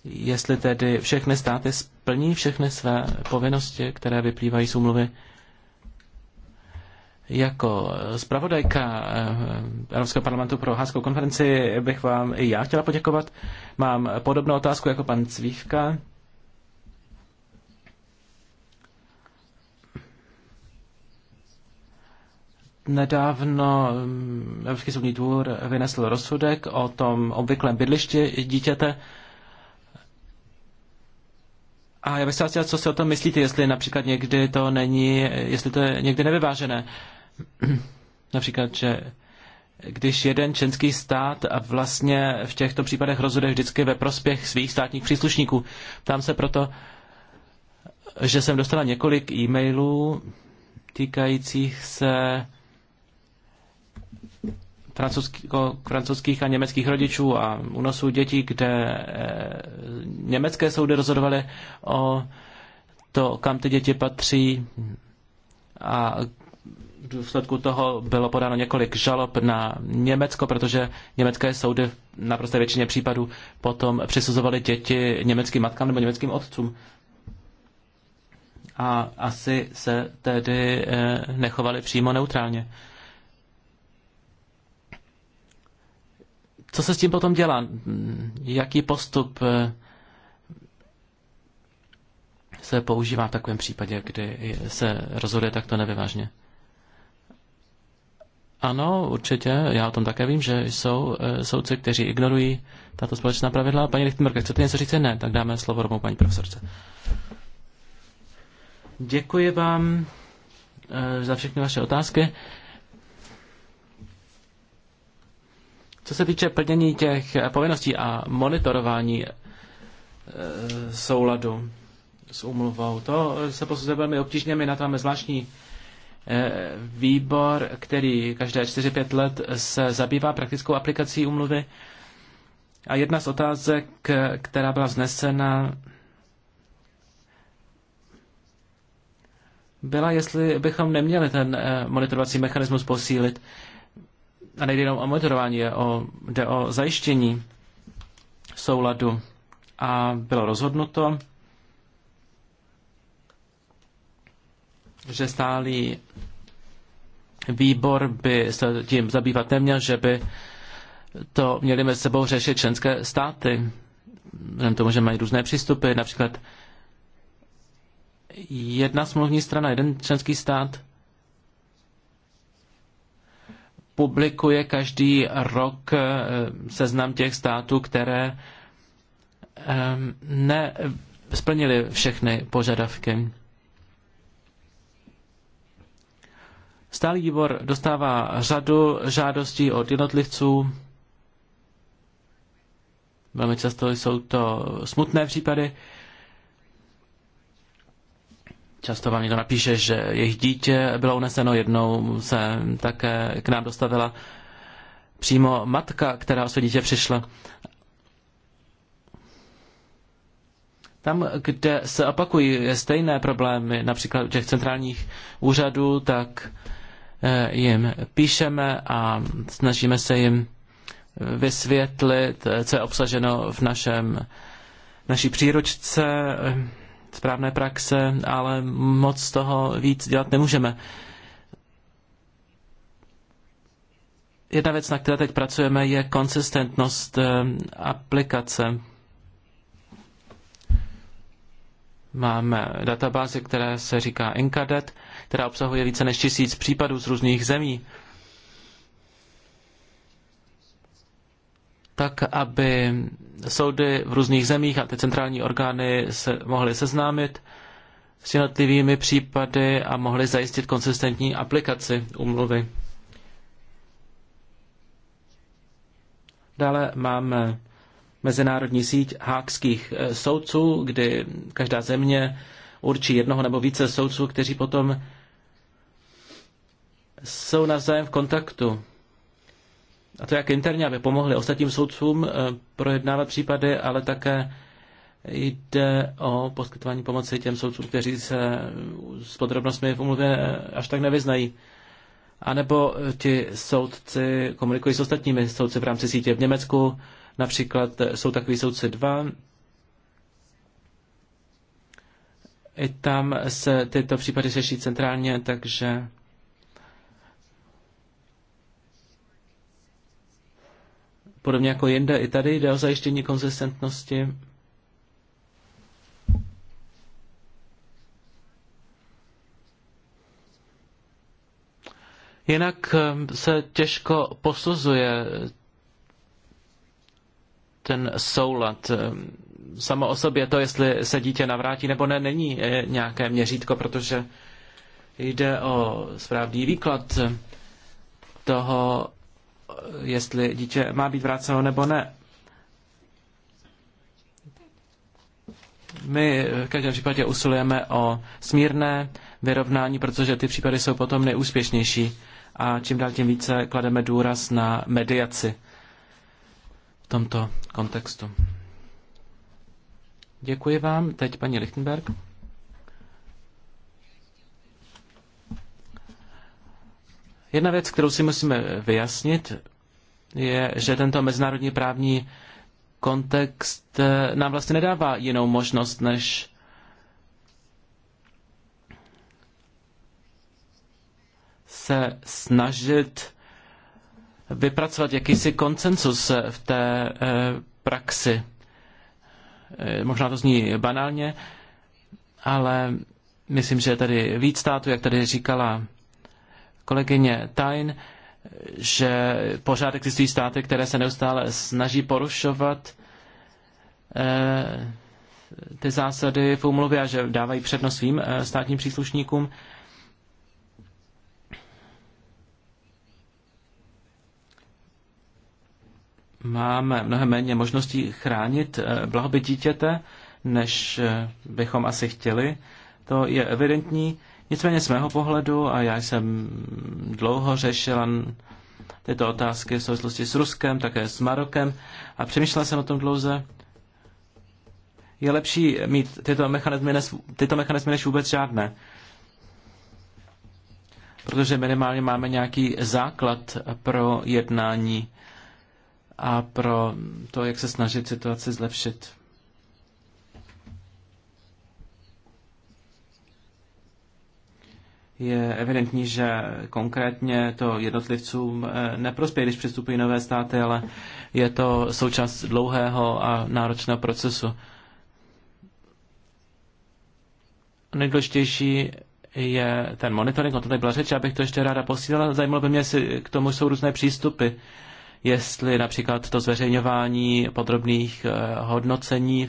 Jestli tedy všechny státy splní všechny své povinnosti, které vyplývají z úmluvy? Jako zpravodajka eh, Evropského parlamentu pro Háskou konferenci bych vám i já chtěla poděkovat. Mám podobnou otázku jako pan Cvívka. Nedávno mm, Evropský soudní dvůr vynesl rozsudek o tom obvyklém bydlišti dítěte. A já bych se chtěla, co si o tom myslíte, jestli například někdy to není, jestli to je někdy nevyvážené. Například, že když jeden členský stát a vlastně v těchto případech rozhoduje vždycky ve prospěch svých státních příslušníků. tam se proto, že jsem dostala několik e-mailů týkajících se francouzských a německých rodičů a unosů dětí, kde eh, německé soudy rozhodovaly o to, kam ty děti patří a v důsledku toho bylo podáno několik žalob na Německo, protože německé soudy v naprosté většině případů potom přisuzovaly děti německým matkám nebo německým otcům. A asi se tedy eh, nechovali přímo neutrálně. Co se s tím potom dělá? Jaký postup eh, se používá v takovém případě, kdy se rozhoduje takto nevyvážně? Ano, určitě, já o tom také vím, že jsou eh, soudci, kteří ignorují tato společná pravidla. Paní Lichtenberg, chcete něco říct? Ne, tak dáme slovo rovnou paní profesorce. Děkuji vám eh, za všechny vaše otázky. Co se týče plnění těch povinností a monitorování eh, souladu s úmluvou, to se posuzuje velmi obtížně. My na to máme zvláštní Eh, výbor, který každé 4-5 let se zabývá praktickou aplikací umluvy. A jedna z otázek, která byla vznesena, byla, jestli bychom neměli ten eh, monitorovací mechanismus posílit. A nejde jenom o monitorování, je o, jde o zajištění souladu. A bylo rozhodnuto, že stálý výbor by se tím zabývat neměl, že by to měli mezi sebou řešit členské státy. Vzhledem tomu, že mají různé přístupy, například jedna smluvní strana, jeden členský stát publikuje každý rok eh, seznam těch států, které eh, nesplnili všechny požadavky. Stálý výbor dostává řadu žádostí od jednotlivců. Velmi často jsou to smutné případy. Často vám někdo napíše, že jejich dítě bylo uneseno. Jednou se také k nám dostavila přímo matka, která o své dítě přišla. Tam, kde se opakují stejné problémy, například u těch centrálních úřadů, tak Eh, jim píšeme a snažíme se jim vysvětlit, eh, co je obsaženo v našem, naší příručce eh, správné praxe, ale moc toho víc dělat nemůžeme. Jedna věc, na které teď pracujeme, je konsistentnost aplikace. Máme databázi, která se říká Incadet, která obsahuje více než tisíc případů z různých zemí. tak, aby soudy v různých zemích a ty centrální orgány se mohly seznámit s jednotlivými případy a mohly zajistit konsistentní aplikaci umluvy. Dále máme mezinárodní síť hákských eh, soudců, kdy každá země určí jednoho nebo více soudců, kteří potom jsou navzájem v kontaktu. A to jak interně, aby pomohli ostatním soudcům eh, projednávat případy, ale také jde o poskytování pomoci těm soudcům, kteří se s podrobnostmi v umluvě eh, až tak nevyznají. A nebo ti soudci komunikují s ostatními soudci v rámci sítě. V Německu například eh, jsou takový soudci dva. I tam se tyto případy řeší centrálně, takže Podobně jako jinde, i tady jde o zajištění konzistentnosti. Jinak ehm, se těžko posuzuje ten soulad. Ehm, samo o sobě to, jestli se dítě navrátí nebo ne, není eh, nějaké měřítko, protože jde o správný výklad toho, jestli dítě má být vráceno nebo ne. My v každém případě usilujeme o smírné vyrovnání, protože ty případy jsou potom nejúspěšnější a čím dál tím více klademe důraz na mediaci v tomto kontextu. Děkuji vám. Teď paní Lichtenberg. Jedna věc, kterou si musíme vyjasnit, je, že tento mezinárodní právní kontext eh, nám vlastně nedává jinou možnost, než se snažit vypracovat jakýsi koncensus v té eh, praxi. Eh, možná to zní banálně, ale myslím, že je tady víc států, jak tady říkala kolegyně Tain, že pořád existují státy, které se neustále snaží porušovat eh, ty zásady v úmluvě a že dávají přednost svým eh, státním příslušníkům. Máme mnohem méně možností chránit eh, blahobyt dítěte, než bychom asi chtěli. To je evidentní. Nicméně z mého pohledu, a já jsem dlouho řešil tyto otázky v souvislosti s Ruskem, také s Marokem a přemýšlel jsem o tom dlouze, je lepší mít tyto mechanizmy, než, tyto mechanizmy než vůbec žádné. Protože minimálně máme nějaký základ pro jednání a pro to, jak se snažit situaci zlepšit. je evidentní, že konkrétně to jednotlivcům eh, neprospěje, když přistupují nové státy, ale je to součást dlouhého a náročného procesu. Nejdůležitější je ten monitoring, o tom tady byla řeč, abych to ještě ráda posílala. Zajímalo by mě, jestli k tomu jsou různé přístupy. Jestli například to zveřejňování podrobných eh, hodnocení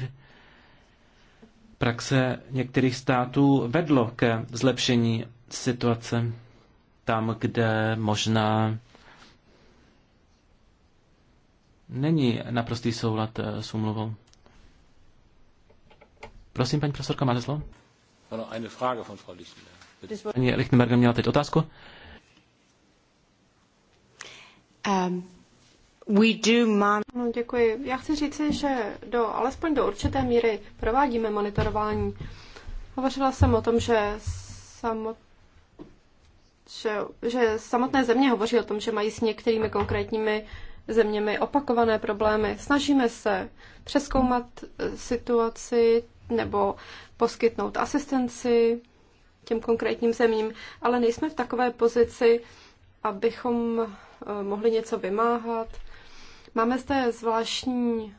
praxe některých států vedlo ke zlepšení situace tam, kde možná není naprostý soulad eh, s umluvou. Prosím, paní profesorka, máte slovo? Ano, eine Frage von Frau Lichtenberg. Paní Lichtenberger měla teď otázku. Um, we do man- no, děkuji. Já chci říci, že do, alespoň do určité míry provádíme monitorování. Hovořila jsem o tom, že samot- že, že samotné země hovoří o tom, že mají s některými konkrétními zeměmi opakované problémy. Snažíme se přeskoumat eh, situaci nebo poskytnout asistenci těm konkrétním zemím, ale nejsme v takové pozici, abychom eh, mohli něco vymáhat. Máme zde zvláštní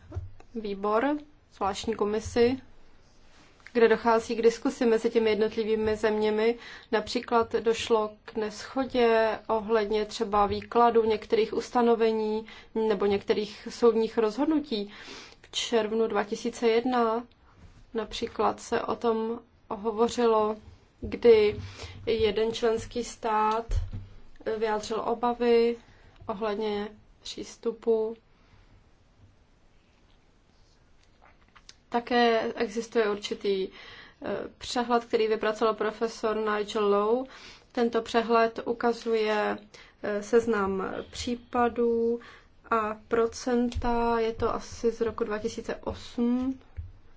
výbor, zvláštní komisi kde dochází k diskusi mezi těmi jednotlivými zeměmi. Například došlo k neschodě ohledně třeba výkladu některých ustanovení nebo některých soudních rozhodnutí. V červnu 2001 například se o tom hovořilo, kdy jeden členský stát vyjádřil obavy ohledně přístupu Také existuje určitý eh, přehled, který vypracoval profesor Nigel Lowe. Tento přehled ukazuje eh, seznam případů a procenta, je to asi z roku 2008,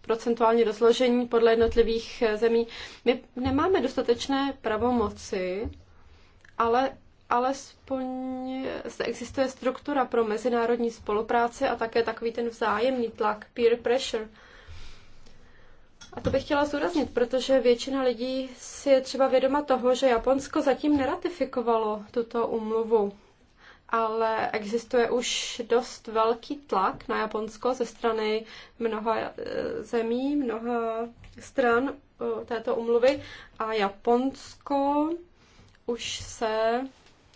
procentuální rozložení podle jednotlivých eh, zemí. My nemáme dostatečné pravomoci, ale alespoň existuje struktura pro mezinárodní spolupráci a také takový ten vzájemný tlak, peer pressure. A to bych chtěla zúraznit, protože většina lidí si je třeba vědoma toho, že Japonsko zatím neratifikovalo tuto úmluvu. Ale existuje už dost velký tlak na Japonsko ze strany mnoha eh, zemí, mnoha stran eh, této umluvy a Japonsko už se,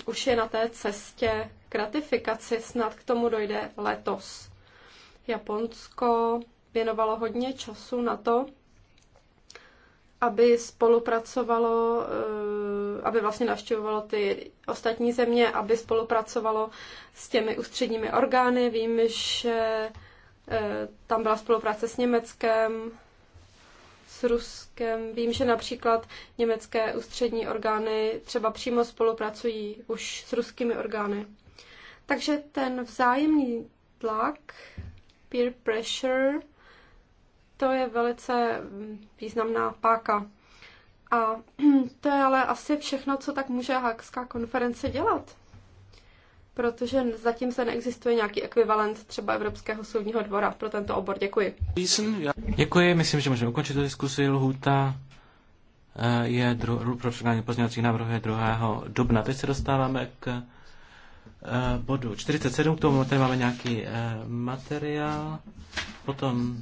už je na té cestě k ratifikaci, snad k tomu dojde letos. Japonsko věnovalo hodně času na to, aby spolupracovalo, eh, aby vlastně navštěvovalo ty ostatní země, aby spolupracovalo s těmi ústředními orgány. Vím, že eh, tam byla spolupráce s Německem, s Ruskem. Vím, že například německé ústřední orgány třeba přímo spolupracují už s ruskými orgány. Takže ten vzájemný tlak, peer pressure, to je velice mm, významná páka. A to je ale asi všechno, co tak může Hákská konference dělat. Protože zatím se neexistuje nějaký ekvivalent třeba Evropského soudního dvora pro tento obor. Děkuji. Děkuji, myslím, že můžeme ukončit tu diskusi. Lhůta eh, je dru- pro předkládání pozměňovacích návrhů je 2. dubna. Teď se dostáváme k eh, bodu 47, k tomu tady máme nějaký eh, materiál. Potom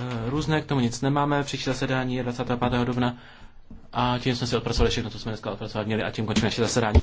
Eh, různé, k tomu nic nemáme. Příští zasedání je 25. dubna a tím jsme si odpracovali všechno, co jsme dneska odpracovat měli a tím končíme naše zasedání.